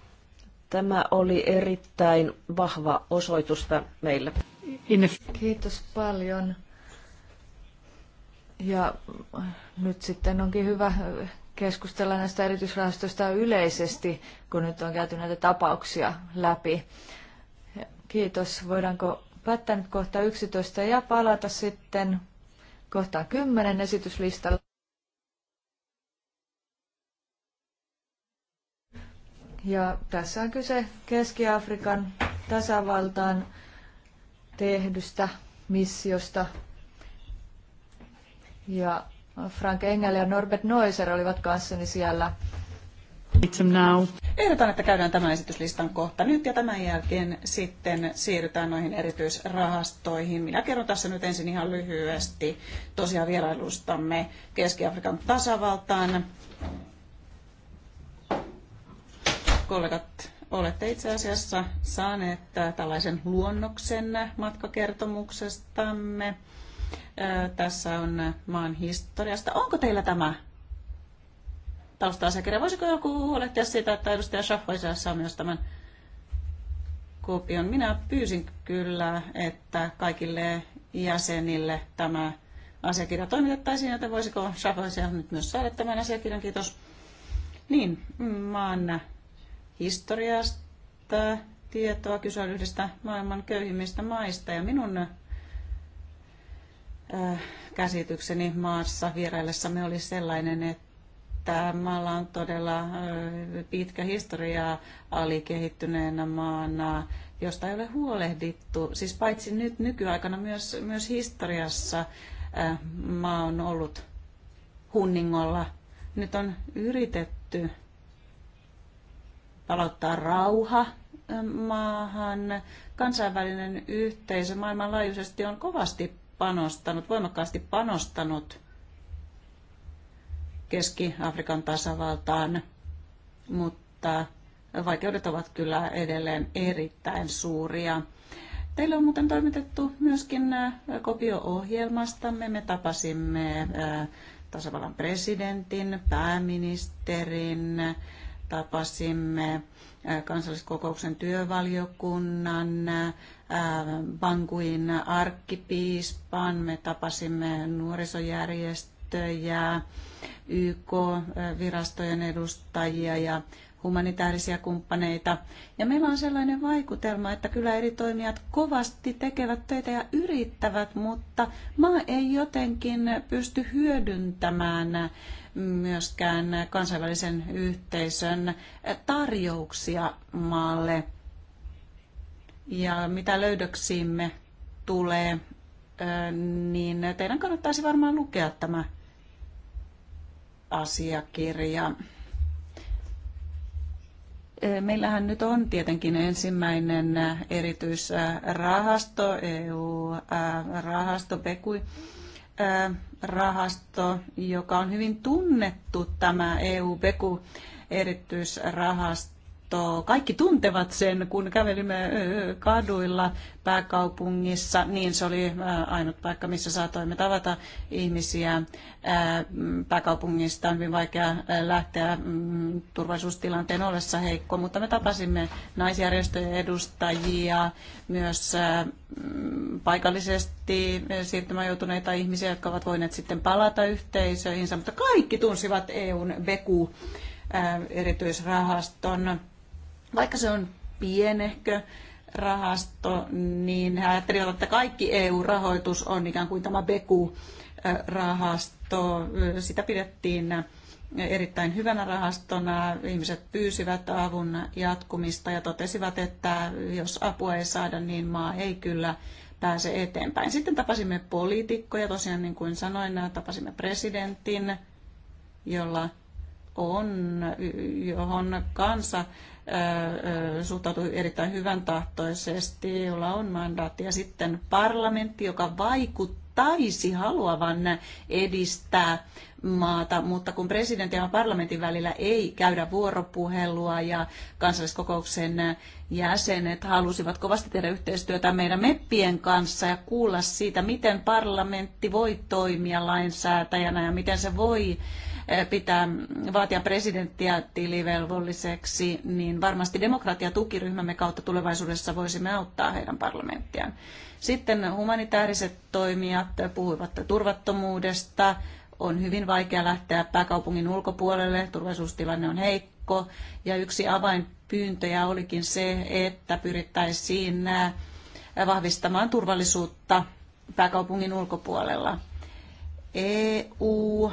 Tämä oli erittäin vahva osoitus meille. Kiitos paljon. Ja äh, nyt sitten onkin hyvä äh, keskustella näistä erityisrahastoista yleisesti, kun nyt on käyty näitä tapauksia läpi. Kiitos. Voidaanko päättää nyt kohta 11 ja palata sitten kohtaan 10 esityslistalla. Ja tässä on kyse Keski-Afrikan tasavaltaan tehdystä missiosta ja Frank Engel ja Norbert Noiser olivat kanssani siellä. Ehdotan, että käydään tämän esityslistan kohta nyt ja tämän jälkeen sitten siirrytään noihin erityisrahastoihin. Minä kerron tässä nyt ensin ihan lyhyesti tosiaan vierailustamme Keski-Afrikan tasavaltaan. Kollegat, olette itse asiassa saaneet tällaisen luonnoksen matkakertomuksestamme. Tässä on maan historiasta. Onko teillä tämä tausta-asiakirja? Voisiko joku huolehtia siitä, että edustaja Schaffhäuser saa myös tämän kopion? Minä pyysin kyllä, että kaikille jäsenille tämä asiakirja toimitettaisiin, joten voisiko Schaffhäuser nyt myös saada tämän asiakirjan? Kiitos. Niin, maan historiasta tietoa kyse yhdestä maailman köyhimmistä maista ja minun käsitykseni maassa vieraillessamme oli sellainen, että maalla on todella pitkä historia alikehittyneenä maana, josta ei ole huolehdittu. Siis paitsi nyt nykyaikana myös, myös historiassa maa on ollut hunningolla. Nyt on yritetty palauttaa rauha maahan. Kansainvälinen yhteisö maailmanlaajuisesti on kovasti panostanut, voimakkaasti panostanut Keski-Afrikan tasavaltaan, mutta vaikeudet ovat kyllä edelleen erittäin suuria. Teille on muuten toimitettu myöskin kopio-ohjelmastamme. Me tapasimme tasavallan presidentin, pääministerin, tapasimme kansalliskokouksen työvaliokunnan, Äh, Banguin arkkipiispan, me tapasimme nuorisojärjestöjä, YK-virastojen edustajia ja humanitaarisia kumppaneita. Ja meillä on sellainen vaikutelma, että kyllä eri toimijat kovasti tekevät töitä ja yrittävät, mutta maa ei jotenkin pysty hyödyntämään myöskään kansainvälisen yhteisön tarjouksia maalle – ja mitä löydöksiimme tulee, niin teidän kannattaisi varmaan lukea tämä asiakirja. Meillähän nyt on tietenkin ensimmäinen erityisrahasto, EU-rahasto, äh, Pekui äh, rahasto, joka on hyvin tunnettu tämä EU-Peku erityisrahasto muutto. Kaikki tuntevat sen, kun kävelimme kaduilla pääkaupungissa, niin se oli ainut paikka, missä saatoimme tavata ihmisiä. Pääkaupungista on hyvin vaikea lähteä mm, turvallisuustilanteen ollessa heikko, mutta me tapasimme naisjärjestöjen edustajia, myös mm, paikallisesti siirtymään joutuneita ihmisiä, jotka ovat voineet sitten palata yhteisöihinsä, mutta kaikki tunsivat EUn Beku erityisrahaston vaikka se on pienehkö rahasto, niin he ajattelivat, että kaikki EU-rahoitus on ikään kuin tämä BEKU-rahasto. Sitä pidettiin erittäin hyvänä rahastona. Ihmiset pyysivät avun jatkumista ja totesivat, että jos apua ei saada, niin maa ei kyllä pääse eteenpäin. Sitten tapasimme poliitikkoja, tosiaan niin kuin sanoin, tapasimme presidentin, jolla on, johon kansa suhtautui erittäin hyvän tahtoisesti. EUlla on mandaatti ja sitten parlamentti, joka vaikuttaisi haluavan edistää maata, mutta kun presidentin ja parlamentin välillä ei käydä vuoropuhelua ja kansalliskokouksen jäsenet halusivat kovasti tehdä yhteistyötä meidän meppien kanssa ja kuulla siitä, miten parlamentti voi toimia lainsäätäjänä ja miten se voi Eh, pitää vaatia presidenttiä tilivelvolliseksi, niin varmasti demokratiatukiryhmämme kautta tulevaisuudessa voisimme auttaa heidän parlamenttiaan. Sitten humanitaariset toimijat puhuivat turvattomuudesta. On hyvin vaikea lähteä pääkaupungin ulkopuolelle, turvallisuustilanne on heikko. Ja yksi avainpyyntöjä olikin se, että pyrittäisiin eh, vahvistamaan turvallisuutta pääkaupungin ulkopuolella. EU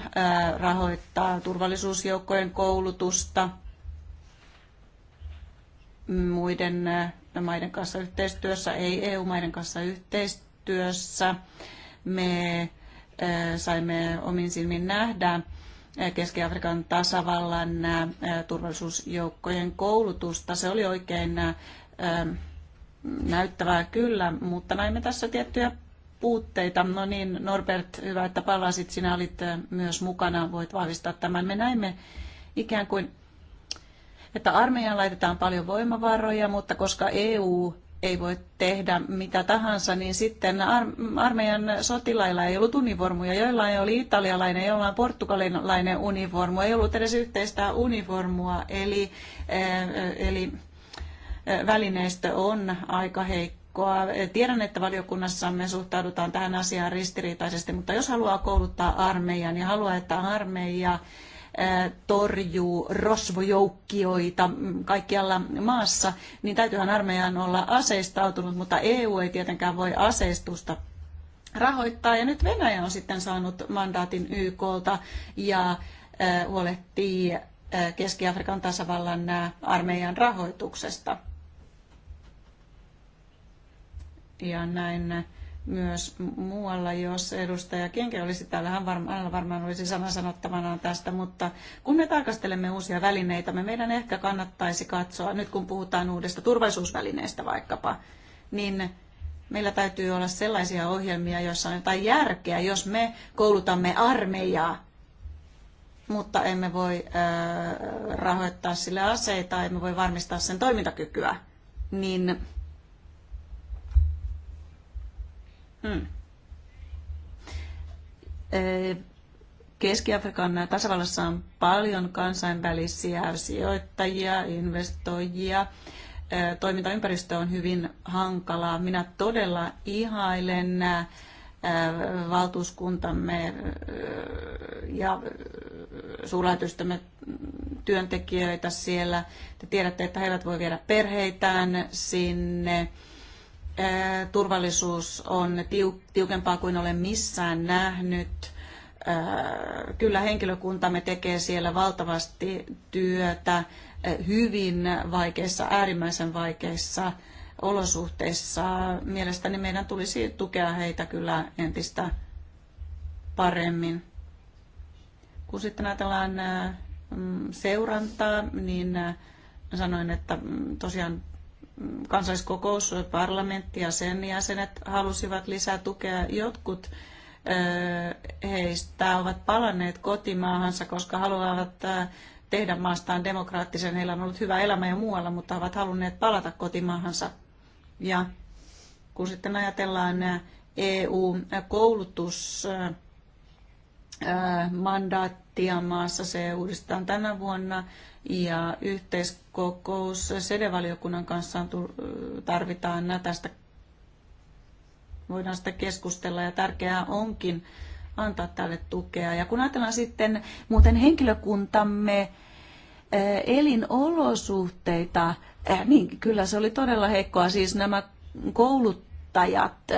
rahoittaa turvallisuusjoukkojen koulutusta muiden maiden kanssa yhteistyössä, ei EU-maiden kanssa yhteistyössä. Me saimme omin silmin nähdä Keski-Afrikan tasavallan turvallisuusjoukkojen koulutusta. Se oli oikein näyttävää kyllä, mutta näimme tässä tiettyjä puutteita. No niin, Norbert, hyvä, että palasit. Sinä olit äh, myös mukana, voit vahvistaa tämän. Me näimme ikään kuin, että armeijaan laitetaan paljon voimavaroja, mutta koska EU ei voi tehdä mitä tahansa, niin sitten armeijan sotilailla ei ollut univormuja. Joillain oli italialainen, joillain portugalilainen univormu, ei ollut edes yhteistä univormua, eli, äh, eli äh, välineistö on aika heikko joukkoa. Tiedän, että valiokunnassamme suhtaudutaan tähän asiaan ristiriitaisesti, mutta jos haluaa kouluttaa armeijan niin haluaa, että armeija torjuu rosvojoukkioita mm, kaikkialla maassa, niin täytyyhän armeijan olla aseistautunut, mutta EU ei tietenkään voi aseistusta rahoittaa. Ja nyt Venäjä on sitten saanut mandaatin YKlta ja huolehtii Keski-Afrikan tasavallan armeijan rahoituksesta. ja näin myös muualla, jos edustaja Kenke olisi täällä, hän varmaan, varmaan olisi sana sanottavana tästä, mutta kun me tarkastelemme uusia välineitä, me meidän ehkä kannattaisi katsoa, nyt kun puhutaan uudesta turvallisuusvälineestä vaikkapa, niin meillä täytyy olla sellaisia ohjelmia, joissa on jotain järkeä, jos me koulutamme armeijaa, mutta emme voi rahoittaa sille aseita, emme voi varmistaa sen toimintakykyä, niin Hmm. Keski-Afrikan tasavallassa on paljon kansainvälisiä sijoittajia, investoijia. Toimintaympäristö on hyvin hankalaa. Minä todella ihailen äh, valtuuskuntamme äh, ja äh, suurlähetystämme työntekijöitä siellä. Te tiedätte, että he eivät voi viedä perheitään sinne turvallisuus on tiukempaa kuin olen missään nähnyt. Kyllä henkilökuntamme tekee siellä valtavasti työtä hyvin vaikeissa, äärimmäisen vaikeissa olosuhteissa. Mielestäni meidän tulisi tukea heitä kyllä entistä paremmin. Kun sitten ajatellaan mm, seurantaa, niin sanoin, että mm, tosiaan kansalliskokous, parlamentti ja sen jäsenet halusivat lisää tukea. Jotkut heistä ovat palanneet kotimaahansa, koska haluavat tehdä maastaan demokraattisen. Heillä on ollut hyvä elämä ja muualla, mutta ovat halunneet palata kotimaahansa. Ja kun sitten ajatellaan EU-koulutus, Äh, mandaattia maassa. Se uudistetaan tänä vuonna ja yhteiskokous sedevaliokunnan kanssa tarvitaan tästä. Voidaan sitä keskustella ja tärkeää onkin antaa tälle tukea. Ja kun ajatellaan sitten muuten henkilökuntamme äh, elinolosuhteita, äh, niin kyllä se oli todella heikkoa. Siis nämä koulut opettajat,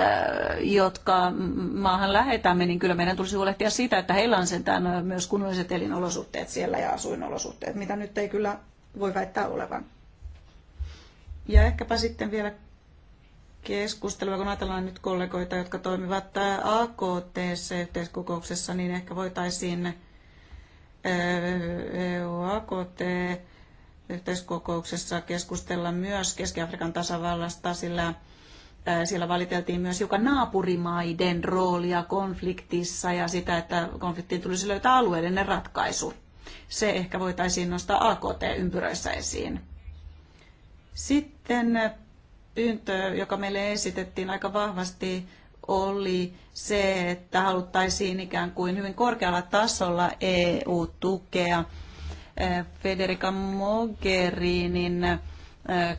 jotka maahan lähetämme, niin kyllä meidän tulisi huolehtia siitä, että heillä on sentään myös kunnolliset elinolosuhteet siellä ja asuinolosuhteet, mitä nyt ei kyllä voi väittää olevan. Ja ehkäpä sitten vielä keskustelua, kun ajatellaan nyt kollegoita, jotka toimivat AKT-yhteiskokouksessa, niin ehkä voitaisiin EU-AKT yhteiskokouksessa keskustella myös Keski-Afrikan tasavallasta, sillä siellä valiteltiin myös joka naapurimaiden roolia konfliktissa ja sitä, että konfliktiin tulisi löytää alueellinen ratkaisu. Se ehkä voitaisiin nostaa AKT-ympyröissä esiin. Sitten pyyntö, joka meille esitettiin aika vahvasti, oli se, että haluttaisiin ikään kuin hyvin korkealla tasolla EU-tukea. Federica Mogherinin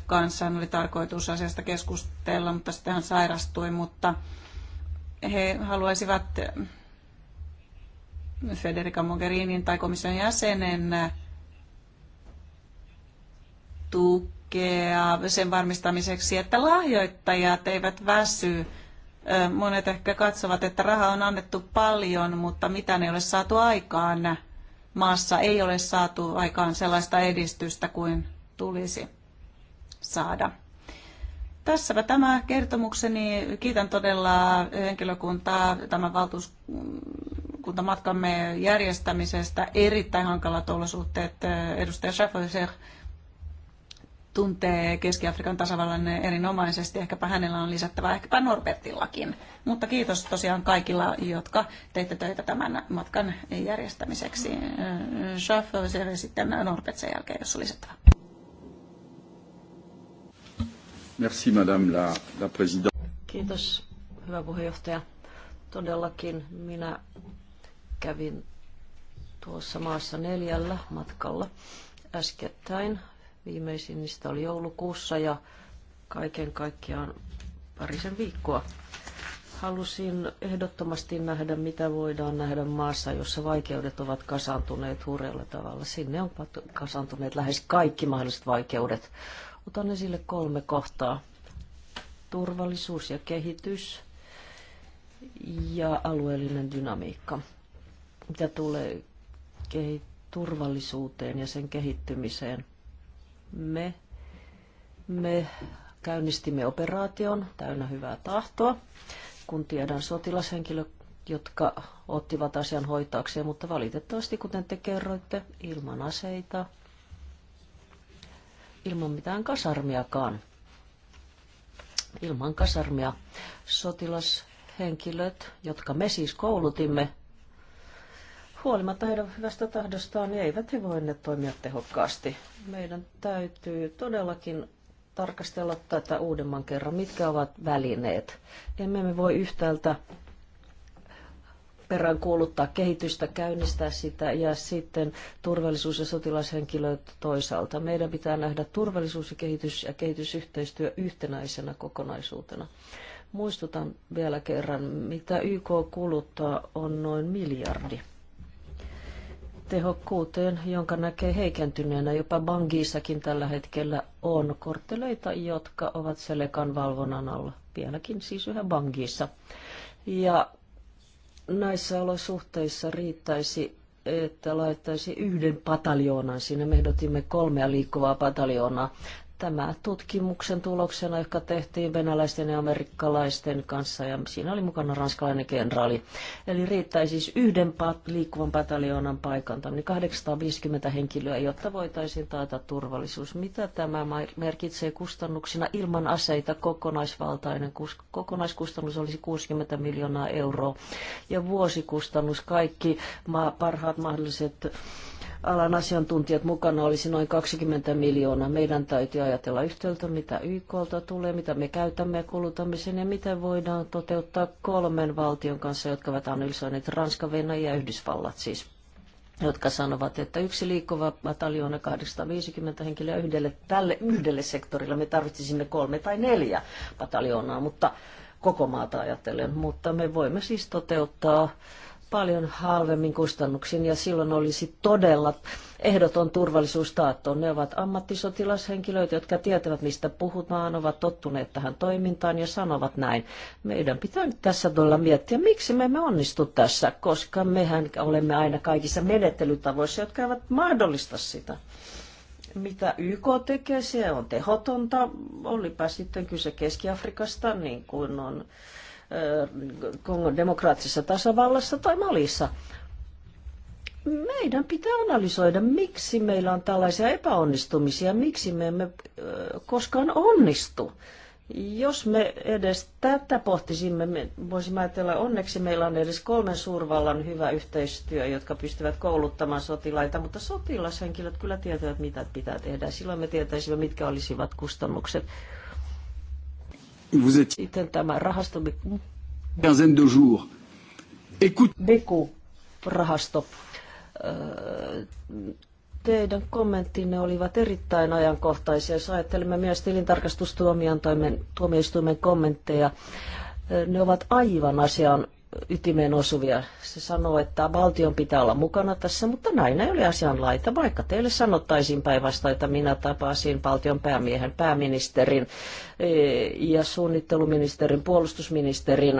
kanssa. Hän oli tarkoitus asiasta keskustella, mutta sitten hän sairastui, mutta he haluaisivat Federica Mogherinin tai komission jäsenen tukea sen varmistamiseksi, että lahjoittajat eivät väsy. Monet ehkä katsovat, että raha on annettu paljon, mutta mitä ne ole saatu aikaan maassa, ei ole saatu aikaan sellaista edistystä kuin tulisi saada. Tässäpä tämä kertomukseni. Kiitän todella henkilökuntaa tämän valtuuskuntamatkamme järjestämisestä. Erittäin hankalat olosuhteet. Edustaja Schaffer tuntee Keski-Afrikan tasavallan erinomaisesti. Ehkäpä hänellä on lisättävää, ehkäpä Norbertillakin. Mutta kiitos tosiaan kaikilla, jotka teitte töitä tämän matkan järjestämiseksi. Schaffer ja sitten Norbert sen jälkeen, jos on lisättävää. Merci, madame la, la présidente. Kiitos, hyvä puheenjohtaja. Todellakin minä kävin tuossa maassa neljällä matkalla äskettäin. Viimeisin niistä oli joulukuussa ja kaiken kaikkiaan parisen viikkoa. Halusin ehdottomasti nähdä, mitä voidaan nähdä maassa, jossa vaikeudet ovat kasantuneet hurjalla tavalla. Sinne on kasantuneet lähes kaikki mahdolliset vaikeudet. Otan esille kolme kohtaa. Turvallisuus ja kehitys ja alueellinen dynamiikka. Mitä tulee turvallisuuteen ja sen kehittymiseen? Me, me käynnistimme operaation täynnä hyvää tahtoa, kun tiedän sotilashenkilö, jotka ottivat asian hoitaakseen, mutta valitettavasti, kuten te kerroitte, ilman aseita – ilman mitään kasarmiakaan. Ilman kasarmia sotilashenkilöt, jotka me siis koulutimme, huolimatta heidän hyvästä tahdostaan, niin eivät he voineet toimia tehokkaasti. Meidän täytyy todellakin tarkastella tätä uudemman kerran, mitkä ovat välineet. Emme me voi yhtäältä peräänkuuluttaa kehitystä, käynnistää sitä ja sitten turvallisuus- ja sotilashenkilöt toisaalta. Meidän pitää nähdä turvallisuus ja kehitys ja kehitysyhteistyö yhtenäisenä kokonaisuutena. Muistutan vielä kerran, mitä YK kuluttaa on noin miljardi tehokkuuteen, jonka näkee heikentyneenä. Jopa Bangiissakin tällä hetkellä on kortteleita, jotka ovat Selekan valvonnan alla. Vieläkin siis yhä Bangiissa. Ja näissä olosuhteissa riittäisi, että laittaisi yhden pataljoonan sinne. Me ehdotimme kolmea liikkuvaa pataljoonaa. Tämä tutkimuksen tuloksena, joka tehtiin venäläisten ja amerikkalaisten kanssa, ja siinä oli mukana ranskalainen kenraali. Eli riittäisi siis yhden pat- liikkuvan pataljoonan paikantaminen, 850 henkilöä, jotta voitaisiin taata turvallisuus. Mitä tämä merkitsee kustannuksina ilman aseita? Kokonaisvaltainen kokonaiskustannus olisi 60 miljoonaa euroa, ja vuosikustannus kaikki parhaat mahdolliset alan asiantuntijat mukana olisi noin 20 miljoonaa. Meidän täytyy ajatella yhtäältä, mitä YKlta tulee, mitä me käytämme ja kulutamme ja miten voidaan toteuttaa kolmen valtion kanssa, jotka ovat analysoineet Ranska, Venäjä ja Yhdysvallat siis jotka sanovat, että yksi liikkuva bataljoona 850 henkilöä yhdelle, tälle yhdelle sektorille. Me tarvitsisimme kolme tai neljä bataljoonaa, mutta koko maata ajatellen. Mutta me voimme siis toteuttaa paljon halvemmin kustannuksin ja silloin olisi todella ehdoton taattu. Ne ovat ammattisotilashenkilöitä, jotka tietävät mistä puhutaan, ovat tottuneet tähän toimintaan ja sanovat näin. Meidän pitää nyt tässä tuolla miettiä, miksi me emme onnistu tässä, koska mehän olemme aina kaikissa menettelytavoissa, jotka eivät mahdollista sitä. Mitä YK tekee, se on tehotonta, olipa sitten kyse Keski-Afrikasta, niin kuin on Kongon demokraattisessa tasavallassa tai Malissa. Meidän pitää analysoida, miksi meillä on tällaisia epäonnistumisia, miksi me emme koskaan onnistu. Jos me edes tätä pohtisimme, me voisimme ajatella, onneksi meillä on edes kolmen suurvallan hyvä yhteistyö, jotka pystyvät kouluttamaan sotilaita, mutta sotilashenkilöt kyllä tietävät, mitä pitää tehdä. Silloin me tietäisimme, mitkä olisivat kustannukset. Vous êtes... Sitten tämä rahasto Beku. Quinzaine de jours. Écoute... Beku, rahasto. teidän kommenttinne olivat erittäin ajankohtaisia, jos ajattelemme myös tilintarkastustuomioistuimen kommentteja. Ne ovat aivan asian ytimeen osuvia. Se sanoo, että valtion pitää olla mukana tässä, mutta näin ei ole asianlaita. Vaikka teille sanottaisiin päinvastoin, että minä tapasin valtion päämiehen, pääministerin e, ja suunnitteluministerin, puolustusministerin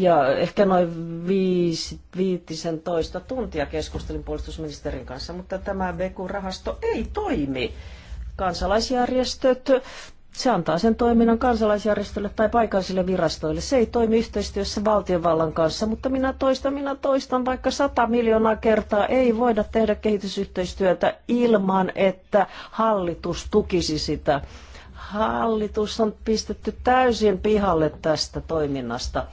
ja ehkä noin viisi, viitisen toista tuntia keskustelin puolustusministerin kanssa, mutta tämä Beku-rahasto ei toimi kansalaisjärjestöt se antaa sen toiminnan kansalaisjärjestölle tai paikallisille virastoille. Se ei toimi yhteistyössä valtionvallan kanssa, mutta minä toistan, minä toistan vaikka sata miljoonaa kertaa. Ei voida tehdä kehitysyhteistyötä ilman, että hallitus tukisi sitä. Hallitus on pistetty täysin pihalle tästä toiminnasta.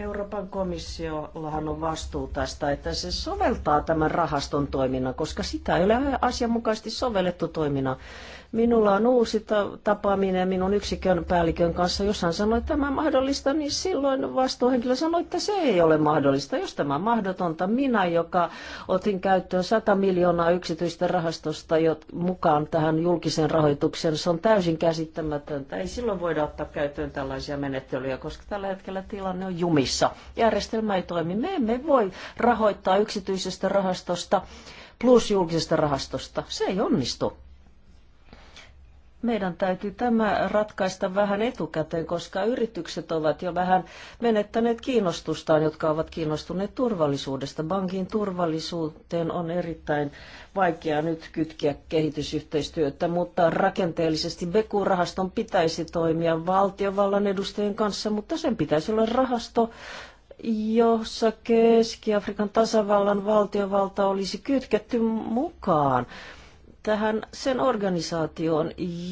Euroopan komissiollahan on vastuu tästä, että se soveltaa tämän rahaston toiminnan, koska sitä ei ole asianmukaisesti sovellettu toiminnan. Minulla on uusi tapaaminen minun yksikön päällikön kanssa. Jos hän sanoi, että tämä on mahdollista, niin silloin vastuuhenkilö sanoi, että se ei ole mahdollista. Jos tämä on mahdotonta, minä, joka otin käyttöön 100 miljoonaa yksityistä rahastosta mukaan tähän julkisen rahoitukseen, se on täysin käsittämätöntä. Ei silloin voida ottaa käyttöön tällaisia menettelyjä, koska tällä hetkellä tilanne on jumissa kurissa. Järjestelmä ei toimi. Me emme voi rahoittaa yksityisestä rahastosta plus julkisesta rahastosta. Se ei onnistu meidän täytyy tämä ratkaista vähän etukäteen, koska yritykset ovat jo vähän menettäneet kiinnostustaan, jotka ovat kiinnostuneet turvallisuudesta. Bankin turvallisuuteen on erittäin vaikea nyt kytkeä kehitysyhteistyötä, mutta rakenteellisesti Beku-rahaston pitäisi toimia valtiovallan edustajien kanssa, mutta sen pitäisi olla rahasto, jossa Keski-Afrikan tasavallan valtiovalta olisi kytketty mukaan tähän sen organisaatioon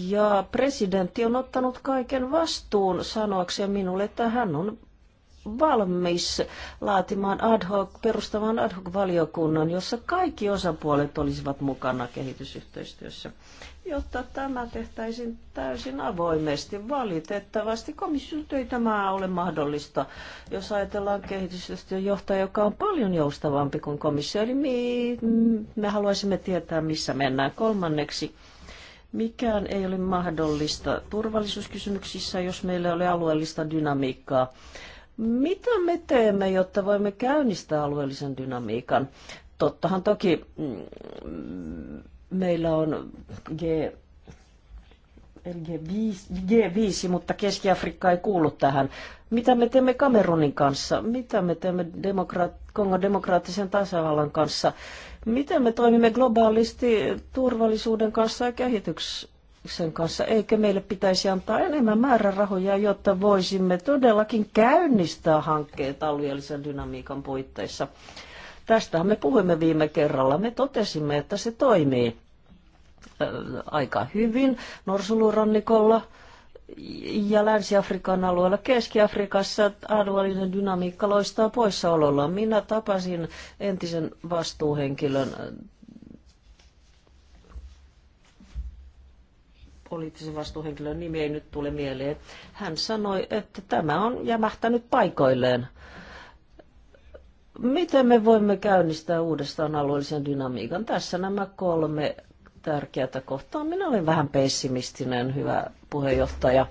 ja presidentti on ottanut kaiken vastuun sanoakseen minulle, että hän on valmis laatimaan ad hoc, perustamaan ad hoc valiokunnan, jossa kaikki osapuolet olisivat mukana kehitysyhteistyössä jotta tämä tehtäisiin täysin avoimesti. Valitettavasti komissiolta ei tämä ole mahdollista, jos ajatellaan johtaja, joka on paljon joustavampi kuin komissio. Eli niin me haluaisimme tietää, missä mennään. Kolmanneksi, mikään ei ole mahdollista turvallisuuskysymyksissä, jos meillä ei ole alueellista dynamiikkaa. Mitä me teemme, jotta voimme käynnistää alueellisen dynamiikan? Tottahan toki mm, meillä on G, LG5, G5, mutta Keski-Afrikka ei kuulu tähän. Mitä me teemme Kamerunin kanssa? Mitä me teemme demokraat, Kongon demokraattisen tasavallan kanssa? Miten me toimimme globaalisti turvallisuuden kanssa ja kehityksen kanssa? Eikö meille pitäisi antaa enemmän määrärahoja, jotta voisimme todellakin käynnistää hankkeet alueellisen dynamiikan puitteissa? Tästä me puhuimme viime kerralla. Me totesimme, että se toimii äh, aika hyvin norsulurannikolla ja Länsi-Afrikan alueella. Keski-Afrikassa alueellinen dynamiikka loistaa poissaololla. Minä tapasin entisen vastuuhenkilön äh, poliittisen vastuuhenkilön nimi ei nyt tule mieleen. Hän sanoi, että tämä on jämähtänyt paikoilleen miten me voimme käynnistää uudestaan alueellisen dynamiikan? Tässä nämä kolme tärkeää kohtaa. Minä olen vähän pessimistinen, hyvä puheenjohtaja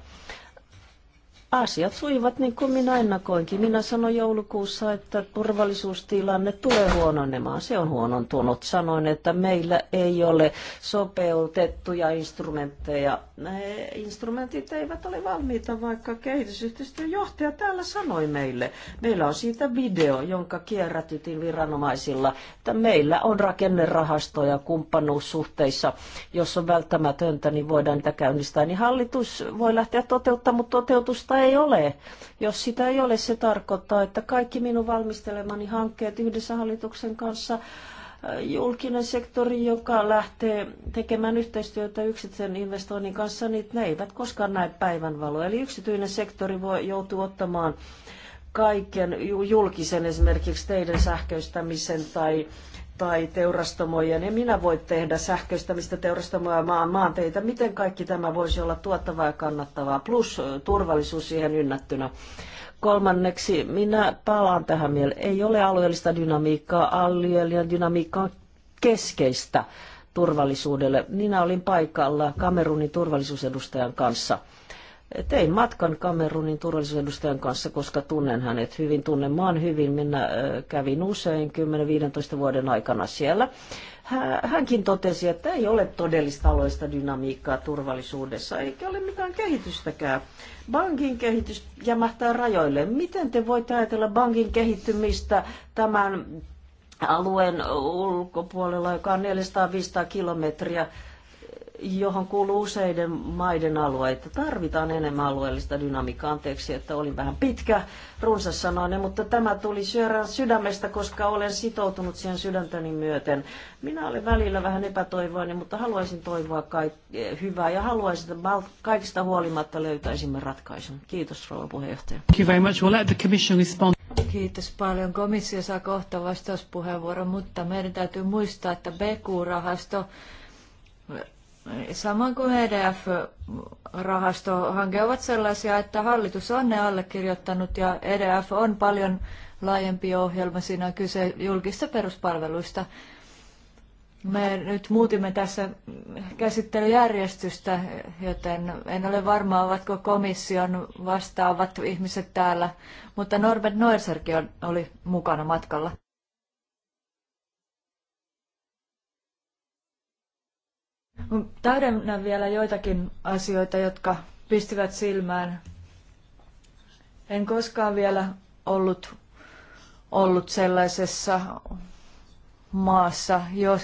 asiat suivat niin kuin minä ennakoinkin. Minä sanoin joulukuussa, että turvallisuustilanne tulee huononemaan. Se on huonontunut. Sanoin, että meillä ei ole sopeutettuja instrumentteja. Ne instrumentit eivät ole valmiita, vaikka kehitysyhteistyön johtaja täällä sanoi meille. Meillä on siitä video, jonka kierrätytin viranomaisilla, että meillä on rakennerahastoja kumppanuussuhteissa. Jos on välttämätöntä, niin voidaan niitä käynnistää. Niin hallitus voi lähteä toteuttamaan, mutta toteutusta ei ole. Jos sitä ei ole, se tarkoittaa, että kaikki minun valmistelemani hankkeet yhdessä hallituksen kanssa äh, julkinen sektori, joka lähtee tekemään yhteistyötä yksityisen investoinnin kanssa, niin ne eivät koskaan näe päivänvaloa. Eli yksityinen sektori voi joutua ottamaan kaiken julkisen esimerkiksi teidän sähköistämisen tai tai teurastamoja, En niin minä voi tehdä sähköistämistä teurastamoja maan, maanteitä. Miten kaikki tämä voisi olla tuottavaa ja kannattavaa, plus turvallisuus siihen ynnättynä. Kolmanneksi, minä palaan tähän mieleen. Ei ole alueellista dynamiikkaa, alueellinen dynamiikka on keskeistä turvallisuudelle. Minä olin paikalla Kamerunin turvallisuusedustajan kanssa – Tein matkan Kamerunin turvallisuusedustajan kanssa, koska tunnen hänet hyvin, tunnen maan hyvin. Minä kävin usein 10-15 vuoden aikana siellä. Hänkin totesi, että ei ole todellista aloista dynamiikkaa turvallisuudessa, eikä ole mitään kehitystäkään. Bankin kehitys jämähtää rajoille. Miten te voitte ajatella bankin kehittymistä tämän alueen ulkopuolella, joka on 400-500 kilometriä johon kuuluu useiden maiden alueita. Tarvitaan enemmän alueellista dynamiikkaa. Anteeksi, että olin vähän pitkä, runsas sanoinen, mutta tämä tuli syörän sydämestä, koska olen sitoutunut siihen sydäntäni myöten. Minä olen välillä vähän epätoivoinen, mutta haluaisin toivoa kaik- eh, hyvää ja haluaisin, että kaikista huolimatta löytäisimme ratkaisun. Kiitos, rouva puheenjohtaja. Kiitos paljon. Komissio saa kohta vastauspuheenvuoron, mutta meidän täytyy muistaa, että BQ-rahasto Samoin kuin EDF-rahastohanke ovat sellaisia, että hallitus on ne allekirjoittanut ja EDF on paljon laajempi ohjelma. Siinä on kyse julkista peruspalveluista. Me nyt muutimme tässä käsittelyjärjestystä, joten en ole varma, ovatko komission vastaavat ihmiset täällä, mutta Norbert Noerserkin oli mukana matkalla. Täydennän vielä joitakin asioita, jotka pistivät silmään. En koskaan vielä ollut, ollut sellaisessa maassa,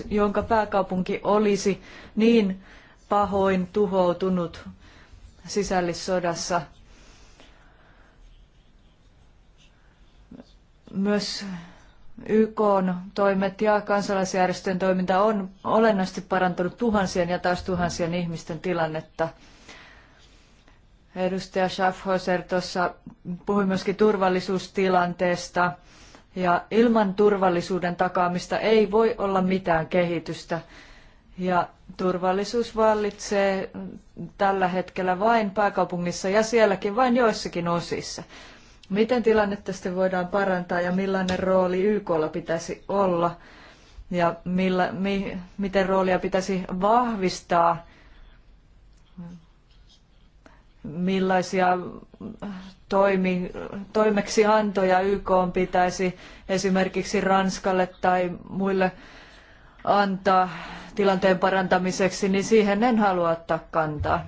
jonka pääkaupunki olisi niin pahoin tuhoutunut sisällissodassa. Myös YK toimet ja kansalaisjärjestöjen toiminta on olennaisesti parantanut tuhansien ja taas tuhansien ihmisten tilannetta. Edustaja Schaffhauser tuossa puhui myöskin turvallisuustilanteesta ja ilman turvallisuuden takaamista ei voi olla mitään kehitystä. Ja turvallisuus vallitsee tällä hetkellä vain pääkaupungissa ja sielläkin vain joissakin osissa. Miten tilannetta sitten voidaan parantaa ja millainen rooli YKlla pitäisi olla ja millä, mi, miten roolia pitäisi vahvistaa, millaisia toimi, toimeksiantoja YK pitäisi esimerkiksi Ranskalle tai muille antaa tilanteen parantamiseksi, niin siihen en halua ottaa kantaa.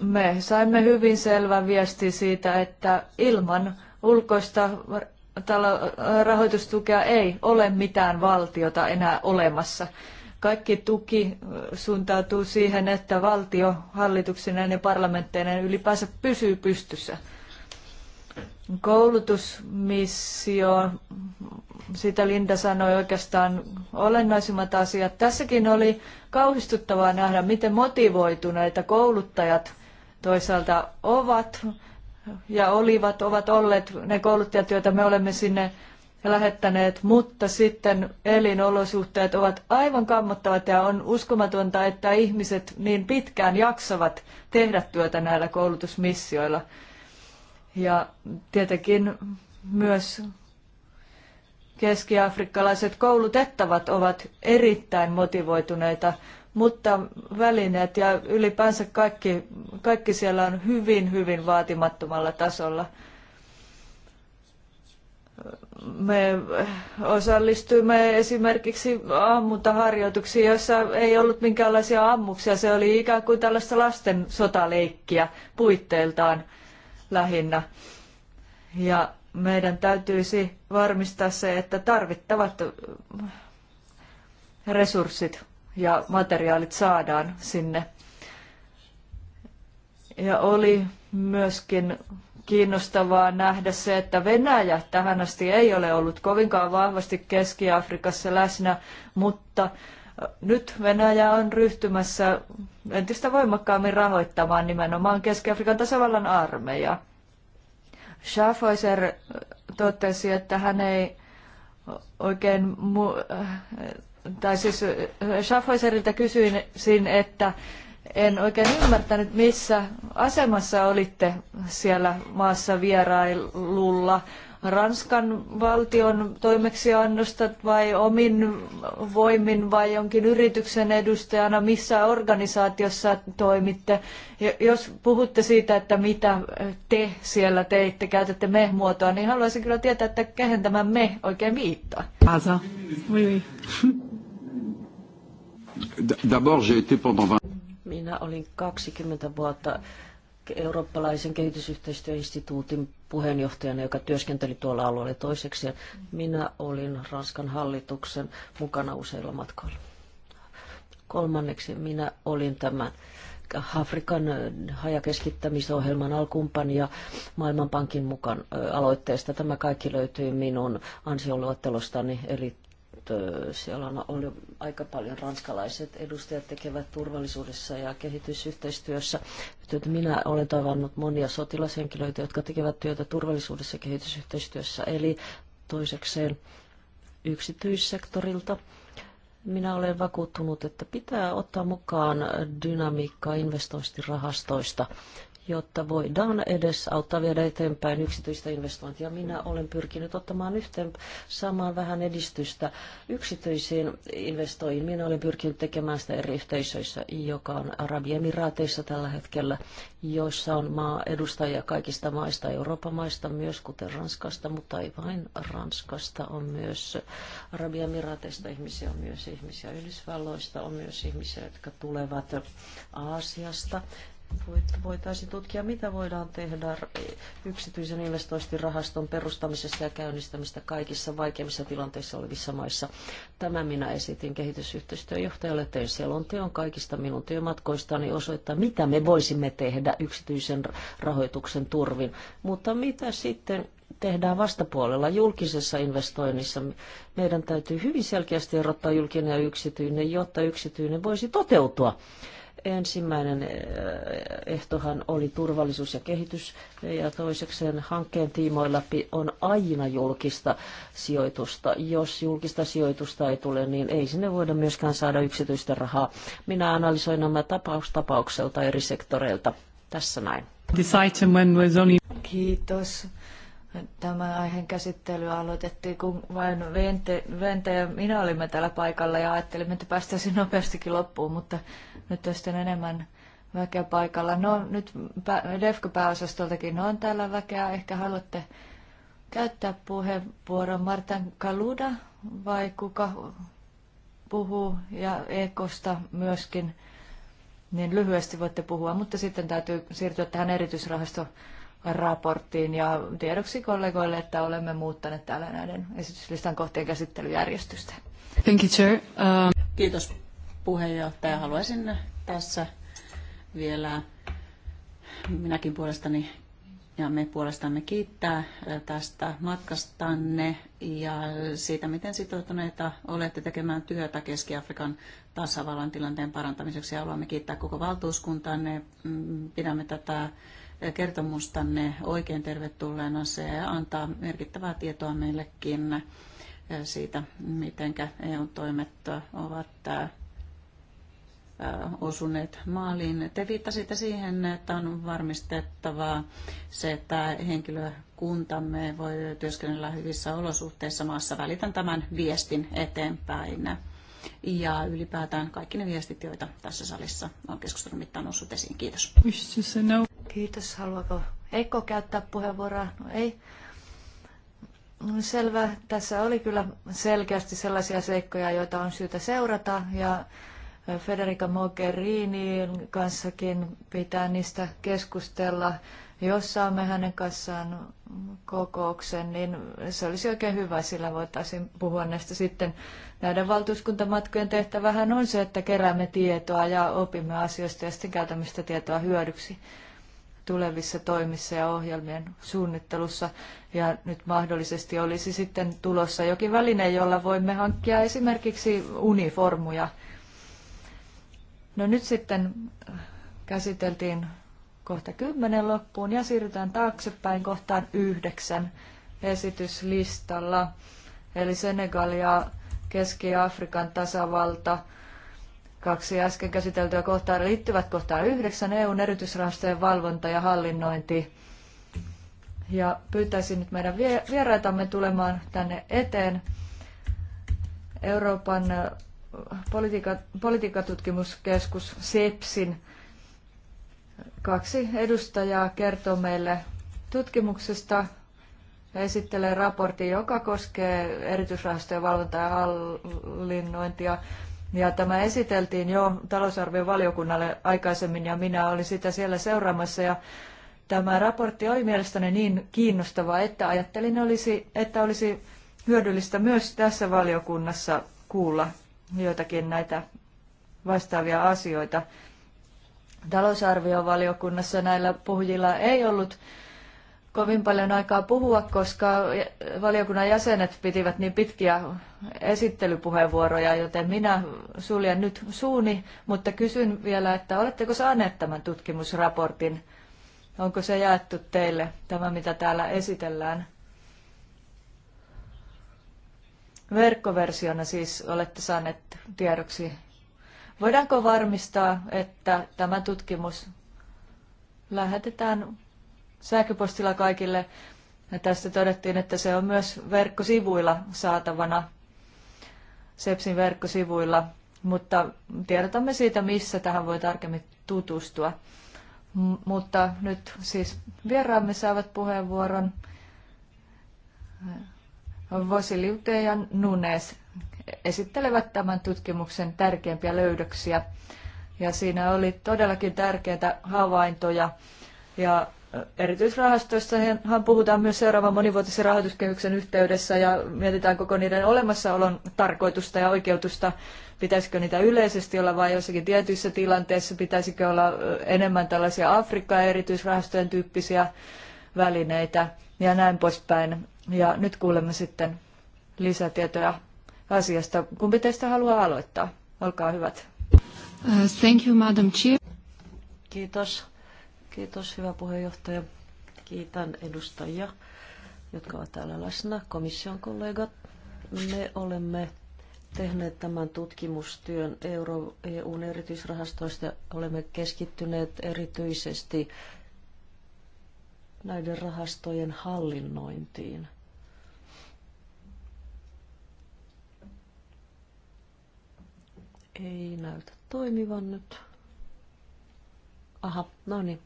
me saimme hyvin selvän viesti siitä, että ilman ulkoista rahoitustukea ei ole mitään valtiota enää olemassa. Kaikki tuki suuntautuu siihen, että valtio hallituksineen ja parlamentteineen ylipäänsä pysyy pystyssä. Koulutusmissio, sitä Linda sanoi oikeastaan olennaisimmat asiat. Tässäkin oli kauhistuttavaa nähdä, miten motivoituneita kouluttajat – toisaalta ovat ja olivat, ovat olleet ne kouluttajat, joita me olemme sinne lähettäneet, mutta sitten elinolosuhteet ovat aivan kammottavat ja on uskomatonta, että ihmiset niin pitkään jaksavat tehdä työtä näillä koulutusmissioilla. Ja tietenkin myös keskiafrikkalaiset koulutettavat ovat erittäin motivoituneita mutta välineet ja ylipäänsä kaikki, kaikki siellä on hyvin, hyvin vaatimattomalla tasolla. Me osallistuimme esimerkiksi ammuntaharjoituksiin, joissa ei ollut minkäänlaisia ammuksia. Se oli ikään kuin tällaista lasten sotaleikkiä puitteiltaan lähinnä. Ja meidän täytyisi varmistaa se, että tarvittavat resurssit ja materiaalit saadaan sinne. Ja oli myöskin kiinnostavaa nähdä se, että Venäjä tähän asti ei ole ollut kovinkaan vahvasti Keski-Afrikassa läsnä, mutta nyt Venäjä on ryhtymässä entistä voimakkaammin rahoittamaan nimenomaan Keski-Afrikan tasavallan armeja. Schaffhäuser totesi, että hän ei oikein mu- tai siis Schaffhäuserilta kysyin, että en oikein ymmärtänyt, missä asemassa olitte siellä maassa vierailulla. Ranskan valtion toimeksiannosta vai omin voimin vai jonkin yrityksen edustajana, missä organisaatiossa toimitte. Jos puhutte siitä, että mitä te siellä teitte, käytätte me-muotoa, niin haluaisin kyllä tietää, että kehen tämä me oikein viittaa. Asa. Oui, oui. D'abord, j'ai été pendant 20... Minä olin 20 vuotta eurooppalaisen kehitysyhteistyöinstituutin puheenjohtajana, joka työskenteli tuolla alueella. Toiseksi minä olin Ranskan hallituksen mukana useilla matkoilla. Kolmanneksi minä olin tämän Afrikan hajakeskittämisohjelman alkumpan ja Maailmanpankin mukaan aloitteesta. Tämä kaikki löytyy minun ansioluettelostani, eli siellä on ollut aika paljon ranskalaiset edustajat tekevät turvallisuudessa ja kehitysyhteistyössä. Minä olen tavannut monia sotilashenkilöitä, jotka tekevät työtä turvallisuudessa ja kehitysyhteistyössä, eli toisekseen yksityissektorilta. Minä olen vakuuttunut, että pitää ottaa mukaan dynamiikkaa investointirahastoista. rahastoista jotta voidaan edes auttaa viedä eteenpäin yksityistä investointia. Minä olen pyrkinyt ottamaan yhteen samaan vähän edistystä yksityisiin investoihin. Minä olen pyrkinyt tekemään sitä eri yhteisöissä, joka on Arabiemiraateissa tällä hetkellä, joissa on maa edustajia kaikista maista, Euroopan maista myös, kuten Ranskasta, mutta ei vain Ranskasta, on myös Arabiemiraateista ihmisiä, on myös ihmisiä Yhdysvalloista, on myös ihmisiä, jotka tulevat Aasiasta voitaisiin tutkia, mitä voidaan tehdä yksityisen investointirahaston perustamisessa ja käynnistämistä kaikissa vaikeimmissa tilanteissa olevissa maissa. Tämä minä esitin kehitysyhteistyöjohtajalle tein selonteon kaikista minun työmatkoistani osoittaa, mitä me voisimme tehdä yksityisen rahoituksen turvin. Mutta mitä sitten tehdään vastapuolella julkisessa investoinnissa. Meidän täytyy hyvin selkeästi erottaa julkinen ja yksityinen, jotta yksityinen voisi toteutua. Ensimmäinen eh, ehtohan oli turvallisuus ja kehitys, ja toisekseen hankkeen tiimoilla on aina julkista sijoitusta. Jos julkista sijoitusta ei tule, niin ei sinne voida myöskään saada yksityistä rahaa. Minä analysoin nämä tapaus tapaukselta eri sektoreilta. Tässä näin. Kiitos. Tämä aiheen käsittely aloitettiin, kun vain Vente, Vente ja minä olimme täällä paikalla ja ajattelimme, että päästäisiin nopeastikin loppuun, mutta nyt on sitten enemmän väkeä paikalla. No nyt DEFCO-pääosastoltakin on täällä väkeä. Ehkä haluatte käyttää puheenvuoron Martan Kaluda vai kuka puhuu ja Ekosta myöskin. Niin lyhyesti voitte puhua, mutta sitten täytyy siirtyä tähän erityisrahastoon raporttiin ja tiedoksi kollegoille, että olemme muuttaneet täällä näiden esityslistan kohtien käsittelyjärjestystä. Thank you, Chair. Um, Kiitos puheenjohtaja. Haluaisin tässä vielä minäkin puolestani ja me puolestamme kiittää tästä matkastanne ja siitä, miten sitoutuneita olette tekemään työtä Keski-Afrikan tasavallan tilanteen parantamiseksi. Ja haluamme kiittää koko valtuuskuntaanne. Mm, pidämme tätä kertomustanne oikein tervetulleena. Se antaa merkittävää tietoa meillekin siitä, miten EU-toimet ovat osuneet maaliin. Te viittasitte siihen, että on varmistettavaa se, että henkilökuntamme voi työskennellä hyvissä olosuhteissa maassa. Välitän tämän viestin eteenpäin ja ylipäätään kaikki ne viestit, joita tässä salissa on keskustelun mittaan noussut esiin. Kiitos. Kiitos. Haluaako Eikko käyttää puheenvuoroa? No ei. No selvä. Tässä oli kyllä selkeästi sellaisia seikkoja, joita on syytä seurata ja Federica Mogherinin kanssakin pitää niistä keskustella jos saamme hänen kanssaan kokouksen, niin se olisi oikein hyvä, sillä voitaisiin puhua näistä sitten. Näiden valtuuskuntamatkojen tehtävähän on se, että keräämme tietoa ja opimme asioista ja sitten käytämme sitä tietoa hyödyksi tulevissa toimissa ja ohjelmien suunnittelussa. Ja nyt mahdollisesti olisi sitten tulossa jokin väline, jolla voimme hankkia esimerkiksi uniformuja. No nyt sitten käsiteltiin kohta 10 loppuun ja siirrytään taaksepäin kohtaan 9 esityslistalla. Eli Senegal ja Keski-Afrikan tasavalta. Kaksi äsken käsiteltyä kohtaa liittyvät kohtaan 9 EUn erityisrahastojen valvonta ja hallinnointi. Ja pyytäisin nyt meidän vieraitamme tulemaan tänne eteen. Euroopan politiikatutkimuskeskus SEPSin Kaksi edustajaa kertoo meille tutkimuksesta ja esittelee raportin, joka koskee erityisrahastojen valvontaa ja hallinnointia. Ja tämä esiteltiin jo talousarvion valiokunnalle aikaisemmin ja minä olin sitä siellä seuraamassa. Ja tämä raportti oli mielestäni niin kiinnostava, että ajattelin, olisi, että olisi hyödyllistä myös tässä valiokunnassa kuulla joitakin näitä vastaavia asioita talousarviovaliokunnassa näillä puhujilla ei ollut kovin paljon aikaa puhua, koska valiokunnan jäsenet pitivät niin pitkiä esittelypuheenvuoroja, joten minä suljen nyt suuni, mutta kysyn vielä, että oletteko saaneet tämän tutkimusraportin? Onko se jaettu teille, tämä mitä täällä esitellään? Verkkoversiona siis olette saaneet tiedoksi Voidaanko varmistaa, että tämä tutkimus lähetetään sähköpostilla kaikille? Ja tässä todettiin, että se on myös verkkosivuilla saatavana, SEPSin verkkosivuilla, mutta tiedotamme siitä, missä tähän voi tarkemmin tutustua. M mutta nyt siis vieraamme saavat puheenvuoron. Vosiliute ja Nunes esittelevät tämän tutkimuksen tärkeimpiä löydöksiä. Ja siinä oli todellakin tärkeitä havaintoja. Ja hän puhutaan myös seuraavan monivuotisen rahoituskehyksen yhteydessä ja mietitään koko niiden olemassaolon tarkoitusta ja oikeutusta. Pitäisikö niitä yleisesti olla vai jossakin tietyissä tilanteissa? Pitäisikö olla enemmän tällaisia Afrikka- erityisrahastojen tyyppisiä välineitä ja näin poispäin. Ja nyt kuulemme sitten lisätietoja asiasta. Kumpi teistä haluaa aloittaa? Olkaa hyvät. Uh, thank you, Madam Chair. Kiitos. Kiitos, hyvä puheenjohtaja. Kiitän edustajia, jotka ovat täällä läsnä, komission kollegat. Me olemme tehneet tämän tutkimustyön Euro, EUn erityisrahastoista. Olemme keskittyneet erityisesti näiden rahastojen hallinnointiin ei näytä toimivan nyt. Aha, no niin.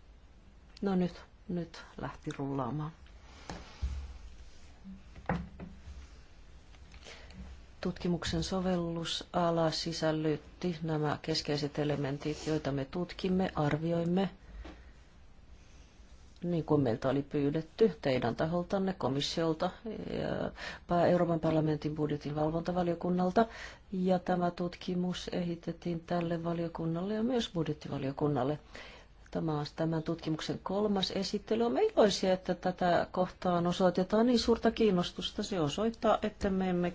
No nyt, nyt lähti rullaamaan. Tutkimuksen sovellusala sisällytti nämä keskeiset elementit, joita me tutkimme, arvioimme niin kuin meiltä oli pyydetty teidän taholtanne, komissiolta, ja Euroopan parlamentin budjetin valvontavaliokunnalta. Ja tämä tutkimus ehitettiin tälle valiokunnalle ja myös budjettivaliokunnalle. Tämä on tämän tutkimuksen kolmas esittely. Olemme iloisia, että tätä kohtaan osoitetaan niin suurta kiinnostusta. Se osoittaa, että me emme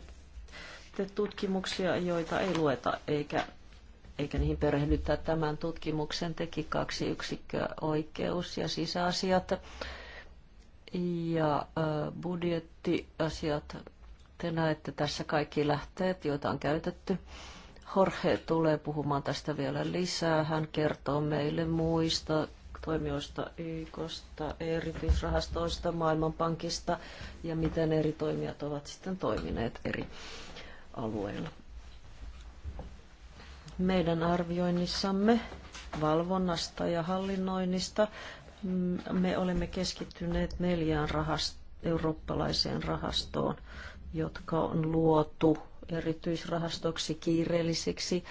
tee tutkimuksia, joita ei lueta eikä eikä niihin perehdytä. Tämän tutkimuksen teki kaksi yksikköä, oikeus ja sisäasiat ja budjettiasiat. Te näette tässä kaikki lähteet, joita on käytetty. Jorge tulee puhumaan tästä vielä lisää. Hän kertoo meille muista toimijoista YKsta, erityisrahastoista, Maailmanpankista ja miten eri toimijat ovat sitten toimineet eri alueilla meidän arvioinnissamme valvonnasta ja hallinnoinnista mm, me olemme keskittyneet neljään rahast- eurooppalaiseen rahastoon, jotka on luotu erityisrahastoksi, kiireellisiksi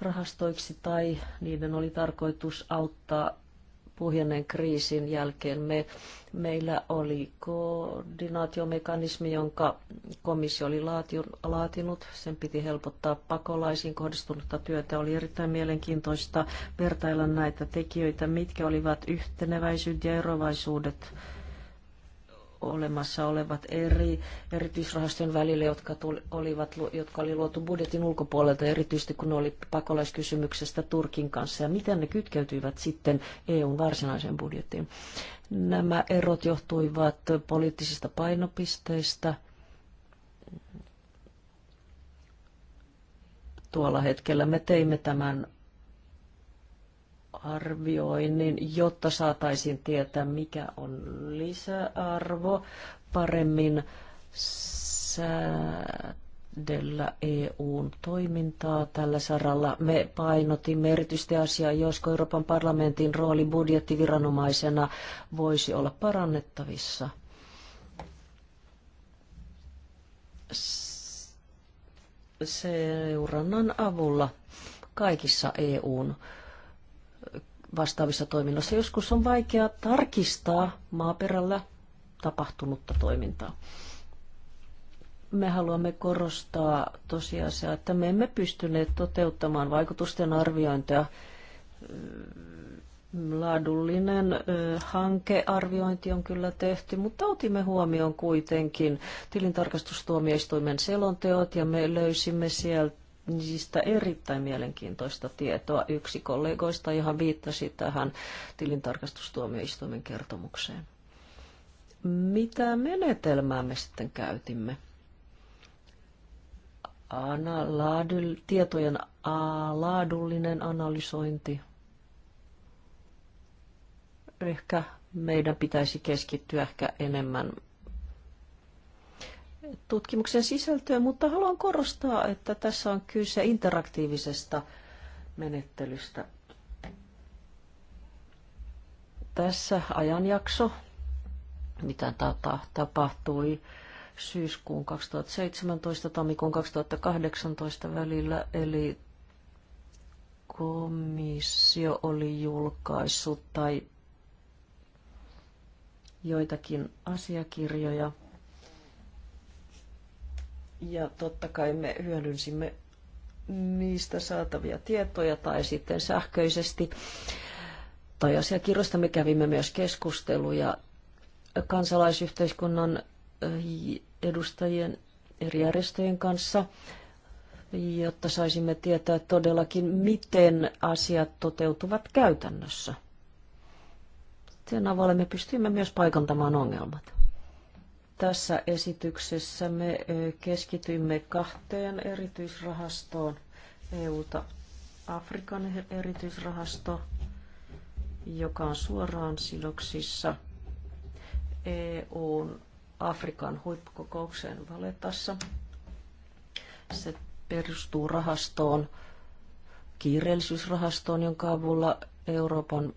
rahastoiksi tai niiden oli tarkoitus auttaa puhjenneen kriisin jälkeen me, meillä oli koordinaatiomekanismi, jonka komissio oli laatinut. Sen piti helpottaa pakolaisiin kohdistunutta työtä. Oli erittäin mielenkiintoista vertailla näitä tekijöitä, mitkä olivat yhteneväisyydet ja erovaisuudet olemassa olevat eri erityisrahastojen välillä, jotka, tuli, olivat, jotka oli luotu budjetin ulkopuolelta, erityisesti kun ne oli pakolaiskysymyksestä Turkin kanssa, ja miten ne kytkeytyivät sitten EUn varsinaiseen budjettiin. Nämä erot johtuivat poliittisista painopisteistä, tuolla hetkellä me teimme tämän arvioinnin, jotta saataisiin tietää, mikä on lisäarvo paremmin säädellä EUn toimintaa tällä saralla. Me painotimme erityisesti asiaa, josko Euroopan parlamentin rooli budjettiviranomaisena voisi olla parannettavissa. Seurannan avulla kaikissa EUn vastaavissa toiminnoissa. Joskus on vaikea tarkistaa maaperällä tapahtunutta toimintaa. Me haluamme korostaa tosiasiaa, että me emme pystyneet toteuttamaan vaikutusten arviointia. Laadullinen hankearviointi on kyllä tehty, mutta otimme huomioon kuitenkin tilintarkastustuomioistuimen selonteot ja me löysimme sieltä niistä erittäin mielenkiintoista tietoa. Yksi kollegoista, johon viittasi tähän tilintarkastustuomioistuimen kertomukseen. Mitä menetelmää me sitten käytimme? Ana, laadyl, tietojen a, laadullinen analysointi. Ehkä meidän pitäisi keskittyä ehkä enemmän tutkimuksen sisältöä, mutta haluan korostaa, että tässä on kyse interaktiivisesta menettelystä. Tässä ajanjakso, mitä tata, tapahtui syyskuun 2017 tammikuun 2018 välillä, eli komissio oli julkaissut tai joitakin asiakirjoja – ja totta kai me hyödynsimme niistä saatavia tietoja tai sitten sähköisesti. Tai asiakirjoista me kävimme myös keskusteluja kansalaisyhteiskunnan eh, edustajien eri järjestöjen kanssa, jotta saisimme tietää todellakin, miten asiat toteutuvat käytännössä. Sen avulla me pystyimme myös paikantamaan ongelmat. Tässä esityksessä me keskitymme kahteen erityisrahastoon EUta. Afrikan erityisrahasto, joka on suoraan sidoksissa EUn Afrikan huippukokoukseen Valetassa. Se perustuu rahastoon, kiireellisyysrahastoon, jonka avulla Euroopan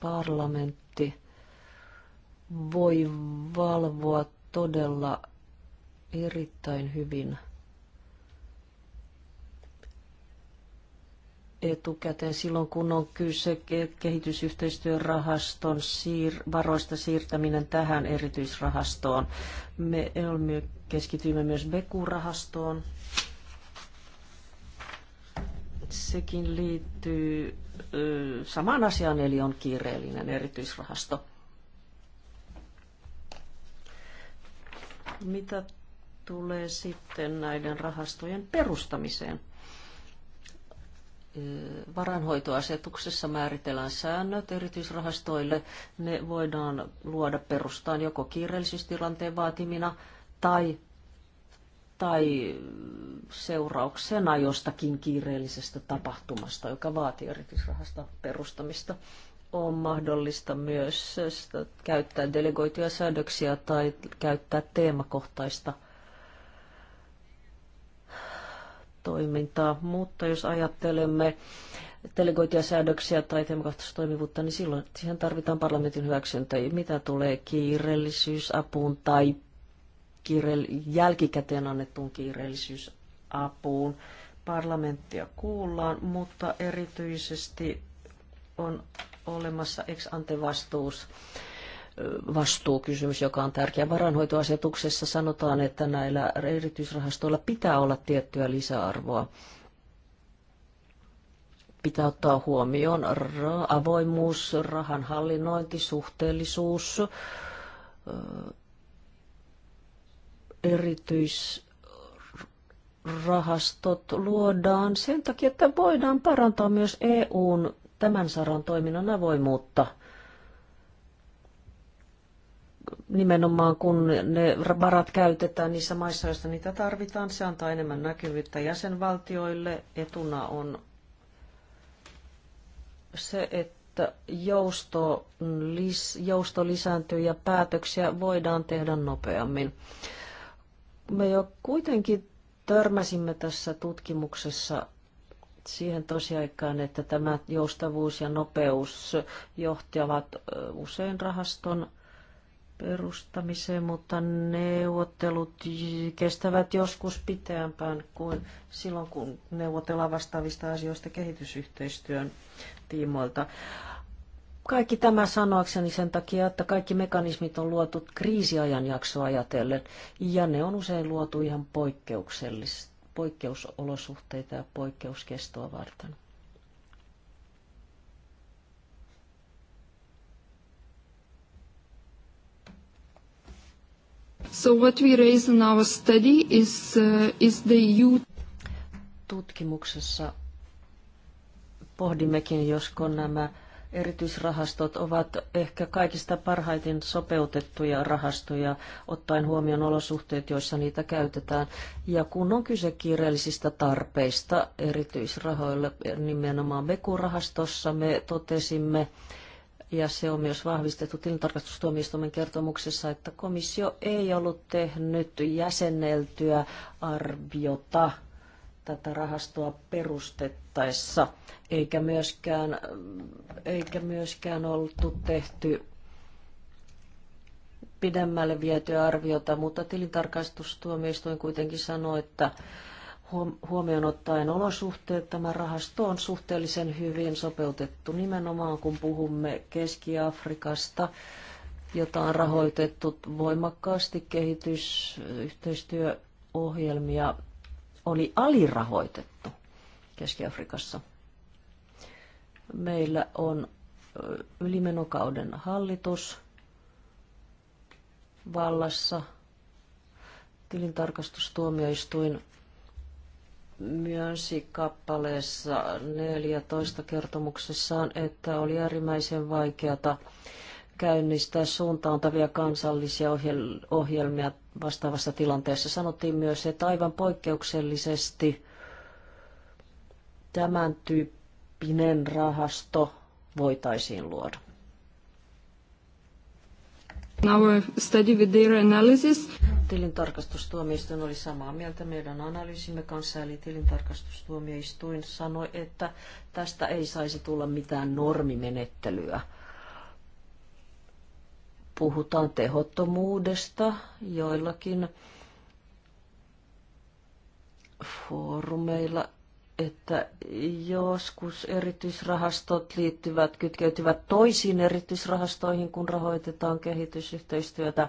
parlamentti voi valvoa todella erittäin hyvin etukäteen silloin, kun on kyse kehitysyhteistyörahaston siir- varoista siirtäminen tähän erityisrahastoon. Me olemme, keskitymme myös Beku-rahastoon. Sekin liittyy ö, samaan asiaan, eli on kiireellinen erityisrahasto. Mitä tulee sitten näiden rahastojen perustamiseen? Varanhoitoasetuksessa määritellään säännöt erityisrahastoille. Ne voidaan luoda perustaan joko kiireellisyystilanteen vaatimina tai, tai seurauksena jostakin kiireellisestä tapahtumasta, joka vaatii erityisrahasta perustamista on mahdollista myös käyttää delegoituja säädöksiä tai käyttää teemakohtaista toimintaa. Mutta jos ajattelemme delegoituja säädöksiä tai teemakohtaista toimivuutta, niin silloin siihen tarvitaan parlamentin hyväksyntä. Mitä tulee kiireellisyysapuun tai jälkikäteen annettuun kiireellisyysapuun, parlamenttia kuullaan, mutta erityisesti on olemassa ex ante vastuus vastuukysymys, joka on tärkeä. Varainhoitoasetuksessa sanotaan, että näillä erityisrahastoilla pitää olla tiettyä lisäarvoa. Pitää ottaa huomioon avoimuus, rahan hallinnointi, suhteellisuus, erityisrahastot luodaan sen takia, että voidaan parantaa myös EUn tämän saran toiminnan avoimuutta nimenomaan kun ne varat käytetään niissä maissa, joissa niitä tarvitaan, se antaa enemmän näkyvyyttä jäsenvaltioille. Etuna on se, että jousto, lis, jousto lisääntyy ja päätöksiä voidaan tehdä nopeammin. Me jo kuitenkin törmäsimme tässä tutkimuksessa siihen tosiaikaan, että tämä joustavuus ja nopeus johtavat usein rahaston perustamiseen, mutta neuvottelut kestävät joskus pitempään kuin silloin, kun neuvotellaan vastaavista asioista kehitysyhteistyön tiimoilta. Kaikki tämä sanoakseni sen takia, että kaikki mekanismit on luotu kriisiajan jaksoa ajatellen, ja ne on usein luotu ihan poikkeuksellisesti poikkeusolosuhteita ja poikkeuskestoa varten. So what we raise in our study is, uh, is the youth. Tutkimuksessa pohdimmekin, josko nämä Erityisrahastot ovat ehkä kaikista parhaiten sopeutettuja rahastoja, ottaen huomioon olosuhteet, joissa niitä käytetään. Ja kun on kyse kiireellisistä tarpeista erityisrahoille, nimenomaan Beku-rahastossa me totesimme, ja se on myös vahvistettu tilintarkastustuomioistuimen kertomuksessa, että komissio ei ollut tehnyt jäsenneltyä arviota tätä rahastoa perustettaessa, eikä myöskään, eikä myöskään oltu tehty pidemmälle vietyä arviota, mutta tilintarkastustuomioistuin kuitenkin sanoi, että huomioon ottaen olosuhteet tämä rahasto on suhteellisen hyvin sopeutettu nimenomaan, kun puhumme Keski-Afrikasta, jota on rahoitettu voimakkaasti kehitysyhteistyöohjelmia oli alirahoitettu Keski-Afrikassa. Meillä on ylimenokauden hallitus vallassa, tilintarkastustuomioistuin myönsi kappaleessa 14 kertomuksessaan, että oli äärimmäisen vaikeata käynnistää suuntaantavia kansallisia ohjelmia vastaavassa tilanteessa. Sanottiin myös, että aivan poikkeuksellisesti tämän tyyppinen rahasto voitaisiin luoda. Tilintarkastustuomioistuin oli samaa mieltä meidän analyysimme kanssa, eli tilintarkastustuomioistuin sanoi, että tästä ei saisi tulla mitään normimenettelyä – puhutaan tehottomuudesta joillakin foorumeilla, että joskus erityisrahastot liittyvät, kytkeytyvät toisiin erityisrahastoihin, kun rahoitetaan kehitysyhteistyötä,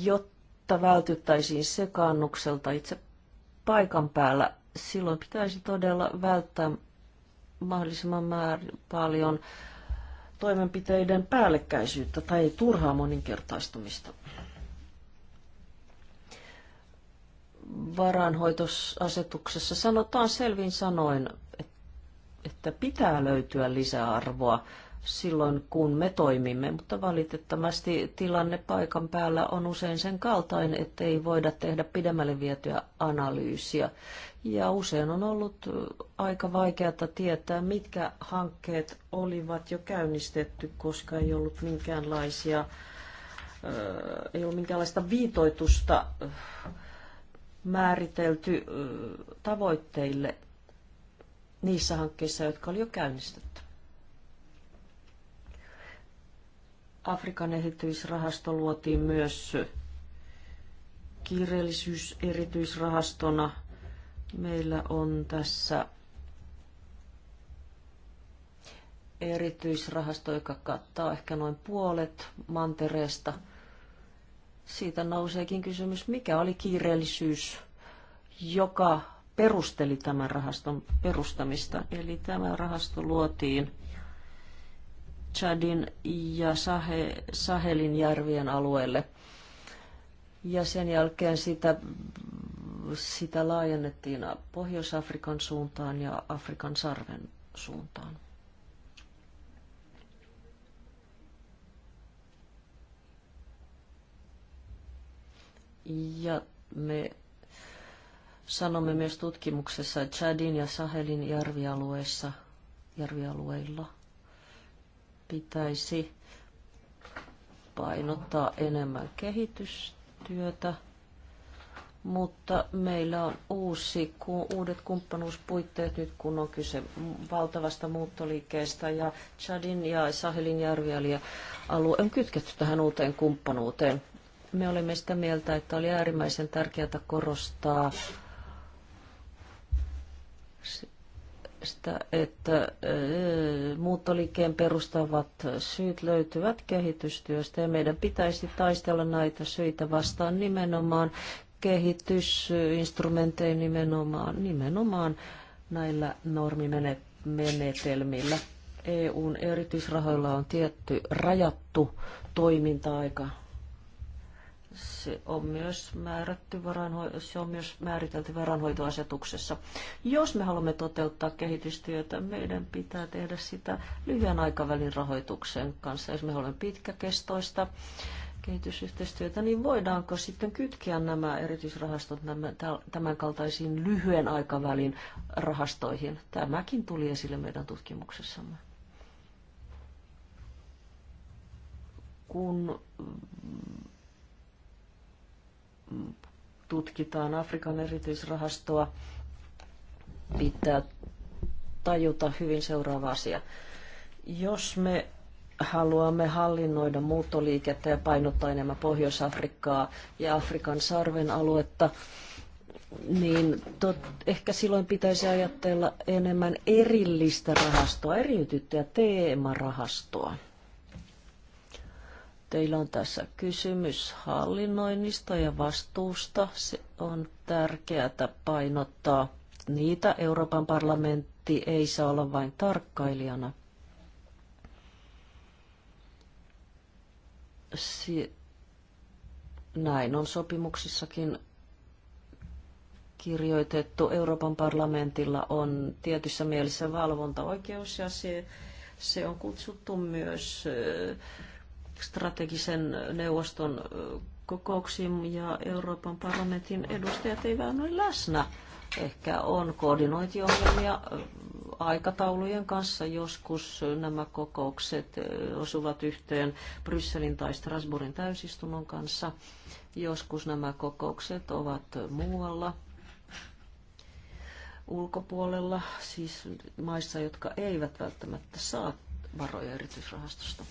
jotta vältyttäisiin sekaannukselta itse paikan päällä. Silloin pitäisi todella välttää mahdollisimman määrin paljon toimenpiteiden päällekkäisyyttä tai turhaa moninkertaistumista. Varainhoitosasetuksessa sanotaan selvin sanoin, että pitää löytyä lisäarvoa silloin, kun me toimimme, mutta valitettavasti tilanne paikan päällä on usein sen kaltainen, että ei voida tehdä pidemmälle vietyä analyysiä. Ja usein on ollut aika vaikeaa tietää, mitkä hankkeet olivat jo käynnistetty, koska ei ollut minkäänlaisia, ei ollut minkäänlaista viitoitusta määritelty tavoitteille niissä hankkeissa, jotka oli jo käynnistetty. Afrikan erityisrahasto luotiin myös kiireellisyys erityisrahastona. Meillä on tässä erityisrahasto, joka kattaa ehkä noin puolet mantereesta. Siitä nouseekin kysymys, mikä oli kiireellisyys, joka perusteli tämän rahaston perustamista. Eli tämä rahasto luotiin Chadin ja Sahe, Sahelin järvien alueelle. Ja sen jälkeen sitä, sitä laajennettiin Pohjois-Afrikan suuntaan ja Afrikan sarven suuntaan. Ja me sanomme myös tutkimuksessa Chadin ja Sahelin järvialueissa, järvialueilla – pitäisi painottaa enemmän kehitystyötä, mutta meillä on uusi, uudet kumppanuuspuitteet nyt, kun on kyse valtavasta muuttoliikkeestä ja Chadin ja Sahelin järvialia alue on kytketty tähän uuteen kumppanuuteen. Me olemme sitä mieltä, että oli äärimmäisen tärkeää korostaa sitä, että äh, muuttoliikkeen perustavat syyt löytyvät kehitystyöstä ja meidän pitäisi taistella näitä syitä vastaan nimenomaan kehitysinstrumentein nimenomaan, nimenomaan näillä normimenetelmillä. EUn erityisrahoilla on tietty rajattu toiminta-aika se on myös määrätty varainho- se on myös määritelty varainhoitoasetuksessa. Jos me haluamme toteuttaa kehitystyötä, meidän pitää tehdä sitä lyhyen aikavälin rahoituksen kanssa. Jos me haluamme pitkäkestoista kehitysyhteistyötä, niin voidaanko sitten kytkeä nämä erityisrahastot tämän kaltaisiin lyhyen aikavälin rahastoihin? Tämäkin tuli esille meidän tutkimuksessamme. Kun tutkitaan Afrikan erityisrahastoa, pitää tajuta hyvin seuraava asia. Jos me haluamme hallinnoida muuttoliikettä ja painottaa enemmän Pohjois-Afrikkaa ja Afrikan sarven aluetta, niin tot, ehkä silloin pitäisi ajatella enemmän erillistä rahastoa, eriytyttyä teemarahastoa. Teillä on tässä kysymys hallinnoinnista ja vastuusta. Se on tärkeää painottaa niitä. Euroopan parlamentti ei saa olla vain tarkkailijana. Si- Näin on sopimuksissakin kirjoitettu. Euroopan parlamentilla on tietyssä mielessä valvontaoikeus ja se, se on kutsuttu myös ö, strategisen neuvoston kokouksiin ja Euroopan parlamentin edustajat eivät ole läsnä. Ehkä on koordinointiohjelmia aikataulujen kanssa. Joskus nämä kokoukset osuvat yhteen Brysselin tai Strasbourgin täysistunnon kanssa. Joskus nämä kokoukset ovat muualla ulkopuolella, siis maissa, jotka eivät välttämättä saa varoja erityisrahastosta.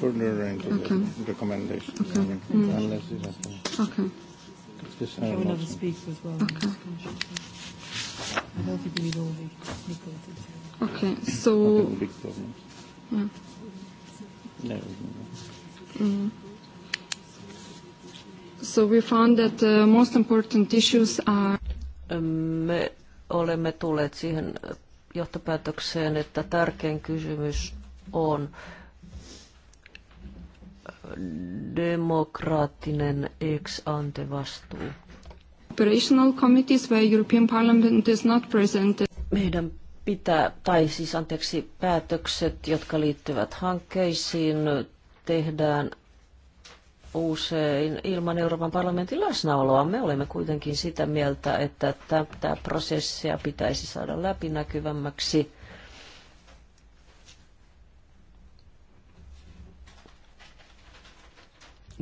Further into okay. the recommendation. Okay. mm. Unless it Okay. have as well. Okay. I don't think we need all the Okay, so. Big Yeah. No, mm. So we found that the most important issues are. Me olemme tulleet siihen johtopäätökseen, että tärkein kysymys on demokraattinen ex ante vastuu. Operational committees where European Parliament is not present. Meidän pitää, tai siis anteeksi, päätökset, jotka liittyvät hankkeisiin, tehdään usein ilman Euroopan parlamentin läsnäoloa. Me olemme kuitenkin sitä mieltä, että tätä prosessia pitäisi saada läpinäkyvämmäksi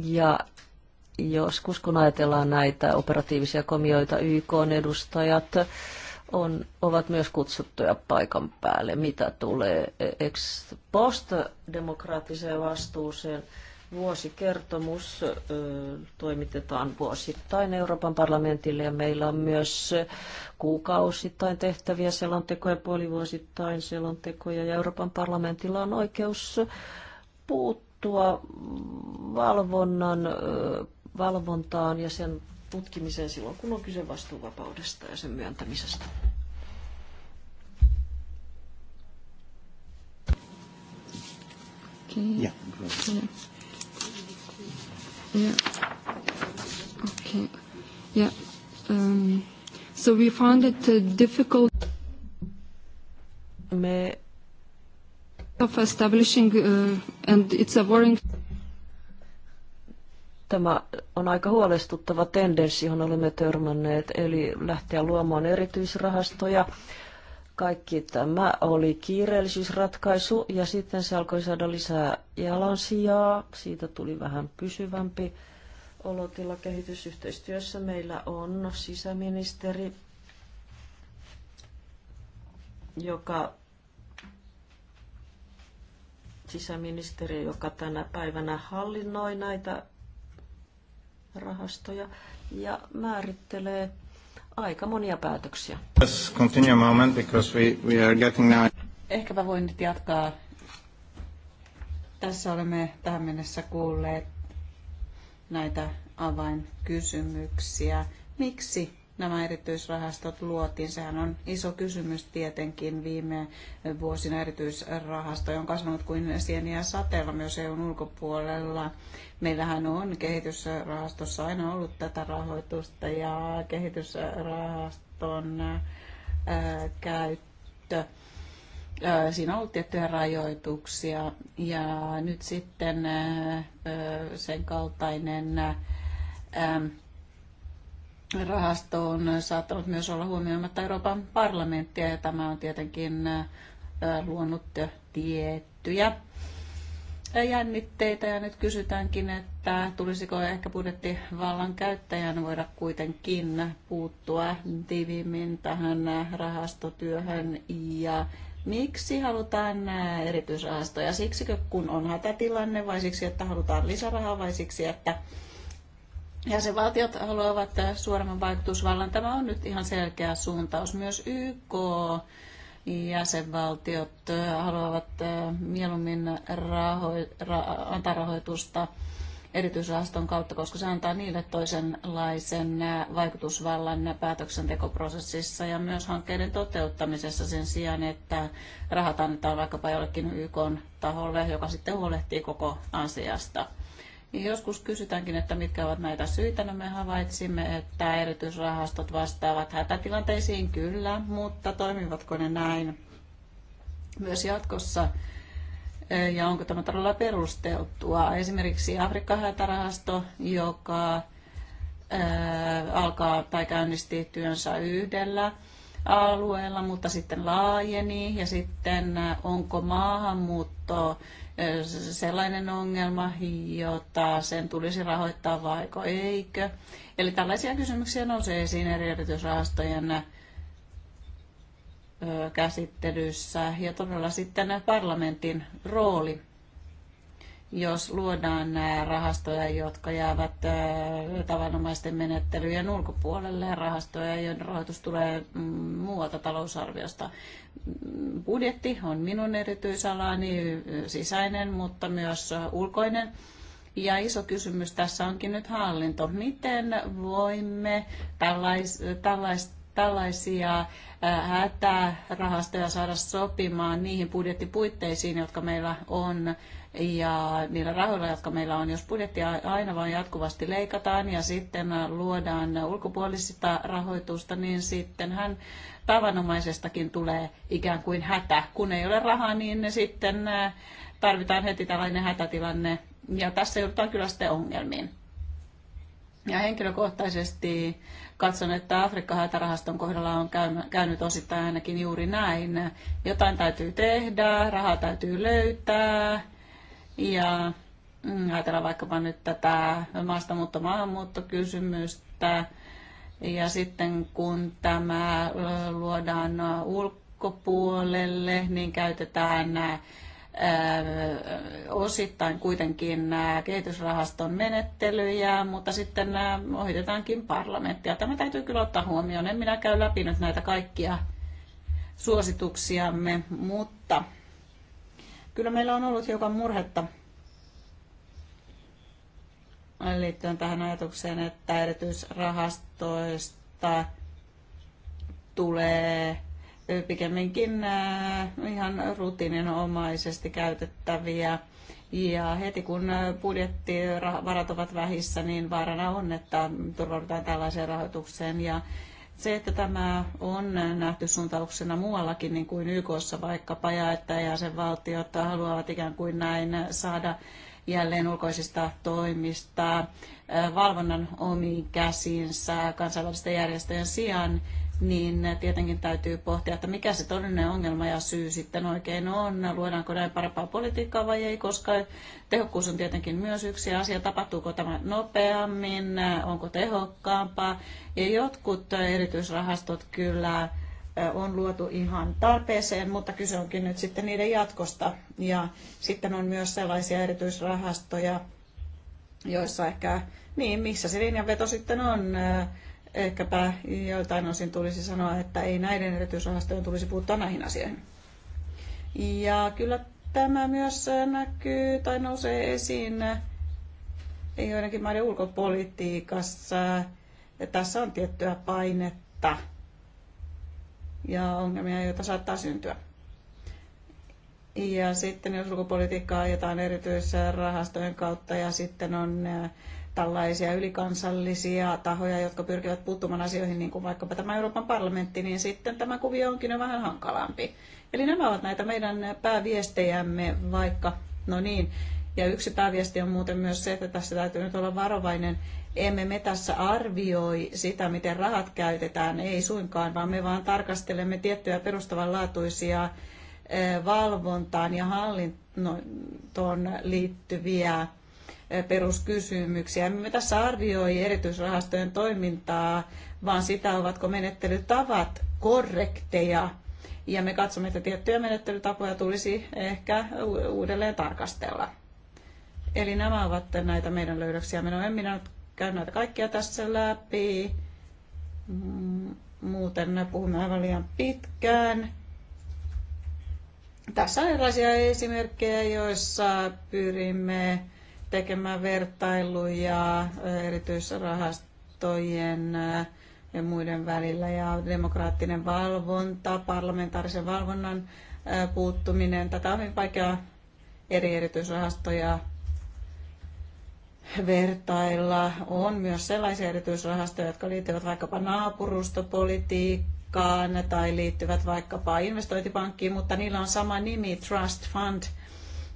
Ja joskus kun ajatellaan näitä operatiivisia komioita, YK-edustajat on, ovat myös kutsuttuja paikan päälle, mitä tulee ex post-demokraattiseen vastuuseen. Vuosikertomus toimitetaan vuosittain Euroopan parlamentille ja meillä on myös kuukausittain tehtäviä selontekoja, puolivuosittain selontekoja ja Euroopan parlamentilla on oikeus puuttua puuttua valvonnan, valvontaan ja sen tutkimiseen silloin, kun on kyse vastuuvapaudesta ja sen myöntämisestä. Okay. Yeah. Yeah. Okay. Yeah. Um, so we found it uh, difficult. Me Of establishing, uh, and it's a worrying... Tämä on aika huolestuttava tendenssi, johon olemme törmänneet, eli lähteä luomaan erityisrahastoja. Kaikki tämä oli kiireellisyysratkaisu ja sitten se alkoi saada lisää jalansijaa. Siitä tuli vähän pysyvämpi olotila kehitysyhteistyössä. Meillä on sisäministeri, joka sisäministeri, joka tänä päivänä hallinnoi näitä rahastoja ja määrittelee aika monia päätöksiä. Yes, continue moment because we, we are getting now... Ehkäpä voin nyt jatkaa. Tässä olemme tähän mennessä kuulleet näitä avainkysymyksiä. Miksi nämä erityisrahastot luotiin. Sehän on iso kysymys tietenkin viime vuosina erityisrahasto on kasvanut kuin sieniä sateella myös EUn ulkopuolella. Meillähän on kehitysrahastossa aina ollut tätä rahoitusta ja kehitysrahaston äh, käyttö äh, siinä on ollut tiettyjä rajoituksia ja nyt sitten äh, sen kaltainen rahasto on saattanut myös olla huomioimatta Euroopan parlamenttia ja tämä on tietenkin luonut tiettyjä jännitteitä ja nyt kysytäänkin, että tulisiko ehkä budjettivallan käyttäjän voida kuitenkin puuttua tiiviimmin tähän rahastotyöhön ja Miksi halutaan erityisrahastoja? Siksikö kun on hätätilanne vai siksi, että halutaan lisärahaa vai siksi, että jäsenvaltiot haluavat äh, suoremman vaikutusvallan. Tämä on nyt ihan selkeä suuntaus. Myös YK jäsenvaltiot äh, haluavat äh, mieluummin raho- ra- antaa rahoitusta erityisrahaston kautta, koska se antaa niille toisenlaisen vaikutusvallan päätöksentekoprosessissa ja myös hankkeiden toteuttamisessa sen sijaan, että rahat annetaan vaikkapa jollekin YK taholle, joka sitten huolehtii koko asiasta. Joskus kysytäänkin, että mitkä ovat näitä syitä. No me havaitsimme, että erityisrahastot vastaavat hätätilanteisiin kyllä, mutta toimivatko ne näin myös jatkossa? E, ja onko tämä todella perusteltua? Esimerkiksi Afrikan hätärahasto, joka e, alkaa tai käynnisti työnsä yhdellä alueella, mutta sitten laajeni ja sitten onko maahanmuutto sellainen ongelma, jota sen tulisi rahoittaa vaiko eikö. Eli tällaisia kysymyksiä nousee esiin eri erityisrahastojen käsittelyssä ja todella sitten parlamentin rooli jos luodaan rahastoja, jotka jäävät tavanomaisten menettelyjen ulkopuolelle, rahastoja, joiden rahoitus tulee mm, muualta talousarviosta. Mm, budjetti on minun erityisalani, sisäinen, mutta myös ulkoinen. Ja iso kysymys tässä onkin nyt hallinto. Miten voimme tällais, tällais, tällaisia hätärahastoja saada sopimaan niihin budjettipuitteisiin, jotka meillä on ja niillä rahoilla, jotka meillä on, jos budjettia aina vain jatkuvasti leikataan ja sitten luodaan ulkopuolista rahoitusta, niin hän tavanomaisestakin tulee ikään kuin hätä. Kun ei ole rahaa, niin sitten tarvitaan heti tällainen hätätilanne ja tässä joudutaan kyllä sitten ongelmiin. Ja henkilökohtaisesti katson, että Afrikka-hätärahaston kohdalla on käynyt osittain ainakin juuri näin. Jotain täytyy tehdä, rahaa täytyy löytää, ja mm, ajatellaan vaikkapa nyt tätä maastamuutto-maahanmuuttokysymystä. Ja sitten kun tämä luodaan ulkopuolelle, niin käytetään osittain kuitenkin kehitysrahaston menettelyjä, mutta sitten ohitetaankin parlamenttia. Tämä täytyy kyllä ottaa huomioon. En minä käy läpi nyt näitä kaikkia suosituksiamme, mutta Kyllä meillä on ollut hiukan murhetta liittyen tähän ajatukseen, että erityisrahastoista tulee pikemminkin äh, ihan rutiininomaisesti käytettäviä. Ja heti kun äh, budjettivarat ovat vähissä, niin vaarana on, että turvaudutaan tällaiseen rahoitukseen. Ja se, että tämä on nähty suuntauksena muuallakin niin kuin YKssa vaikkapa ja että jäsenvaltiot haluavat ikään kuin näin saada jälleen ulkoisista toimista valvonnan omiin käsiinsä kansainvälisten järjestöjen sijaan, niin tietenkin täytyy pohtia, että mikä se todellinen ongelma ja syy sitten oikein on. Luodaanko näin parempaa politiikkaa vai ei, koska tehokkuus on tietenkin myös yksi asia. Tapahtuuko tämä nopeammin, onko tehokkaampaa. Ja jotkut erityisrahastot kyllä on luotu ihan tarpeeseen, mutta kyse onkin nyt sitten niiden jatkosta. Ja sitten on myös sellaisia erityisrahastoja, joissa ehkä, niin missä se linjanveto sitten on, ehkäpä joiltain osin tulisi sanoa, että ei näiden erityisrahastojen tulisi puuttua näihin asioihin. Ja kyllä tämä myös näkyy tai nousee esiin joidenkin maiden ulkopolitiikassa. Ja tässä on tiettyä painetta ja ongelmia, joita saattaa syntyä. Ja sitten jos ulkopolitiikkaa ajetaan erityisrahastojen kautta ja sitten on tällaisia ylikansallisia tahoja, jotka pyrkivät puuttumaan asioihin, niin kuin vaikkapa tämä Euroopan parlamentti, niin sitten tämä kuvio onkin jo vähän hankalampi. Eli nämä ovat näitä meidän pääviestejämme, vaikka, no niin, ja yksi pääviesti on muuten myös se, että tässä täytyy nyt olla varovainen. Emme me tässä arvioi sitä, miten rahat käytetään, ei suinkaan, vaan me vaan tarkastelemme tiettyjä perustavanlaatuisia eh, valvontaan ja hallintoon liittyviä peruskysymyksiä. Emme tässä arvioi erityisrahastojen toimintaa, vaan sitä, ovatko menettelytavat korrekteja. Ja me katsomme, että tiettyjä menettelytapoja tulisi ehkä uudelleen tarkastella. Eli nämä ovat näitä meidän löydöksiä. Minä en minä nyt käy näitä kaikkia tässä läpi. Mm, muuten me puhumme aivan liian pitkään. Tässä on erilaisia esimerkkejä, joissa pyrimme tekemään vertailuja erityisrahastojen ja muiden välillä ja demokraattinen valvonta, parlamentaarisen valvonnan puuttuminen. Tätä on hyvin vaikea eri erityisrahastoja vertailla. On myös sellaisia erityisrahastoja, jotka liittyvät vaikkapa naapurustopolitiikkaan tai liittyvät vaikkapa investointipankkiin, mutta niillä on sama nimi, Trust Fund –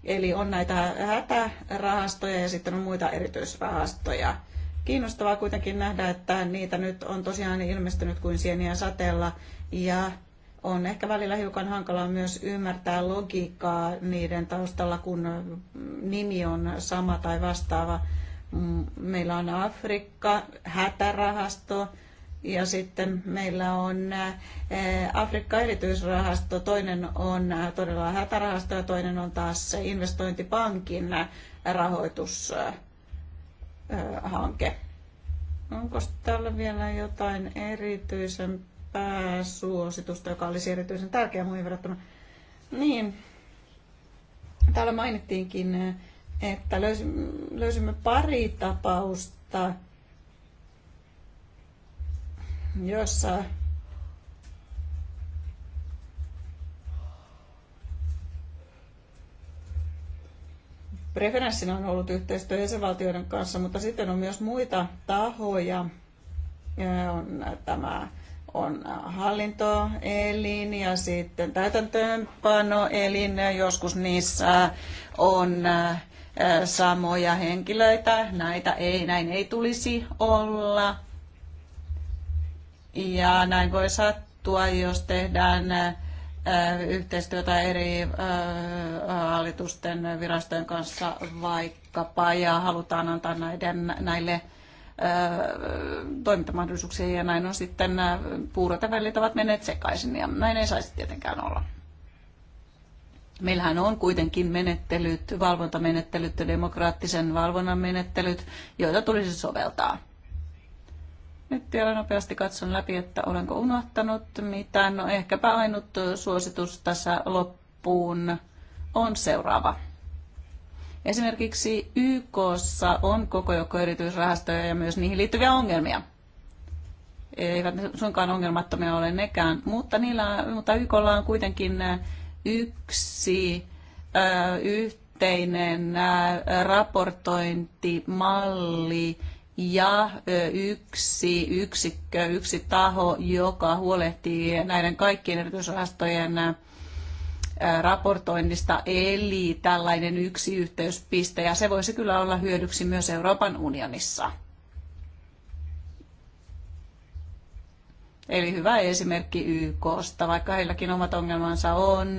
Eli on näitä hätärahastoja ja sitten on muita erityisrahastoja. Kiinnostavaa kuitenkin nähdä, että niitä nyt on tosiaan ilmestynyt kuin sieniä sateella ja on ehkä välillä hiukan hankalaa myös ymmärtää logiikkaa niiden taustalla, kun nimi on sama tai vastaava. Meillä on Afrikka, hätärahasto, ja sitten meillä on eh, Afrikka-erityisrahasto, toinen on eh, todella hätärahasto ja toinen on taas investointipankin eh, rahoitushanke. Onko täällä vielä jotain erityisen pääsuositusta, joka olisi erityisen tärkeä muihin verrattuna? Niin, täällä mainittiinkin, että löysimme pari tapausta, jossa preferenssinä on ollut yhteistyö jäsenvaltioiden kanssa, mutta sitten on myös muita tahoja. On tämä on hallintoelin ja sitten täytäntöönpanoelin. Joskus niissä on samoja henkilöitä. Näitä ei, näin ei tulisi olla. Ja näin voi sattua, jos tehdään äh, yhteistyötä eri äh, hallitusten virastojen kanssa vaikkapa ja halutaan antaa näiden, näille äh, toimintamahdollisuuksia ja näin on sitten puurot ja välit ovat menneet sekaisin ja näin ei saisi tietenkään olla. Meillähän on kuitenkin menettelyt, valvontamenettelyt ja demokraattisen valvonnan menettelyt, joita tulisi soveltaa. Nyt vielä nopeasti katson läpi, että olenko unohtanut mitään. No ehkäpä ainut suositus tässä loppuun on seuraava. Esimerkiksi YKssa on koko joukko erityisrahastoja ja myös niihin liittyviä ongelmia. Eivät suinkaan ongelmattomia ole nekään, mutta, niillä, mutta YKlla on kuitenkin yksi ö, yhteinen raportointimalli, ja yksi yksikkö, yksi taho, joka huolehtii näiden kaikkien erityisrahastojen raportoinnista, eli tällainen yksi yhteyspiste, ja se voisi kyllä olla hyödyksi myös Euroopan unionissa. Eli hyvä esimerkki YKsta, vaikka heilläkin omat ongelmansa on,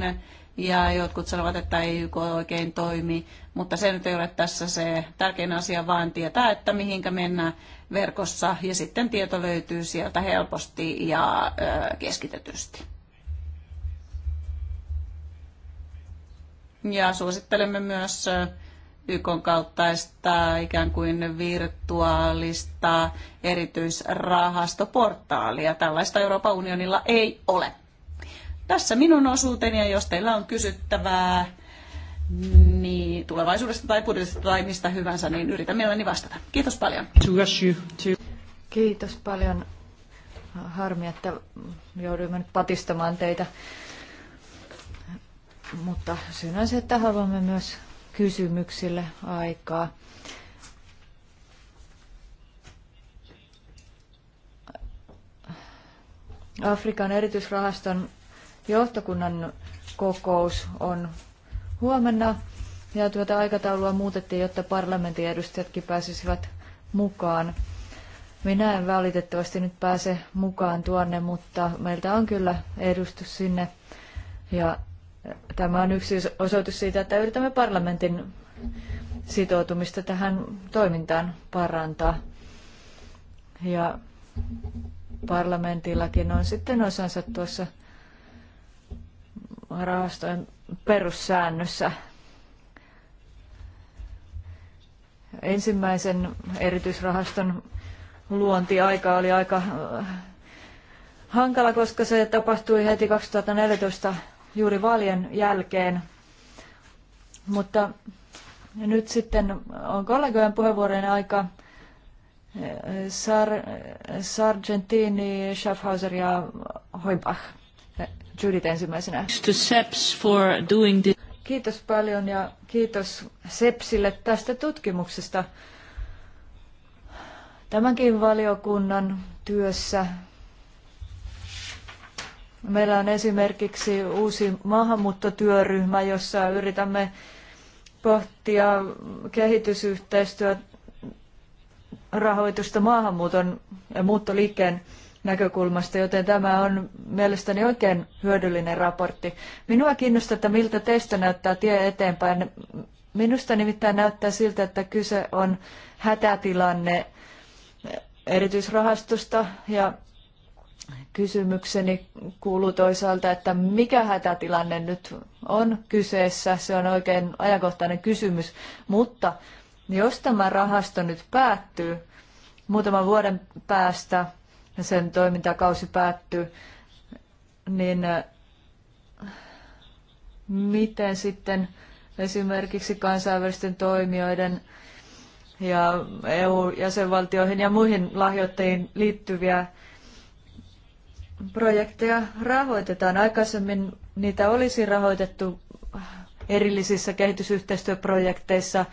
ja jotkut sanovat, että ei YK oikein toimi, mutta se nyt ei ole tässä se tärkein asia, vaan tietää, että mihinkä mennään verkossa ja sitten tieto löytyy sieltä helposti ja keskitetysti. Ja suosittelemme myös YKn kauttaista ikään kuin virtuaalista erityisrahastoportaalia. Tällaista Euroopan unionilla ei ole. Tässä minun osuuteni ja jos teillä on kysyttävää niin tulevaisuudesta tai budjetista tai mistä hyvänsä, niin yritän mielelläni vastata. Kiitos paljon. Kiitos paljon. Harmi, että jouduimme nyt patistamaan teitä. Mutta syynä on se, että haluamme myös kysymyksille aikaa. Afrikan erityisrahaston Johtokunnan kokous on huomenna ja tuota aikataulua muutettiin, jotta parlamentin edustajatkin pääsisivät mukaan. Minä en valitettavasti nyt pääse mukaan tuonne, mutta meiltä on kyllä edustus sinne. Ja tämä on yksi osoitus siitä, että yritämme parlamentin sitoutumista tähän toimintaan parantaa. Ja parlamentillakin on sitten osansa tuossa rahastojen perussäännössä. Ensimmäisen erityisrahaston luontiaika oli aika äh, hankala, koska se tapahtui heti 2014 juuri vaalien jälkeen. Mutta nyt sitten on kollegojen puheenvuorojen aika. Sar, Sargentini, Schaffhauser ja Hoibach. Judith ensimmäisenä. Kiitos paljon ja kiitos SEPSille tästä tutkimuksesta. Tämänkin valiokunnan työssä meillä on esimerkiksi uusi maahanmuuttotyöryhmä, jossa yritämme pohtia kehitysyhteistyötä maahanmuuton ja muuttoliikkeen näkökulmasta, joten tämä on mielestäni oikein hyödyllinen raportti. Minua kiinnostaa, että miltä teistä näyttää tie eteenpäin. Minusta nimittäin näyttää siltä, että kyse on hätätilanne erityisrahastosta ja kysymykseni kuuluu toisaalta, että mikä hätätilanne nyt on kyseessä. Se on oikein ajankohtainen kysymys, mutta jos tämä rahasto nyt päättyy muutaman vuoden päästä, sen toimintakausi päättyy, niin äh, miten sitten esimerkiksi kansainvälisten toimijoiden ja EU-jäsenvaltioihin ja muihin lahjoittajiin liittyviä projekteja rahoitetaan. Aikaisemmin niitä olisi rahoitettu erillisissä kehitysyhteistyöprojekteissa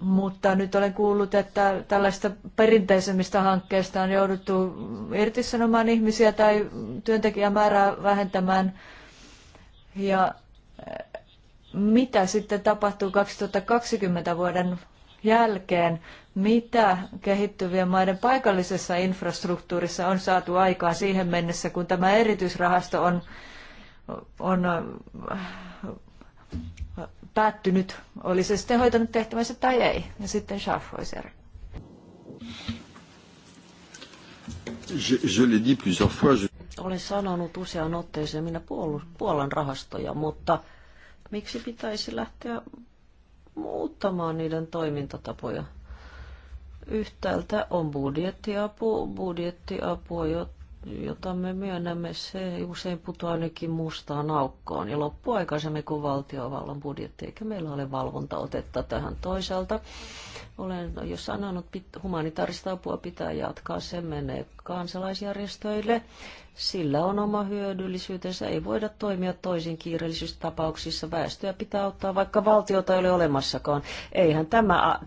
mutta nyt olen kuullut, että tällaista perinteisemmistä hankkeista on jouduttu irtisanomaan ihmisiä tai työntekijämäärää vähentämään. Ja eh, mitä sitten tapahtuu 2020 vuoden jälkeen? Mitä kehittyvien maiden paikallisessa infrastruktuurissa on saatu aikaan siihen mennessä, kun tämä erityisrahasto on, on eh, päättynyt, oli se sitten hoitanut tehtävänsä tai ei. Ja sitten Schaffhäuser. Je, je l'ai dit plusieurs fois, je... Olen sanonut useaan otteeseen, minä puolan rahastoja, mutta miksi pitäisi lähteä muuttamaan niiden toimintatapoja? Yhtäältä on budjettiapu, budjettiapua, jota me myönnämme, se usein putoaa ainakin mustaan aukkoon ja loppuu aikaisemmin kuin valtiovallan budjetti, eikä meillä ole valvontaotetta tähän toisaalta. Olen jo sanonut, että humanitaarista apua pitää jatkaa, se menee kansalaisjärjestöille. Sillä on oma hyödyllisyytensä, ei voida toimia toisin kiireellisyystapauksissa. Väestöä pitää auttaa, vaikka valtiota ei ole olemassakaan. Eihän tämä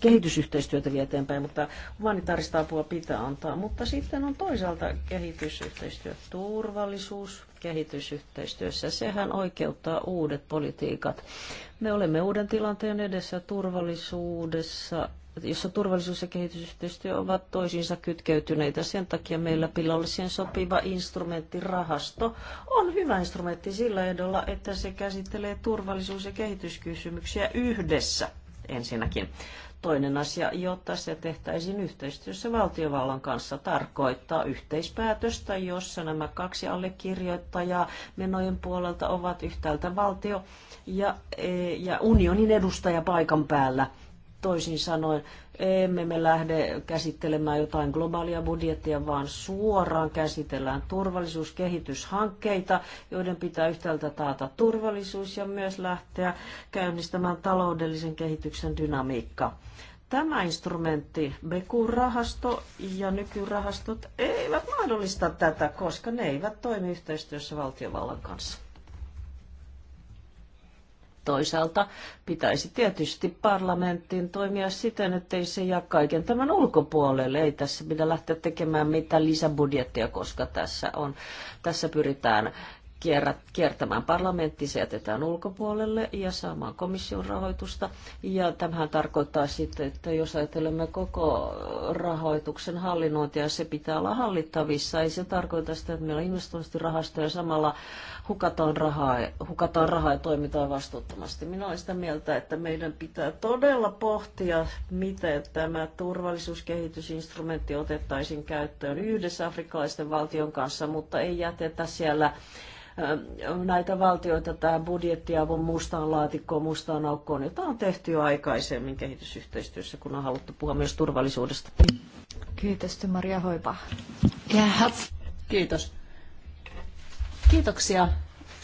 kehitysyhteistyötä vie eteenpäin, mutta humanitaarista apua pitää antaa. Mutta sitten on toisaalta kehitysyhteistyö, turvallisuus kehitysyhteistyössä. Sehän oikeuttaa uudet politiikat. Me olemme uuden tilanteen edessä turvallisuudessa, jossa turvallisuus ja kehitysyhteistyö ovat toisiinsa kytkeytyneitä. Sen takia meillä pilolliseen sopiva instrumentti, rahasto, on hyvä instrumentti sillä ehdolla, että se käsittelee turvallisuus- ja kehityskysymyksiä yhdessä ensinnäkin. Toinen asia, jotta se tehtäisiin yhteistyössä valtiovallan kanssa, tarkoittaa yhteispäätöstä, jossa nämä kaksi allekirjoittajaa menojen puolelta ovat yhtäältä valtio ja, e, ja unionin edustaja paikan päällä. Toisin sanoen emme me lähde käsittelemään jotain globaalia budjettia, vaan suoraan käsitellään turvallisuuskehityshankkeita, joiden pitää yhtäältä taata turvallisuus ja myös lähteä käynnistämään taloudellisen kehityksen dynamiikka. Tämä instrumentti, BQ-rahasto ja nykyrahastot, eivät mahdollista tätä, koska ne eivät toimi yhteistyössä valtiovallan kanssa. Toisaalta pitäisi tietysti parlamentin toimia siten, ettei se jää kaiken tämän ulkopuolelle. Ei tässä pidä lähteä tekemään mitään lisäbudjettia, koska tässä, on, tässä pyritään kiertämään parlamentti, se jätetään ulkopuolelle ja saamaan komission rahoitusta. Ja tämähän tarkoittaa sitten, että jos ajattelemme koko rahoituksen hallinnointia, se pitää olla hallittavissa. Ei se tarkoita sitä, että meillä on investointirahasto ja samalla hukataan rahaa, hukataan rahaa ja toimitaan vastuuttomasti. Minä olen sitä mieltä, että meidän pitää todella pohtia, miten tämä turvallisuuskehitysinstrumentti otettaisiin käyttöön yhdessä afrikkalaisten valtion kanssa, mutta ei jätetä siellä näitä valtioita tähän budjettiavun mustaan laatikkoon, mustaan aukkoon, jota on tehty jo aikaisemmin kehitysyhteistyössä, kun on haluttu puhua myös turvallisuudesta. Kiitos, Maria Hoipa. Kiitos. Kiitoksia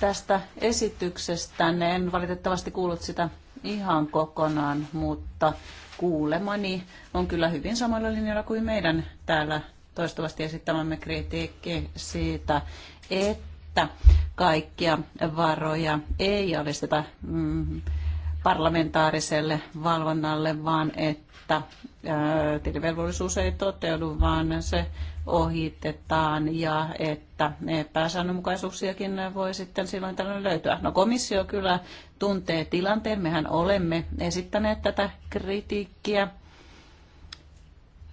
tästä esityksestä. En valitettavasti kuullut sitä ihan kokonaan, mutta kuulemani on kyllä hyvin samalla linjalla kuin meidän täällä toistuvasti esittämämme kritiikki siitä, että että kaikkia varoja ei alisteta mm, parlamentaariselle valvonnalle, vaan että tilivelvollisuus ei toteudu, vaan se ohitetaan ja että epäsäännönmukaisuuksiakin voi sitten silloin tällöin löytyä. No komissio kyllä tuntee tilanteen, mehän olemme esittäneet tätä kritiikkiä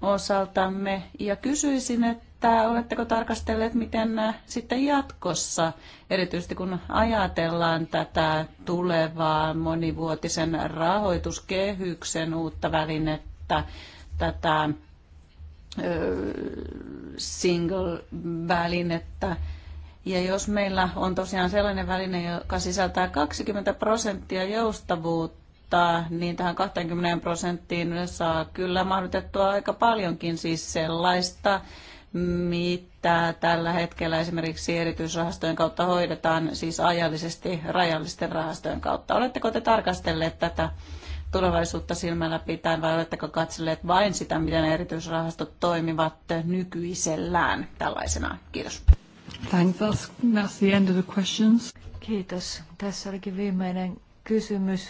osaltamme ja kysyisin, että että oletteko tarkastelleet, miten äh, sitten jatkossa, erityisesti kun ajatellaan tätä tulevaa monivuotisen rahoituskehyksen uutta välinettä, tätä single-välinettä, ja jos meillä on tosiaan sellainen väline, joka sisältää 20 prosenttia joustavuutta, niin tähän 20 prosenttiin saa kyllä mahdotettua aika paljonkin siis sellaista mitä tällä hetkellä esimerkiksi erityisrahastojen kautta hoidetaan, siis ajallisesti rajallisten rahastojen kautta. Oletteko te tarkastelleet tätä tulevaisuutta silmällä pitäen vai oletteko katselleet vain sitä, miten erityisrahastot toimivat nykyisellään tällaisena? Kiitos. Thanks. That's the end of the questions. Kiitos. Tässä olikin viimeinen kysymys.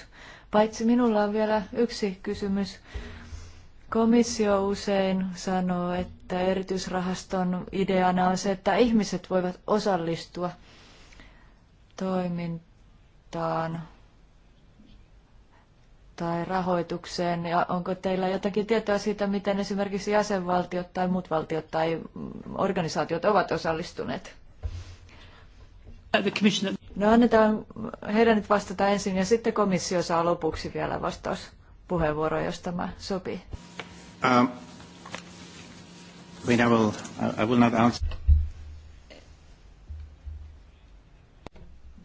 Paitsi minulla on vielä yksi kysymys. Komissio usein sanoo, että erityisrahaston ideana on se, että ihmiset voivat osallistua toimintaan tai rahoitukseen. Ja onko teillä jotakin tietoa siitä, miten esimerkiksi jäsenvaltiot tai muut valtiot tai organisaatiot ovat osallistuneet? No annetaan heidän nyt vastata ensin ja sitten komissio saa lopuksi vielä vastaus puheenvuoro, jos tämä sopii. Um, I will, I will not answer.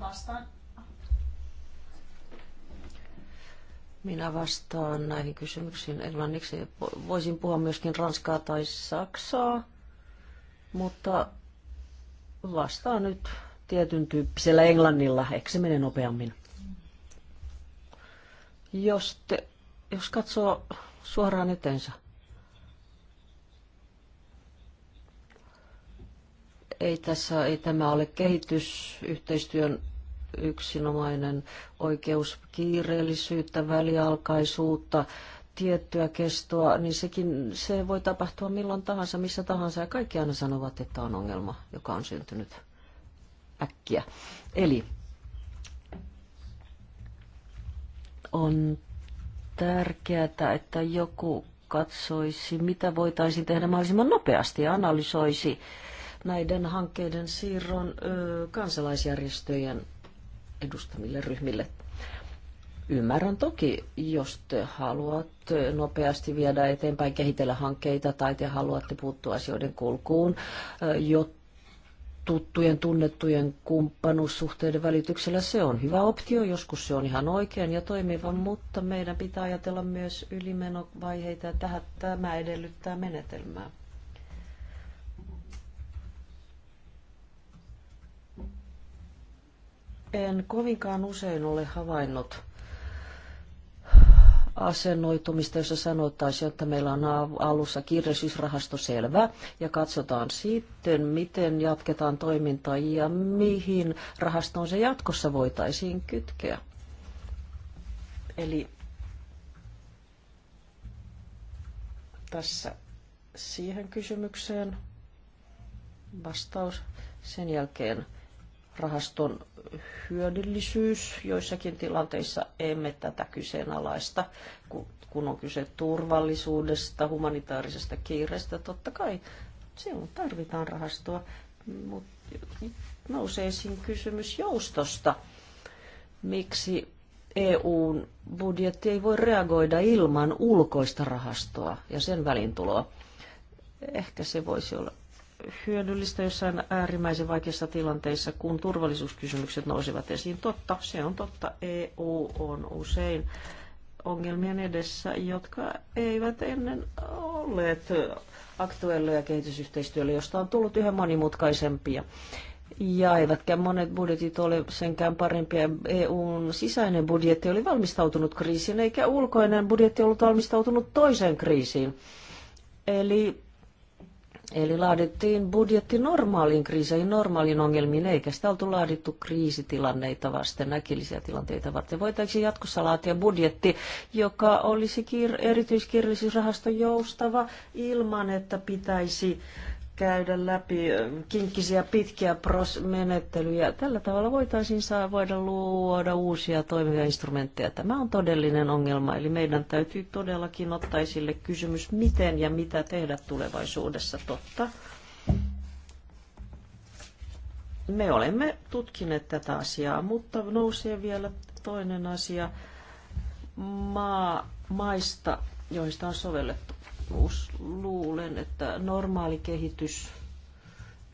Vastaan. Minä vastaan näihin kysymyksiin englanniksi. Voisin puhua myöskin ranskaa tai saksaa, mutta vastaan nyt tietyn tyyppisellä englannilla. Eikö se mene nopeammin? Jos te jos katsoo suoraan eteensä, ei tässä, ei tämä ole kehitysyhteistyön yksinomainen oikeus kiireellisyyttä, välialkaisuutta, tiettyä kestoa, niin sekin, se voi tapahtua milloin tahansa, missä tahansa. Ja kaikki aina sanovat, että on ongelma, joka on syntynyt äkkiä. Eli on tärkeää, että joku katsoisi, mitä voitaisiin tehdä mahdollisimman nopeasti ja analysoisi näiden hankkeiden siirron kansalaisjärjestöjen edustamille ryhmille. Ymmärrän toki, jos te haluatte nopeasti viedä eteenpäin, kehitellä hankkeita tai te haluatte puuttua asioiden kulkuun, jotta tuttujen, tunnettujen kumppanuussuhteiden välityksellä. Se on hyvä optio, joskus se on ihan oikein ja toimiva, mutta meidän pitää ajatella myös ylimenovaiheita ja tähän, tämä edellyttää menetelmää. En kovinkaan usein ole havainnut asennoitumista, jossa sanotaan, että meillä on alussa kirjallisuusrahasto selvä ja katsotaan sitten, miten jatketaan toimintaa ja mihin rahastoon se jatkossa voitaisiin kytkeä. Eli tässä siihen kysymykseen vastaus. Sen jälkeen rahaston hyödyllisyys. Joissakin tilanteissa emme tätä kyseenalaista, kun on kyse turvallisuudesta, humanitaarisesta kiireestä. Totta kai silloin tarvitaan rahastoa, mutta nousee esiin kysymys joustosta. Miksi EUn budjetti ei voi reagoida ilman ulkoista rahastoa ja sen välintuloa? Ehkä se voisi olla hyödyllistä jossain äärimmäisen vaikeissa tilanteissa, kun turvallisuuskysymykset nousevat esiin. Totta, se on totta. EU on usein ongelmien edessä, jotka eivät ennen olleet aktuelleja kehitysyhteistyölle, josta on tullut yhä monimutkaisempia. Ja eivätkä monet budjetit ole senkään parempia. EUn sisäinen budjetti oli valmistautunut kriisiin, eikä ulkoinen budjetti ollut valmistautunut toiseen kriisiin. Eli Eli laadittiin budjetti normaaliin kriiseihin, normaaliin ongelmiin, eikä sitä oltu laadittu kriisitilanneita vasten, näkillisiä tilanteita varten. Voitaisiin jatkossa laatia budjetti, joka olisi kir- joustava ilman, että pitäisi käydä läpi kinkkisiä pitkiä menettelyjä. Tällä tavalla voitaisiin saa, voida luoda uusia toimivia instrumentteja. Tämä on todellinen ongelma, eli meidän täytyy todellakin ottaa esille kysymys, miten ja mitä tehdä tulevaisuudessa totta. Me olemme tutkineet tätä asiaa, mutta nousee vielä toinen asia maa, maista, joista on sovellettu luulen, että normaali kehitys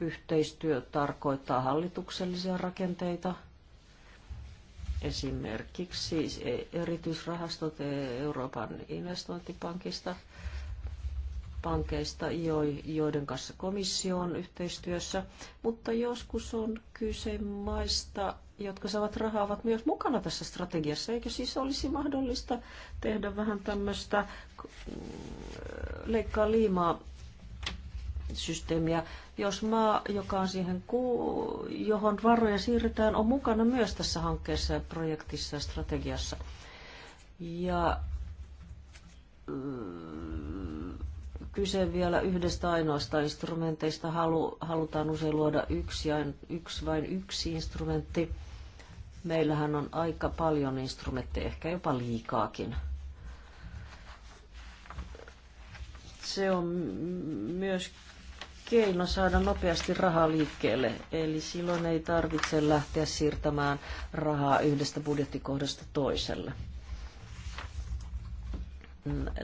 yhteistyö tarkoittaa hallituksellisia rakenteita, esimerkiksi siis e- erityisrahastot Euroopan investointipankista – pankeista, joiden kanssa komissio on yhteistyössä, mutta joskus on kyse maista, jotka saavat rahaa, ovat myös mukana tässä strategiassa. Eikö siis olisi mahdollista tehdä vähän tämmöistä mm, leikkaa liimaa systeemiä, jos maa, joka on siihen, johon varoja siirretään, on mukana myös tässä hankkeessa ja projektissa ja strategiassa. Ja mm, kyse vielä yhdestä ainoasta instrumenteista. Halu, halutaan usein luoda yksi, yksi vain yksi instrumentti. Meillähän on aika paljon instrumentteja, ehkä jopa liikaakin. Se on myös keino saada nopeasti rahaa liikkeelle. Eli silloin ei tarvitse lähteä siirtämään rahaa yhdestä budjettikohdasta toiselle.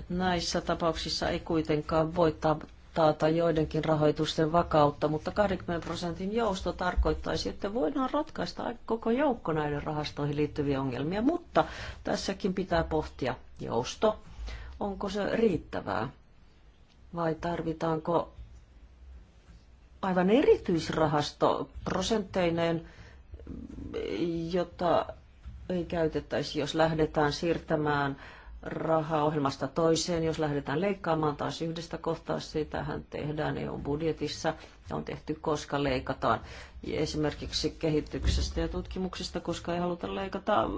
Näissä tapauksissa ei kuitenkaan voi taata joidenkin rahoitusten vakautta, mutta 20 prosentin jousto tarkoittaisi, että voidaan ratkaista koko joukko näiden rahastoihin liittyviä ongelmia, mutta tässäkin pitää pohtia jousto. Onko se riittävää vai tarvitaanko aivan erityisrahasto prosentteineen, jota ei käytettäisi, jos lähdetään siirtämään rahaa ohjelmasta toiseen, jos lähdetään leikkaamaan taas yhdestä kohtaa, sitähän tehdään EU-budjetissa ja on tehty, koska leikataan esimerkiksi kehityksestä ja tutkimuksesta, koska ei haluta leikata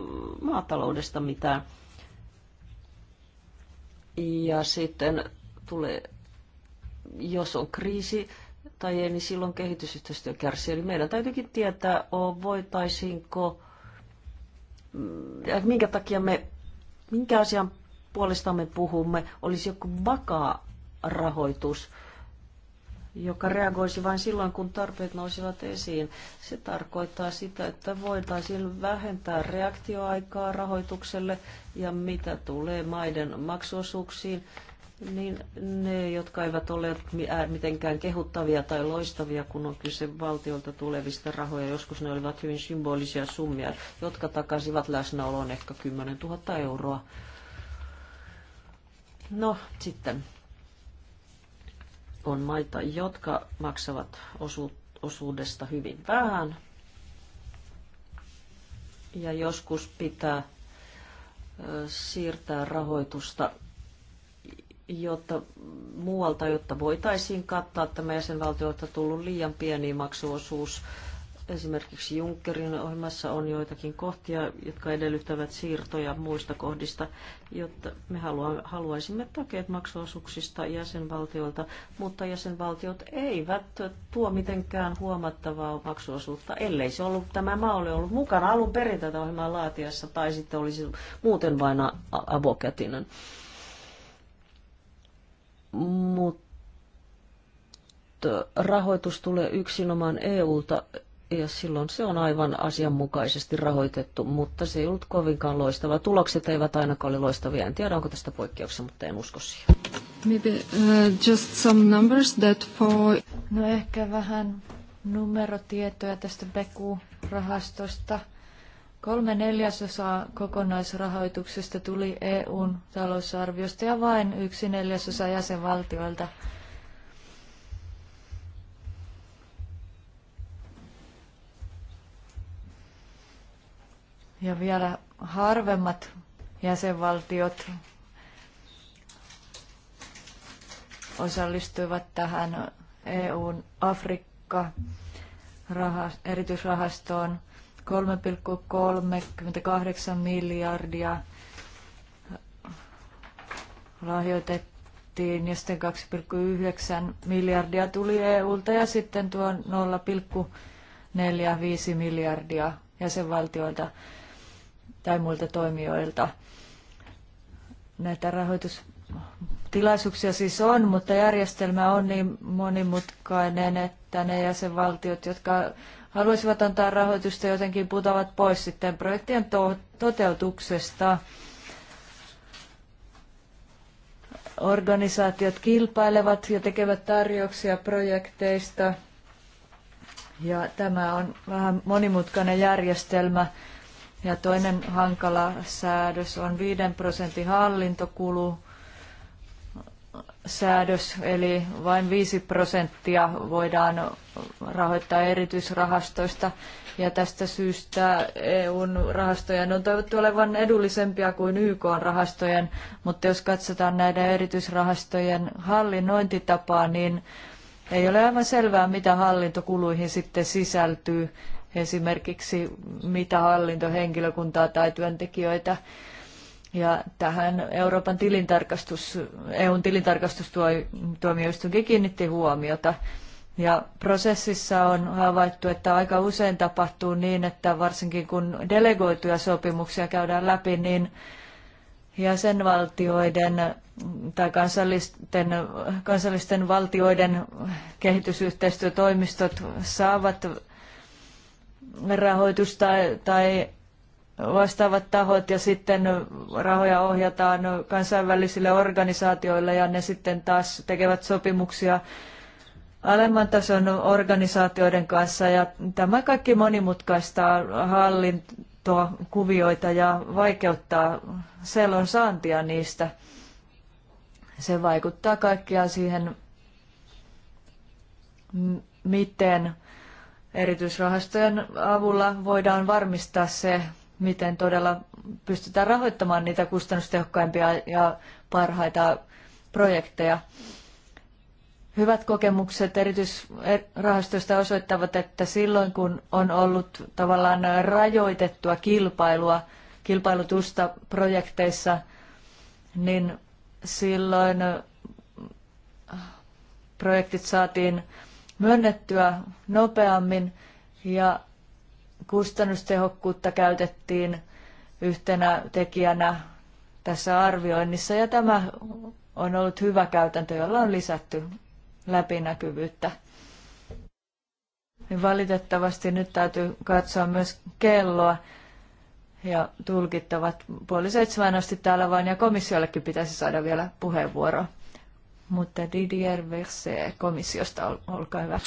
maataloudesta mitään. Ja sitten tulee, jos on kriisi tai ei, niin silloin kehitysyhteistyö kärsii. Eli meidän täytyykin tietää, voitaisiinko, mm, minkä takia me minkä asian puolesta me puhumme, olisi joku vakaa rahoitus, joka reagoisi vain silloin, kun tarpeet nousivat esiin. Se tarkoittaa sitä, että voitaisiin vähentää reaktioaikaa rahoitukselle ja mitä tulee maiden maksuosuuksiin, niin ne, jotka eivät ole mitenkään kehuttavia tai loistavia, kun on kyse valtiolta tulevista rahoja, joskus ne olivat hyvin symbolisia summia, jotka takaisivat läsnäoloon ehkä 10 000 euroa. No sitten on maita, jotka maksavat osu- osuudesta hyvin vähän. Ja joskus pitää siirtää rahoitusta jotta muualta, jotta voitaisiin kattaa tämä jäsenvaltioilta tullut liian pieni maksuosuus. Esimerkiksi Junckerin ohjelmassa on joitakin kohtia, jotka edellyttävät siirtoja muista kohdista, jotta me haluaisimme takeet maksuosuuksista jäsenvaltioilta, mutta jäsenvaltiot eivät tuo mitenkään huomattavaa maksuosuutta, ellei se ollut, tämä maa ole ollut mukana alun perin tätä ohjelmaa laatiassa tai sitten olisi muuten vain avokätinen mutta rahoitus tulee yksinomaan EU-ta ja silloin se on aivan asianmukaisesti rahoitettu, mutta se ei ollut kovinkaan loistava. Tulokset eivät ainakaan ole loistavia. En tiedä, onko tästä poikkeuksia, mutta en usko siihen. Maybe, uh, just some numbers that for... No ehkä vähän numerotietoja tästä Beku-rahastosta. Kolme neljäsosaa kokonaisrahoituksesta tuli EUn talousarviosta ja vain yksi neljäsosa jäsenvaltioilta. Ja vielä harvemmat jäsenvaltiot osallistuivat tähän EUn Afrikka erityisrahastoon. 3,38 miljardia lahjoitettiin ja sitten 2,9 miljardia tuli EUlta ja sitten tuo 0,45 miljardia jäsenvaltioilta tai muilta toimijoilta. Näitä rahoitustilaisuuksia siis on, mutta järjestelmä on niin monimutkainen, että ne jäsenvaltiot, jotka haluaisivat antaa rahoitusta, jotenkin putoavat pois sitten projektien to- toteutuksesta. Organisaatiot kilpailevat ja tekevät tarjouksia projekteista. Ja tämä on vähän monimutkainen järjestelmä. Ja toinen hankala säädös on 5 prosentin hallintokulu säädös, eli vain 5 prosenttia voidaan rahoittaa erityisrahastoista. Ja tästä syystä EUn rahastojen on toivottu olevan edullisempia kuin YK rahastojen, mutta jos katsotaan näiden erityisrahastojen hallinnointitapaa, niin ei ole aivan selvää, mitä hallintokuluihin sitten sisältyy, esimerkiksi mitä hallintohenkilökuntaa tai työntekijöitä ja tähän Euroopan tilintarkastus, EUn tilintarkastustuomioistuinkin kiinnitti huomiota. Ja prosessissa on havaittu, että aika usein tapahtuu niin, että varsinkin kun delegoituja sopimuksia käydään läpi, niin jäsenvaltioiden tai kansallisten, kansallisten valtioiden kehitysyhteistyötoimistot saavat rahoitusta tai vastaavat tahot ja sitten rahoja ohjataan kansainvälisille organisaatioille ja ne sitten taas tekevät sopimuksia alemman tason organisaatioiden kanssa ja tämä kaikki monimutkaistaa hallintoa, kuvioita ja vaikeuttaa selon saantia niistä. Se vaikuttaa kaikkiaan siihen, miten erityisrahastojen avulla voidaan varmistaa se, miten todella pystytään rahoittamaan niitä kustannustehokkaimpia ja parhaita projekteja. Hyvät kokemukset erityisrahastoista osoittavat, että silloin kun on ollut tavallaan rajoitettua kilpailua, kilpailutusta projekteissa, niin silloin projektit saatiin myönnettyä nopeammin ja kustannustehokkuutta käytettiin yhtenä tekijänä tässä arvioinnissa ja tämä on ollut hyvä käytäntö, jolla on lisätty läpinäkyvyyttä. Niin valitettavasti nyt täytyy katsoa myös kelloa ja tulkittavat puoli seitsemän asti täällä vain ja komissiollekin pitäisi saada vielä puheenvuoro. Mutta Didier Verse komissiosta, olkaa hyvä.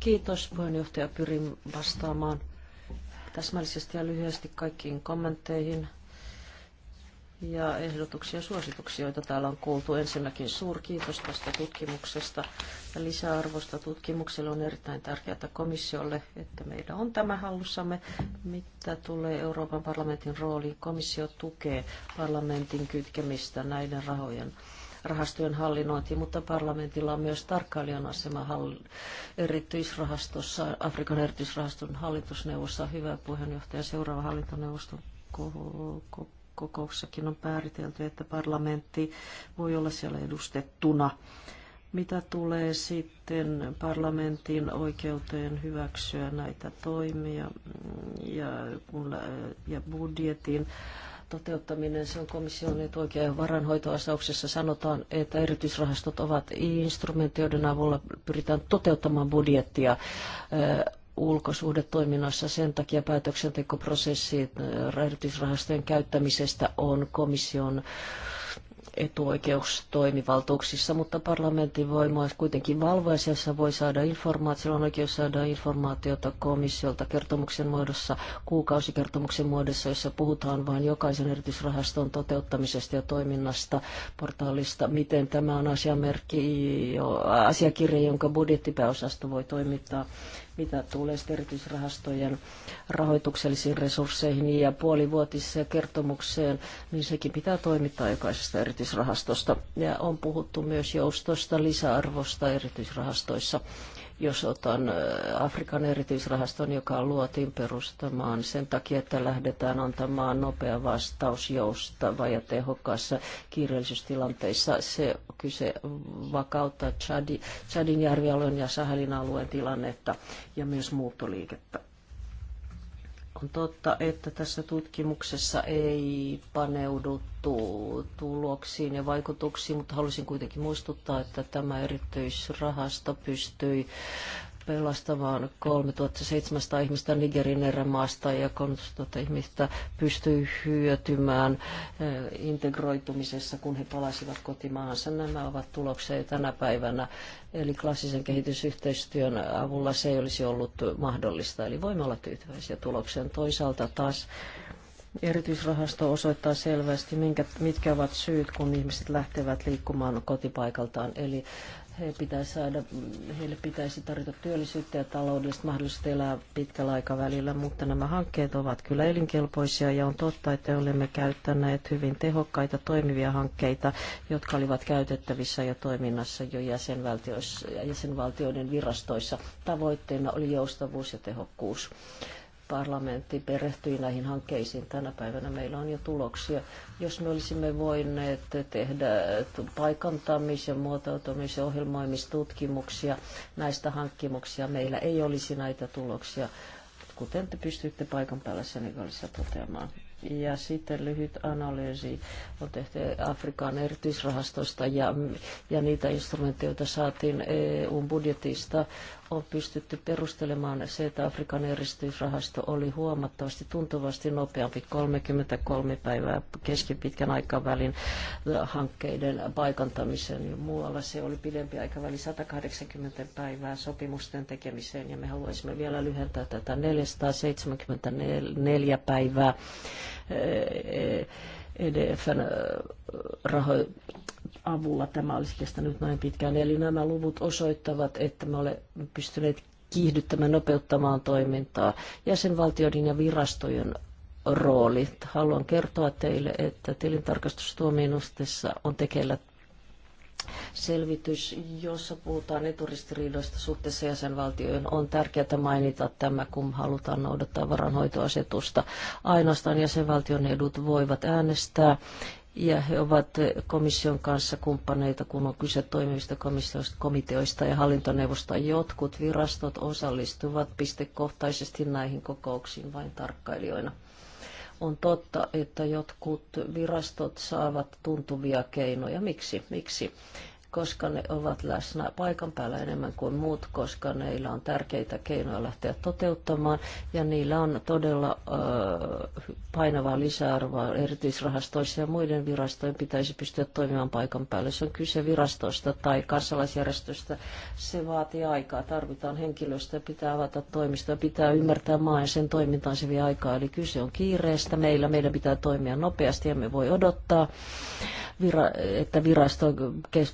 Kiitos puheenjohtaja. Pyrin vastaamaan täsmällisesti ja lyhyesti kaikkiin kommentteihin ja ehdotuksia ja suosituksia, joita täällä on kuultu. Ensinnäkin suurkiitos tästä tutkimuksesta ja lisäarvosta tutkimukselle on erittäin tärkeää komissiolle, että meillä on tämä hallussamme, mitä tulee Euroopan parlamentin rooliin. Komissio tukee parlamentin kytkemistä näiden rahojen rahastojen hallinnointi, mutta parlamentilla on myös tarkkailijan asema erityisrahastossa, Afrikan erityisrahaston hallitusneuvossa. Hyvä puheenjohtaja, seuraava hallintoneuvoston kokouksessakin on määritelty, että parlamentti voi olla siellä edustettuna. Mitä tulee sitten parlamentin oikeuteen hyväksyä näitä toimia mm, ja, ja budjetin toteuttaminen, se on komission etuoikea ja varanhoitoasauksessa sanotaan, että erityisrahastot ovat instrumentti, joiden avulla pyritään toteuttamaan budjettia eh, ulkosuhdetoiminnassa. Sen takia päätöksentekoprosessi eh, erityisrahastojen käyttämisestä on komission etuoikeustoimivaltuuksissa, mutta parlamentti voi myös kuitenkin valvoa ja voi saada informaatiota, on oikeus saada informaatiota komissiolta kertomuksen muodossa, kuukausikertomuksen muodossa, jossa puhutaan vain jokaisen erityisrahaston toteuttamisesta ja toiminnasta portaalista, miten tämä on asiamerkki, asiakirja, jonka budjettipääosasto voi toimittaa mitä tulee erityisrahastojen rahoituksellisiin resursseihin ja puolivuotiseen kertomukseen, niin sekin pitää toimittaa jokaisesta erityisrahastosta. Ja on puhuttu myös joustosta, lisäarvosta erityisrahastoissa. Jos otan Afrikan erityisrahaston, joka luotiin perustamaan sen takia, että lähdetään antamaan nopea vastaus joustava ja tehokkaassa kiireellisyystilanteissa, se kyse vakauttaa Chadin, Chadin järvialueen ja Sahelin alueen tilannetta ja myös muuttoliikettä. On totta, että tässä tutkimuksessa ei paneuduttu tuloksiin ja vaikutuksiin, mutta haluaisin kuitenkin muistuttaa, että tämä erityisrahasto pystyi pelastamaan 3700 ihmistä Nigerin erämaasta ja 3000 ihmistä pystyi hyötymään eh, integroitumisessa, kun he palasivat kotimaahansa. Nämä ovat tuloksia tänä päivänä. Eli klassisen kehitysyhteistyön avulla se ei olisi ollut mahdollista. Eli voimme olla tyytyväisiä tulokseen. Toisaalta taas erityisrahasto osoittaa selvästi, minkä, mitkä ovat syyt, kun ihmiset lähtevät liikkumaan kotipaikaltaan. Eli he pitäisi saada, heille pitäisi tarjota työllisyyttä ja taloudellista mahdollisuutta elää pitkällä aikavälillä, mutta nämä hankkeet ovat kyllä elinkelpoisia ja on totta, että olemme käyttäneet hyvin tehokkaita toimivia hankkeita, jotka olivat käytettävissä ja toiminnassa jo jäsenvaltioiden virastoissa. Tavoitteena oli joustavuus ja tehokkuus parlamentti perehtyi näihin hankkeisiin. Tänä päivänä meillä on jo tuloksia. Jos me olisimme voineet tehdä paikantamis- ja muotoutumis- ja ohjelmoimistutkimuksia näistä hankkimuksia, meillä ei olisi näitä tuloksia, kuten te pystytte paikan päällä Senegalissa toteamaan. Ja sitten lyhyt analyysi on tehty Afrikan erityisrahastosta ja, ja niitä instrumentteja, joita saatiin eu budjetista on pystytty perustelemaan se, että Afrikan eristysrahasto oli huomattavasti tuntuvasti nopeampi 33 päivää keskipitkän aikavälin äh, hankkeiden ja Muualla se oli pidempi aikaväli 180 päivää sopimusten tekemiseen ja me haluaisimme vielä lyhentää tätä 474 päivää äh, äh, EDFn raho- avulla tämä olisi kestänyt noin pitkään. Eli nämä luvut osoittavat, että me olemme pystyneet kiihdyttämään, nopeuttamaan toimintaa. Jäsenvaltioiden ja virastojen rooli. Haluan kertoa teille, että tilintarkastustuomioistuimessa on tekeillä selvitys, jossa puhutaan eturistiriidoista suhteessa jäsenvaltioihin, on tärkeää mainita tämä, kun halutaan noudattaa varanhoitoasetusta. Ainoastaan jäsenvaltion edut voivat äänestää ja he ovat komission kanssa kumppaneita, kun on kyse toimivista komiteoista ja hallintoneuvosta. Jotkut virastot osallistuvat pistekohtaisesti näihin kokouksiin vain tarkkailijoina. On totta, että jotkut virastot saavat tuntuvia keinoja. Miksi? Miksi? koska ne ovat läsnä paikan päällä enemmän kuin muut, koska neillä on tärkeitä keinoja lähteä toteuttamaan ja niillä on todella äh, painavaa lisäarvoa. Erityisrahastoissa ja muiden virastojen pitäisi pystyä toimimaan paikan päällä. Se on kyse virastosta tai kansalaisjärjestöstä. Se vaatii aikaa, tarvitaan henkilöstöä, pitää avata toimistoa, pitää ymmärtää maa ja sen toimintaan se vie aikaa. Eli kyse on kiireestä meillä, meidän pitää toimia nopeasti, ja me voi odottaa, vira, että virasto kes,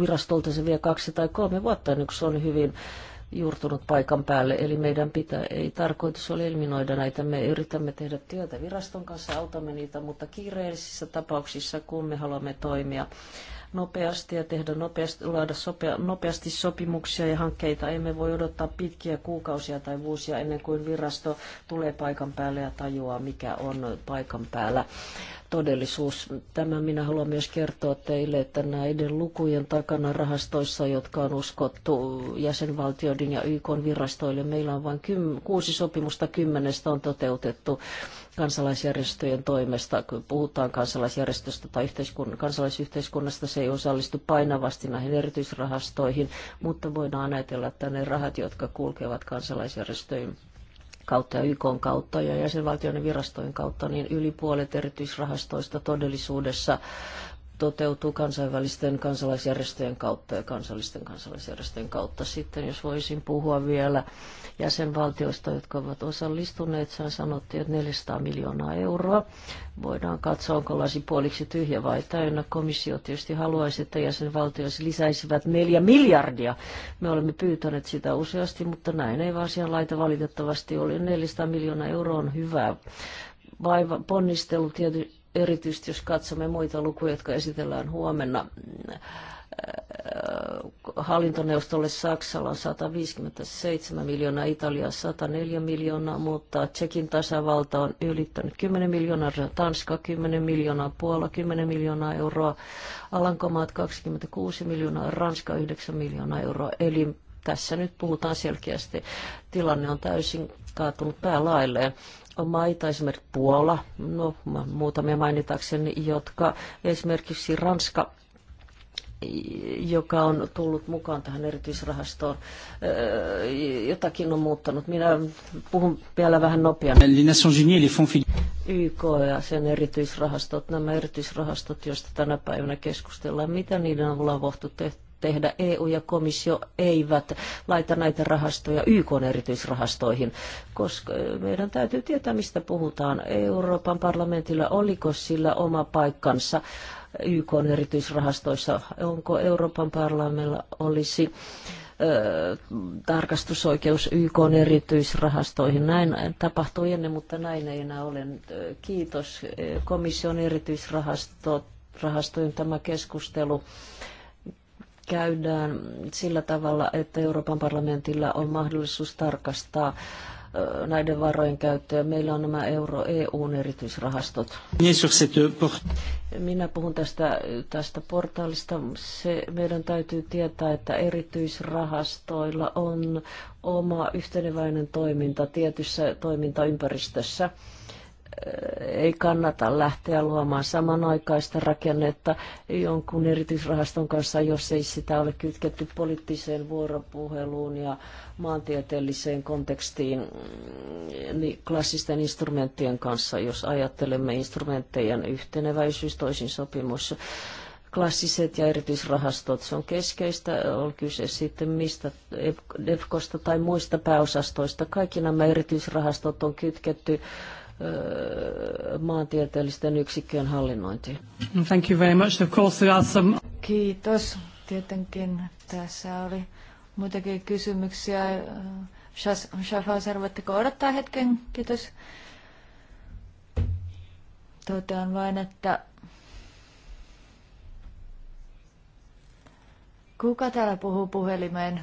virastolta se vie kaksi tai kolme vuotta ennen niin kuin se on hyvin juurtunut paikan päälle. Eli meidän pitää, ei tarkoitus ole eliminoida näitä. Me yritämme tehdä työtä viraston kanssa, autamme niitä, mutta kiireellisissä tapauksissa, kun me haluamme toimia nopeasti ja tehdä nopeasti, luoda sopea, nopeasti sopimuksia ja hankkeita. Emme voi odottaa pitkiä kuukausia tai vuosia ennen kuin virasto tulee paikan päälle ja tajuaa, mikä on paikan päällä todellisuus. Tämä minä haluan myös kertoa teille, että näiden lukujen takana rahastoissa, jotka on uskottu jäsenvaltioiden ja YK virastoille, meillä on vain kuusi sopimusta kymmenestä on toteutettu kansalaisjärjestöjen toimesta. Kun puhutaan kansalaisjärjestöstä tai yhteiskun- kansalaisyhteiskunnasta, se ei osallistu painavasti näihin erityisrahastoihin, mutta voidaan ajatella, että ne rahat, jotka kulkevat kansalaisjärjestöjen kautta ja YK kautta ja jäsenvaltioiden virastojen kautta, niin yli puolet erityisrahastoista todellisuudessa toteutuu kansainvälisten kansalaisjärjestöjen kautta ja kansallisten kansalaisjärjestöjen kautta. Sitten jos voisin puhua vielä jäsenvaltioista, jotka ovat osallistuneet. Sehän sanottiin, että 400 miljoonaa euroa. Voidaan katsoa, onko lasi puoliksi tyhjä vai täynnä. Komissio tietysti haluaisi, että jäsenvaltioissa lisäisivät 4 miljardia. Me olemme pyytäneet sitä useasti, mutta näin ei vaan laita valitettavasti ole. 400 miljoonaa euroa on hyvä vaiva, ponnistelu tietysti erityisesti jos katsomme muita lukuja, jotka esitellään huomenna hallintoneuvostolle Saksalla on 157 miljoonaa, Italia 104 miljoonaa, mutta Tsekin tasavalta on ylittänyt 10 miljoonaa, Tanska 10 miljoonaa, Puola 10 miljoonaa euroa, Alankomaat 26 miljoonaa, Ranska 9 miljoonaa euroa. Eli tässä nyt puhutaan selkeästi. Tilanne on täysin kaatunut päälailleen on maita, esimerkiksi Puola, no muutamia mainitakseni, jotka esimerkiksi Ranska joka on tullut mukaan tähän erityisrahastoon. Öö, jotakin on muuttanut. Minä puhun vielä vähän nopeammin. YK ja sen erityisrahastot, nämä erityisrahastot, joista tänä päivänä keskustellaan, mitä niiden avulla on voitu tehdä. EU ja komissio eivät laita näitä rahastoja YK erityisrahastoihin, koska meidän täytyy tietää, mistä puhutaan. Euroopan parlamentilla oliko sillä oma paikkansa YK erityisrahastoissa. Onko Euroopan parlamentilla olisi ö, tarkastusoikeus YK erityisrahastoihin. Näin tapahtui ennen, mutta näin ei enää ole. Kiitos komission erityisrahastojen tämä keskustelu käydään sillä tavalla, että Euroopan parlamentilla on mahdollisuus tarkastaa näiden varojen käyttöä. Meillä on nämä euro EUn erityisrahastot. Minä puhun tästä, tästä portaalista. Se, meidän täytyy tietää, että erityisrahastoilla on oma yhteneväinen toiminta tietyssä toimintaympäristössä ei kannata lähteä luomaan samanaikaista rakennetta jonkun erityisrahaston kanssa, jos ei sitä ole kytketty poliittiseen vuoropuheluun ja maantieteelliseen kontekstiin mm, niin klassisten instrumenttien kanssa, jos ajattelemme instrumenttejen yhteneväisyys toisin sopimus. Klassiset ja erityisrahastot, se on keskeistä, on kyse sitten mistä, EFKosta tai muista pääosastoista. Kaikki nämä erityisrahastot on kytketty maantieteellisten yksikköjen hallinnointiin. Thank you very much. Of course there are some... Kiitos. Tietenkin tässä oli muitakin kysymyksiä. Schaffhauser, voitteko odottaa hetken? Kiitos. Totean vain, että kuka täällä puhuu puhelimeen?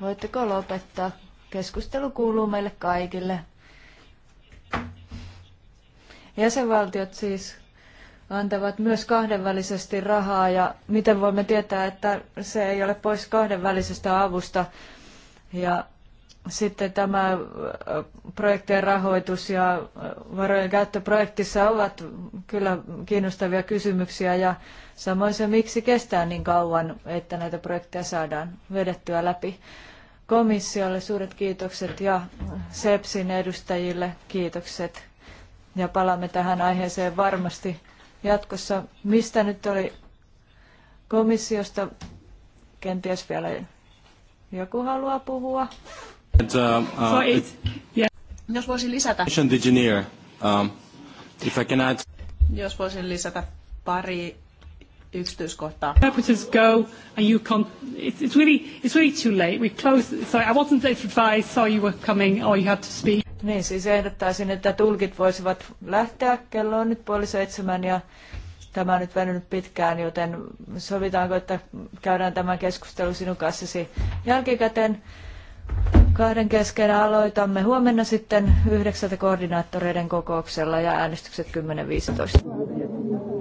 Voitteko lopettaa? Keskustelu kuuluu meille kaikille. Jäsenvaltiot siis antavat myös kahdenvälisesti rahaa ja miten voimme tietää, että se ei ole pois kahdenvälisestä avusta. Ja sitten tämä projektien rahoitus ja varojen käyttö projektissa ovat kyllä kiinnostavia kysymyksiä ja samoin se, miksi kestää niin kauan, että näitä projekteja saadaan vedettyä läpi. Komissiolle suuret kiitokset ja SEPSin edustajille kiitokset ja palaamme tähän aiheeseen varmasti jatkossa. Mistä nyt oli komissiosta? Kenties vielä joku haluaa puhua. And, um, uh, uh it, yeah. Jos voisin lisätä. Engineer, um, if I can add... Jos voisin lisätä pari yksityiskohtaa. Interpreters go and you con- it's, it's, really, it's really too late. We close, sorry, I wasn't advised, saw you were coming or oh, you had to speak. Niin, siis ehdottaisin, että tulkit voisivat lähteä. Kello on nyt puoli seitsemän ja tämä on nyt venynyt pitkään, joten sovitaanko, että käydään tämä keskustelu sinun kanssasi jälkikäteen. Kahden kesken aloitamme huomenna sitten yhdeksältä koordinaattoreiden kokouksella ja äänestykset 10.15.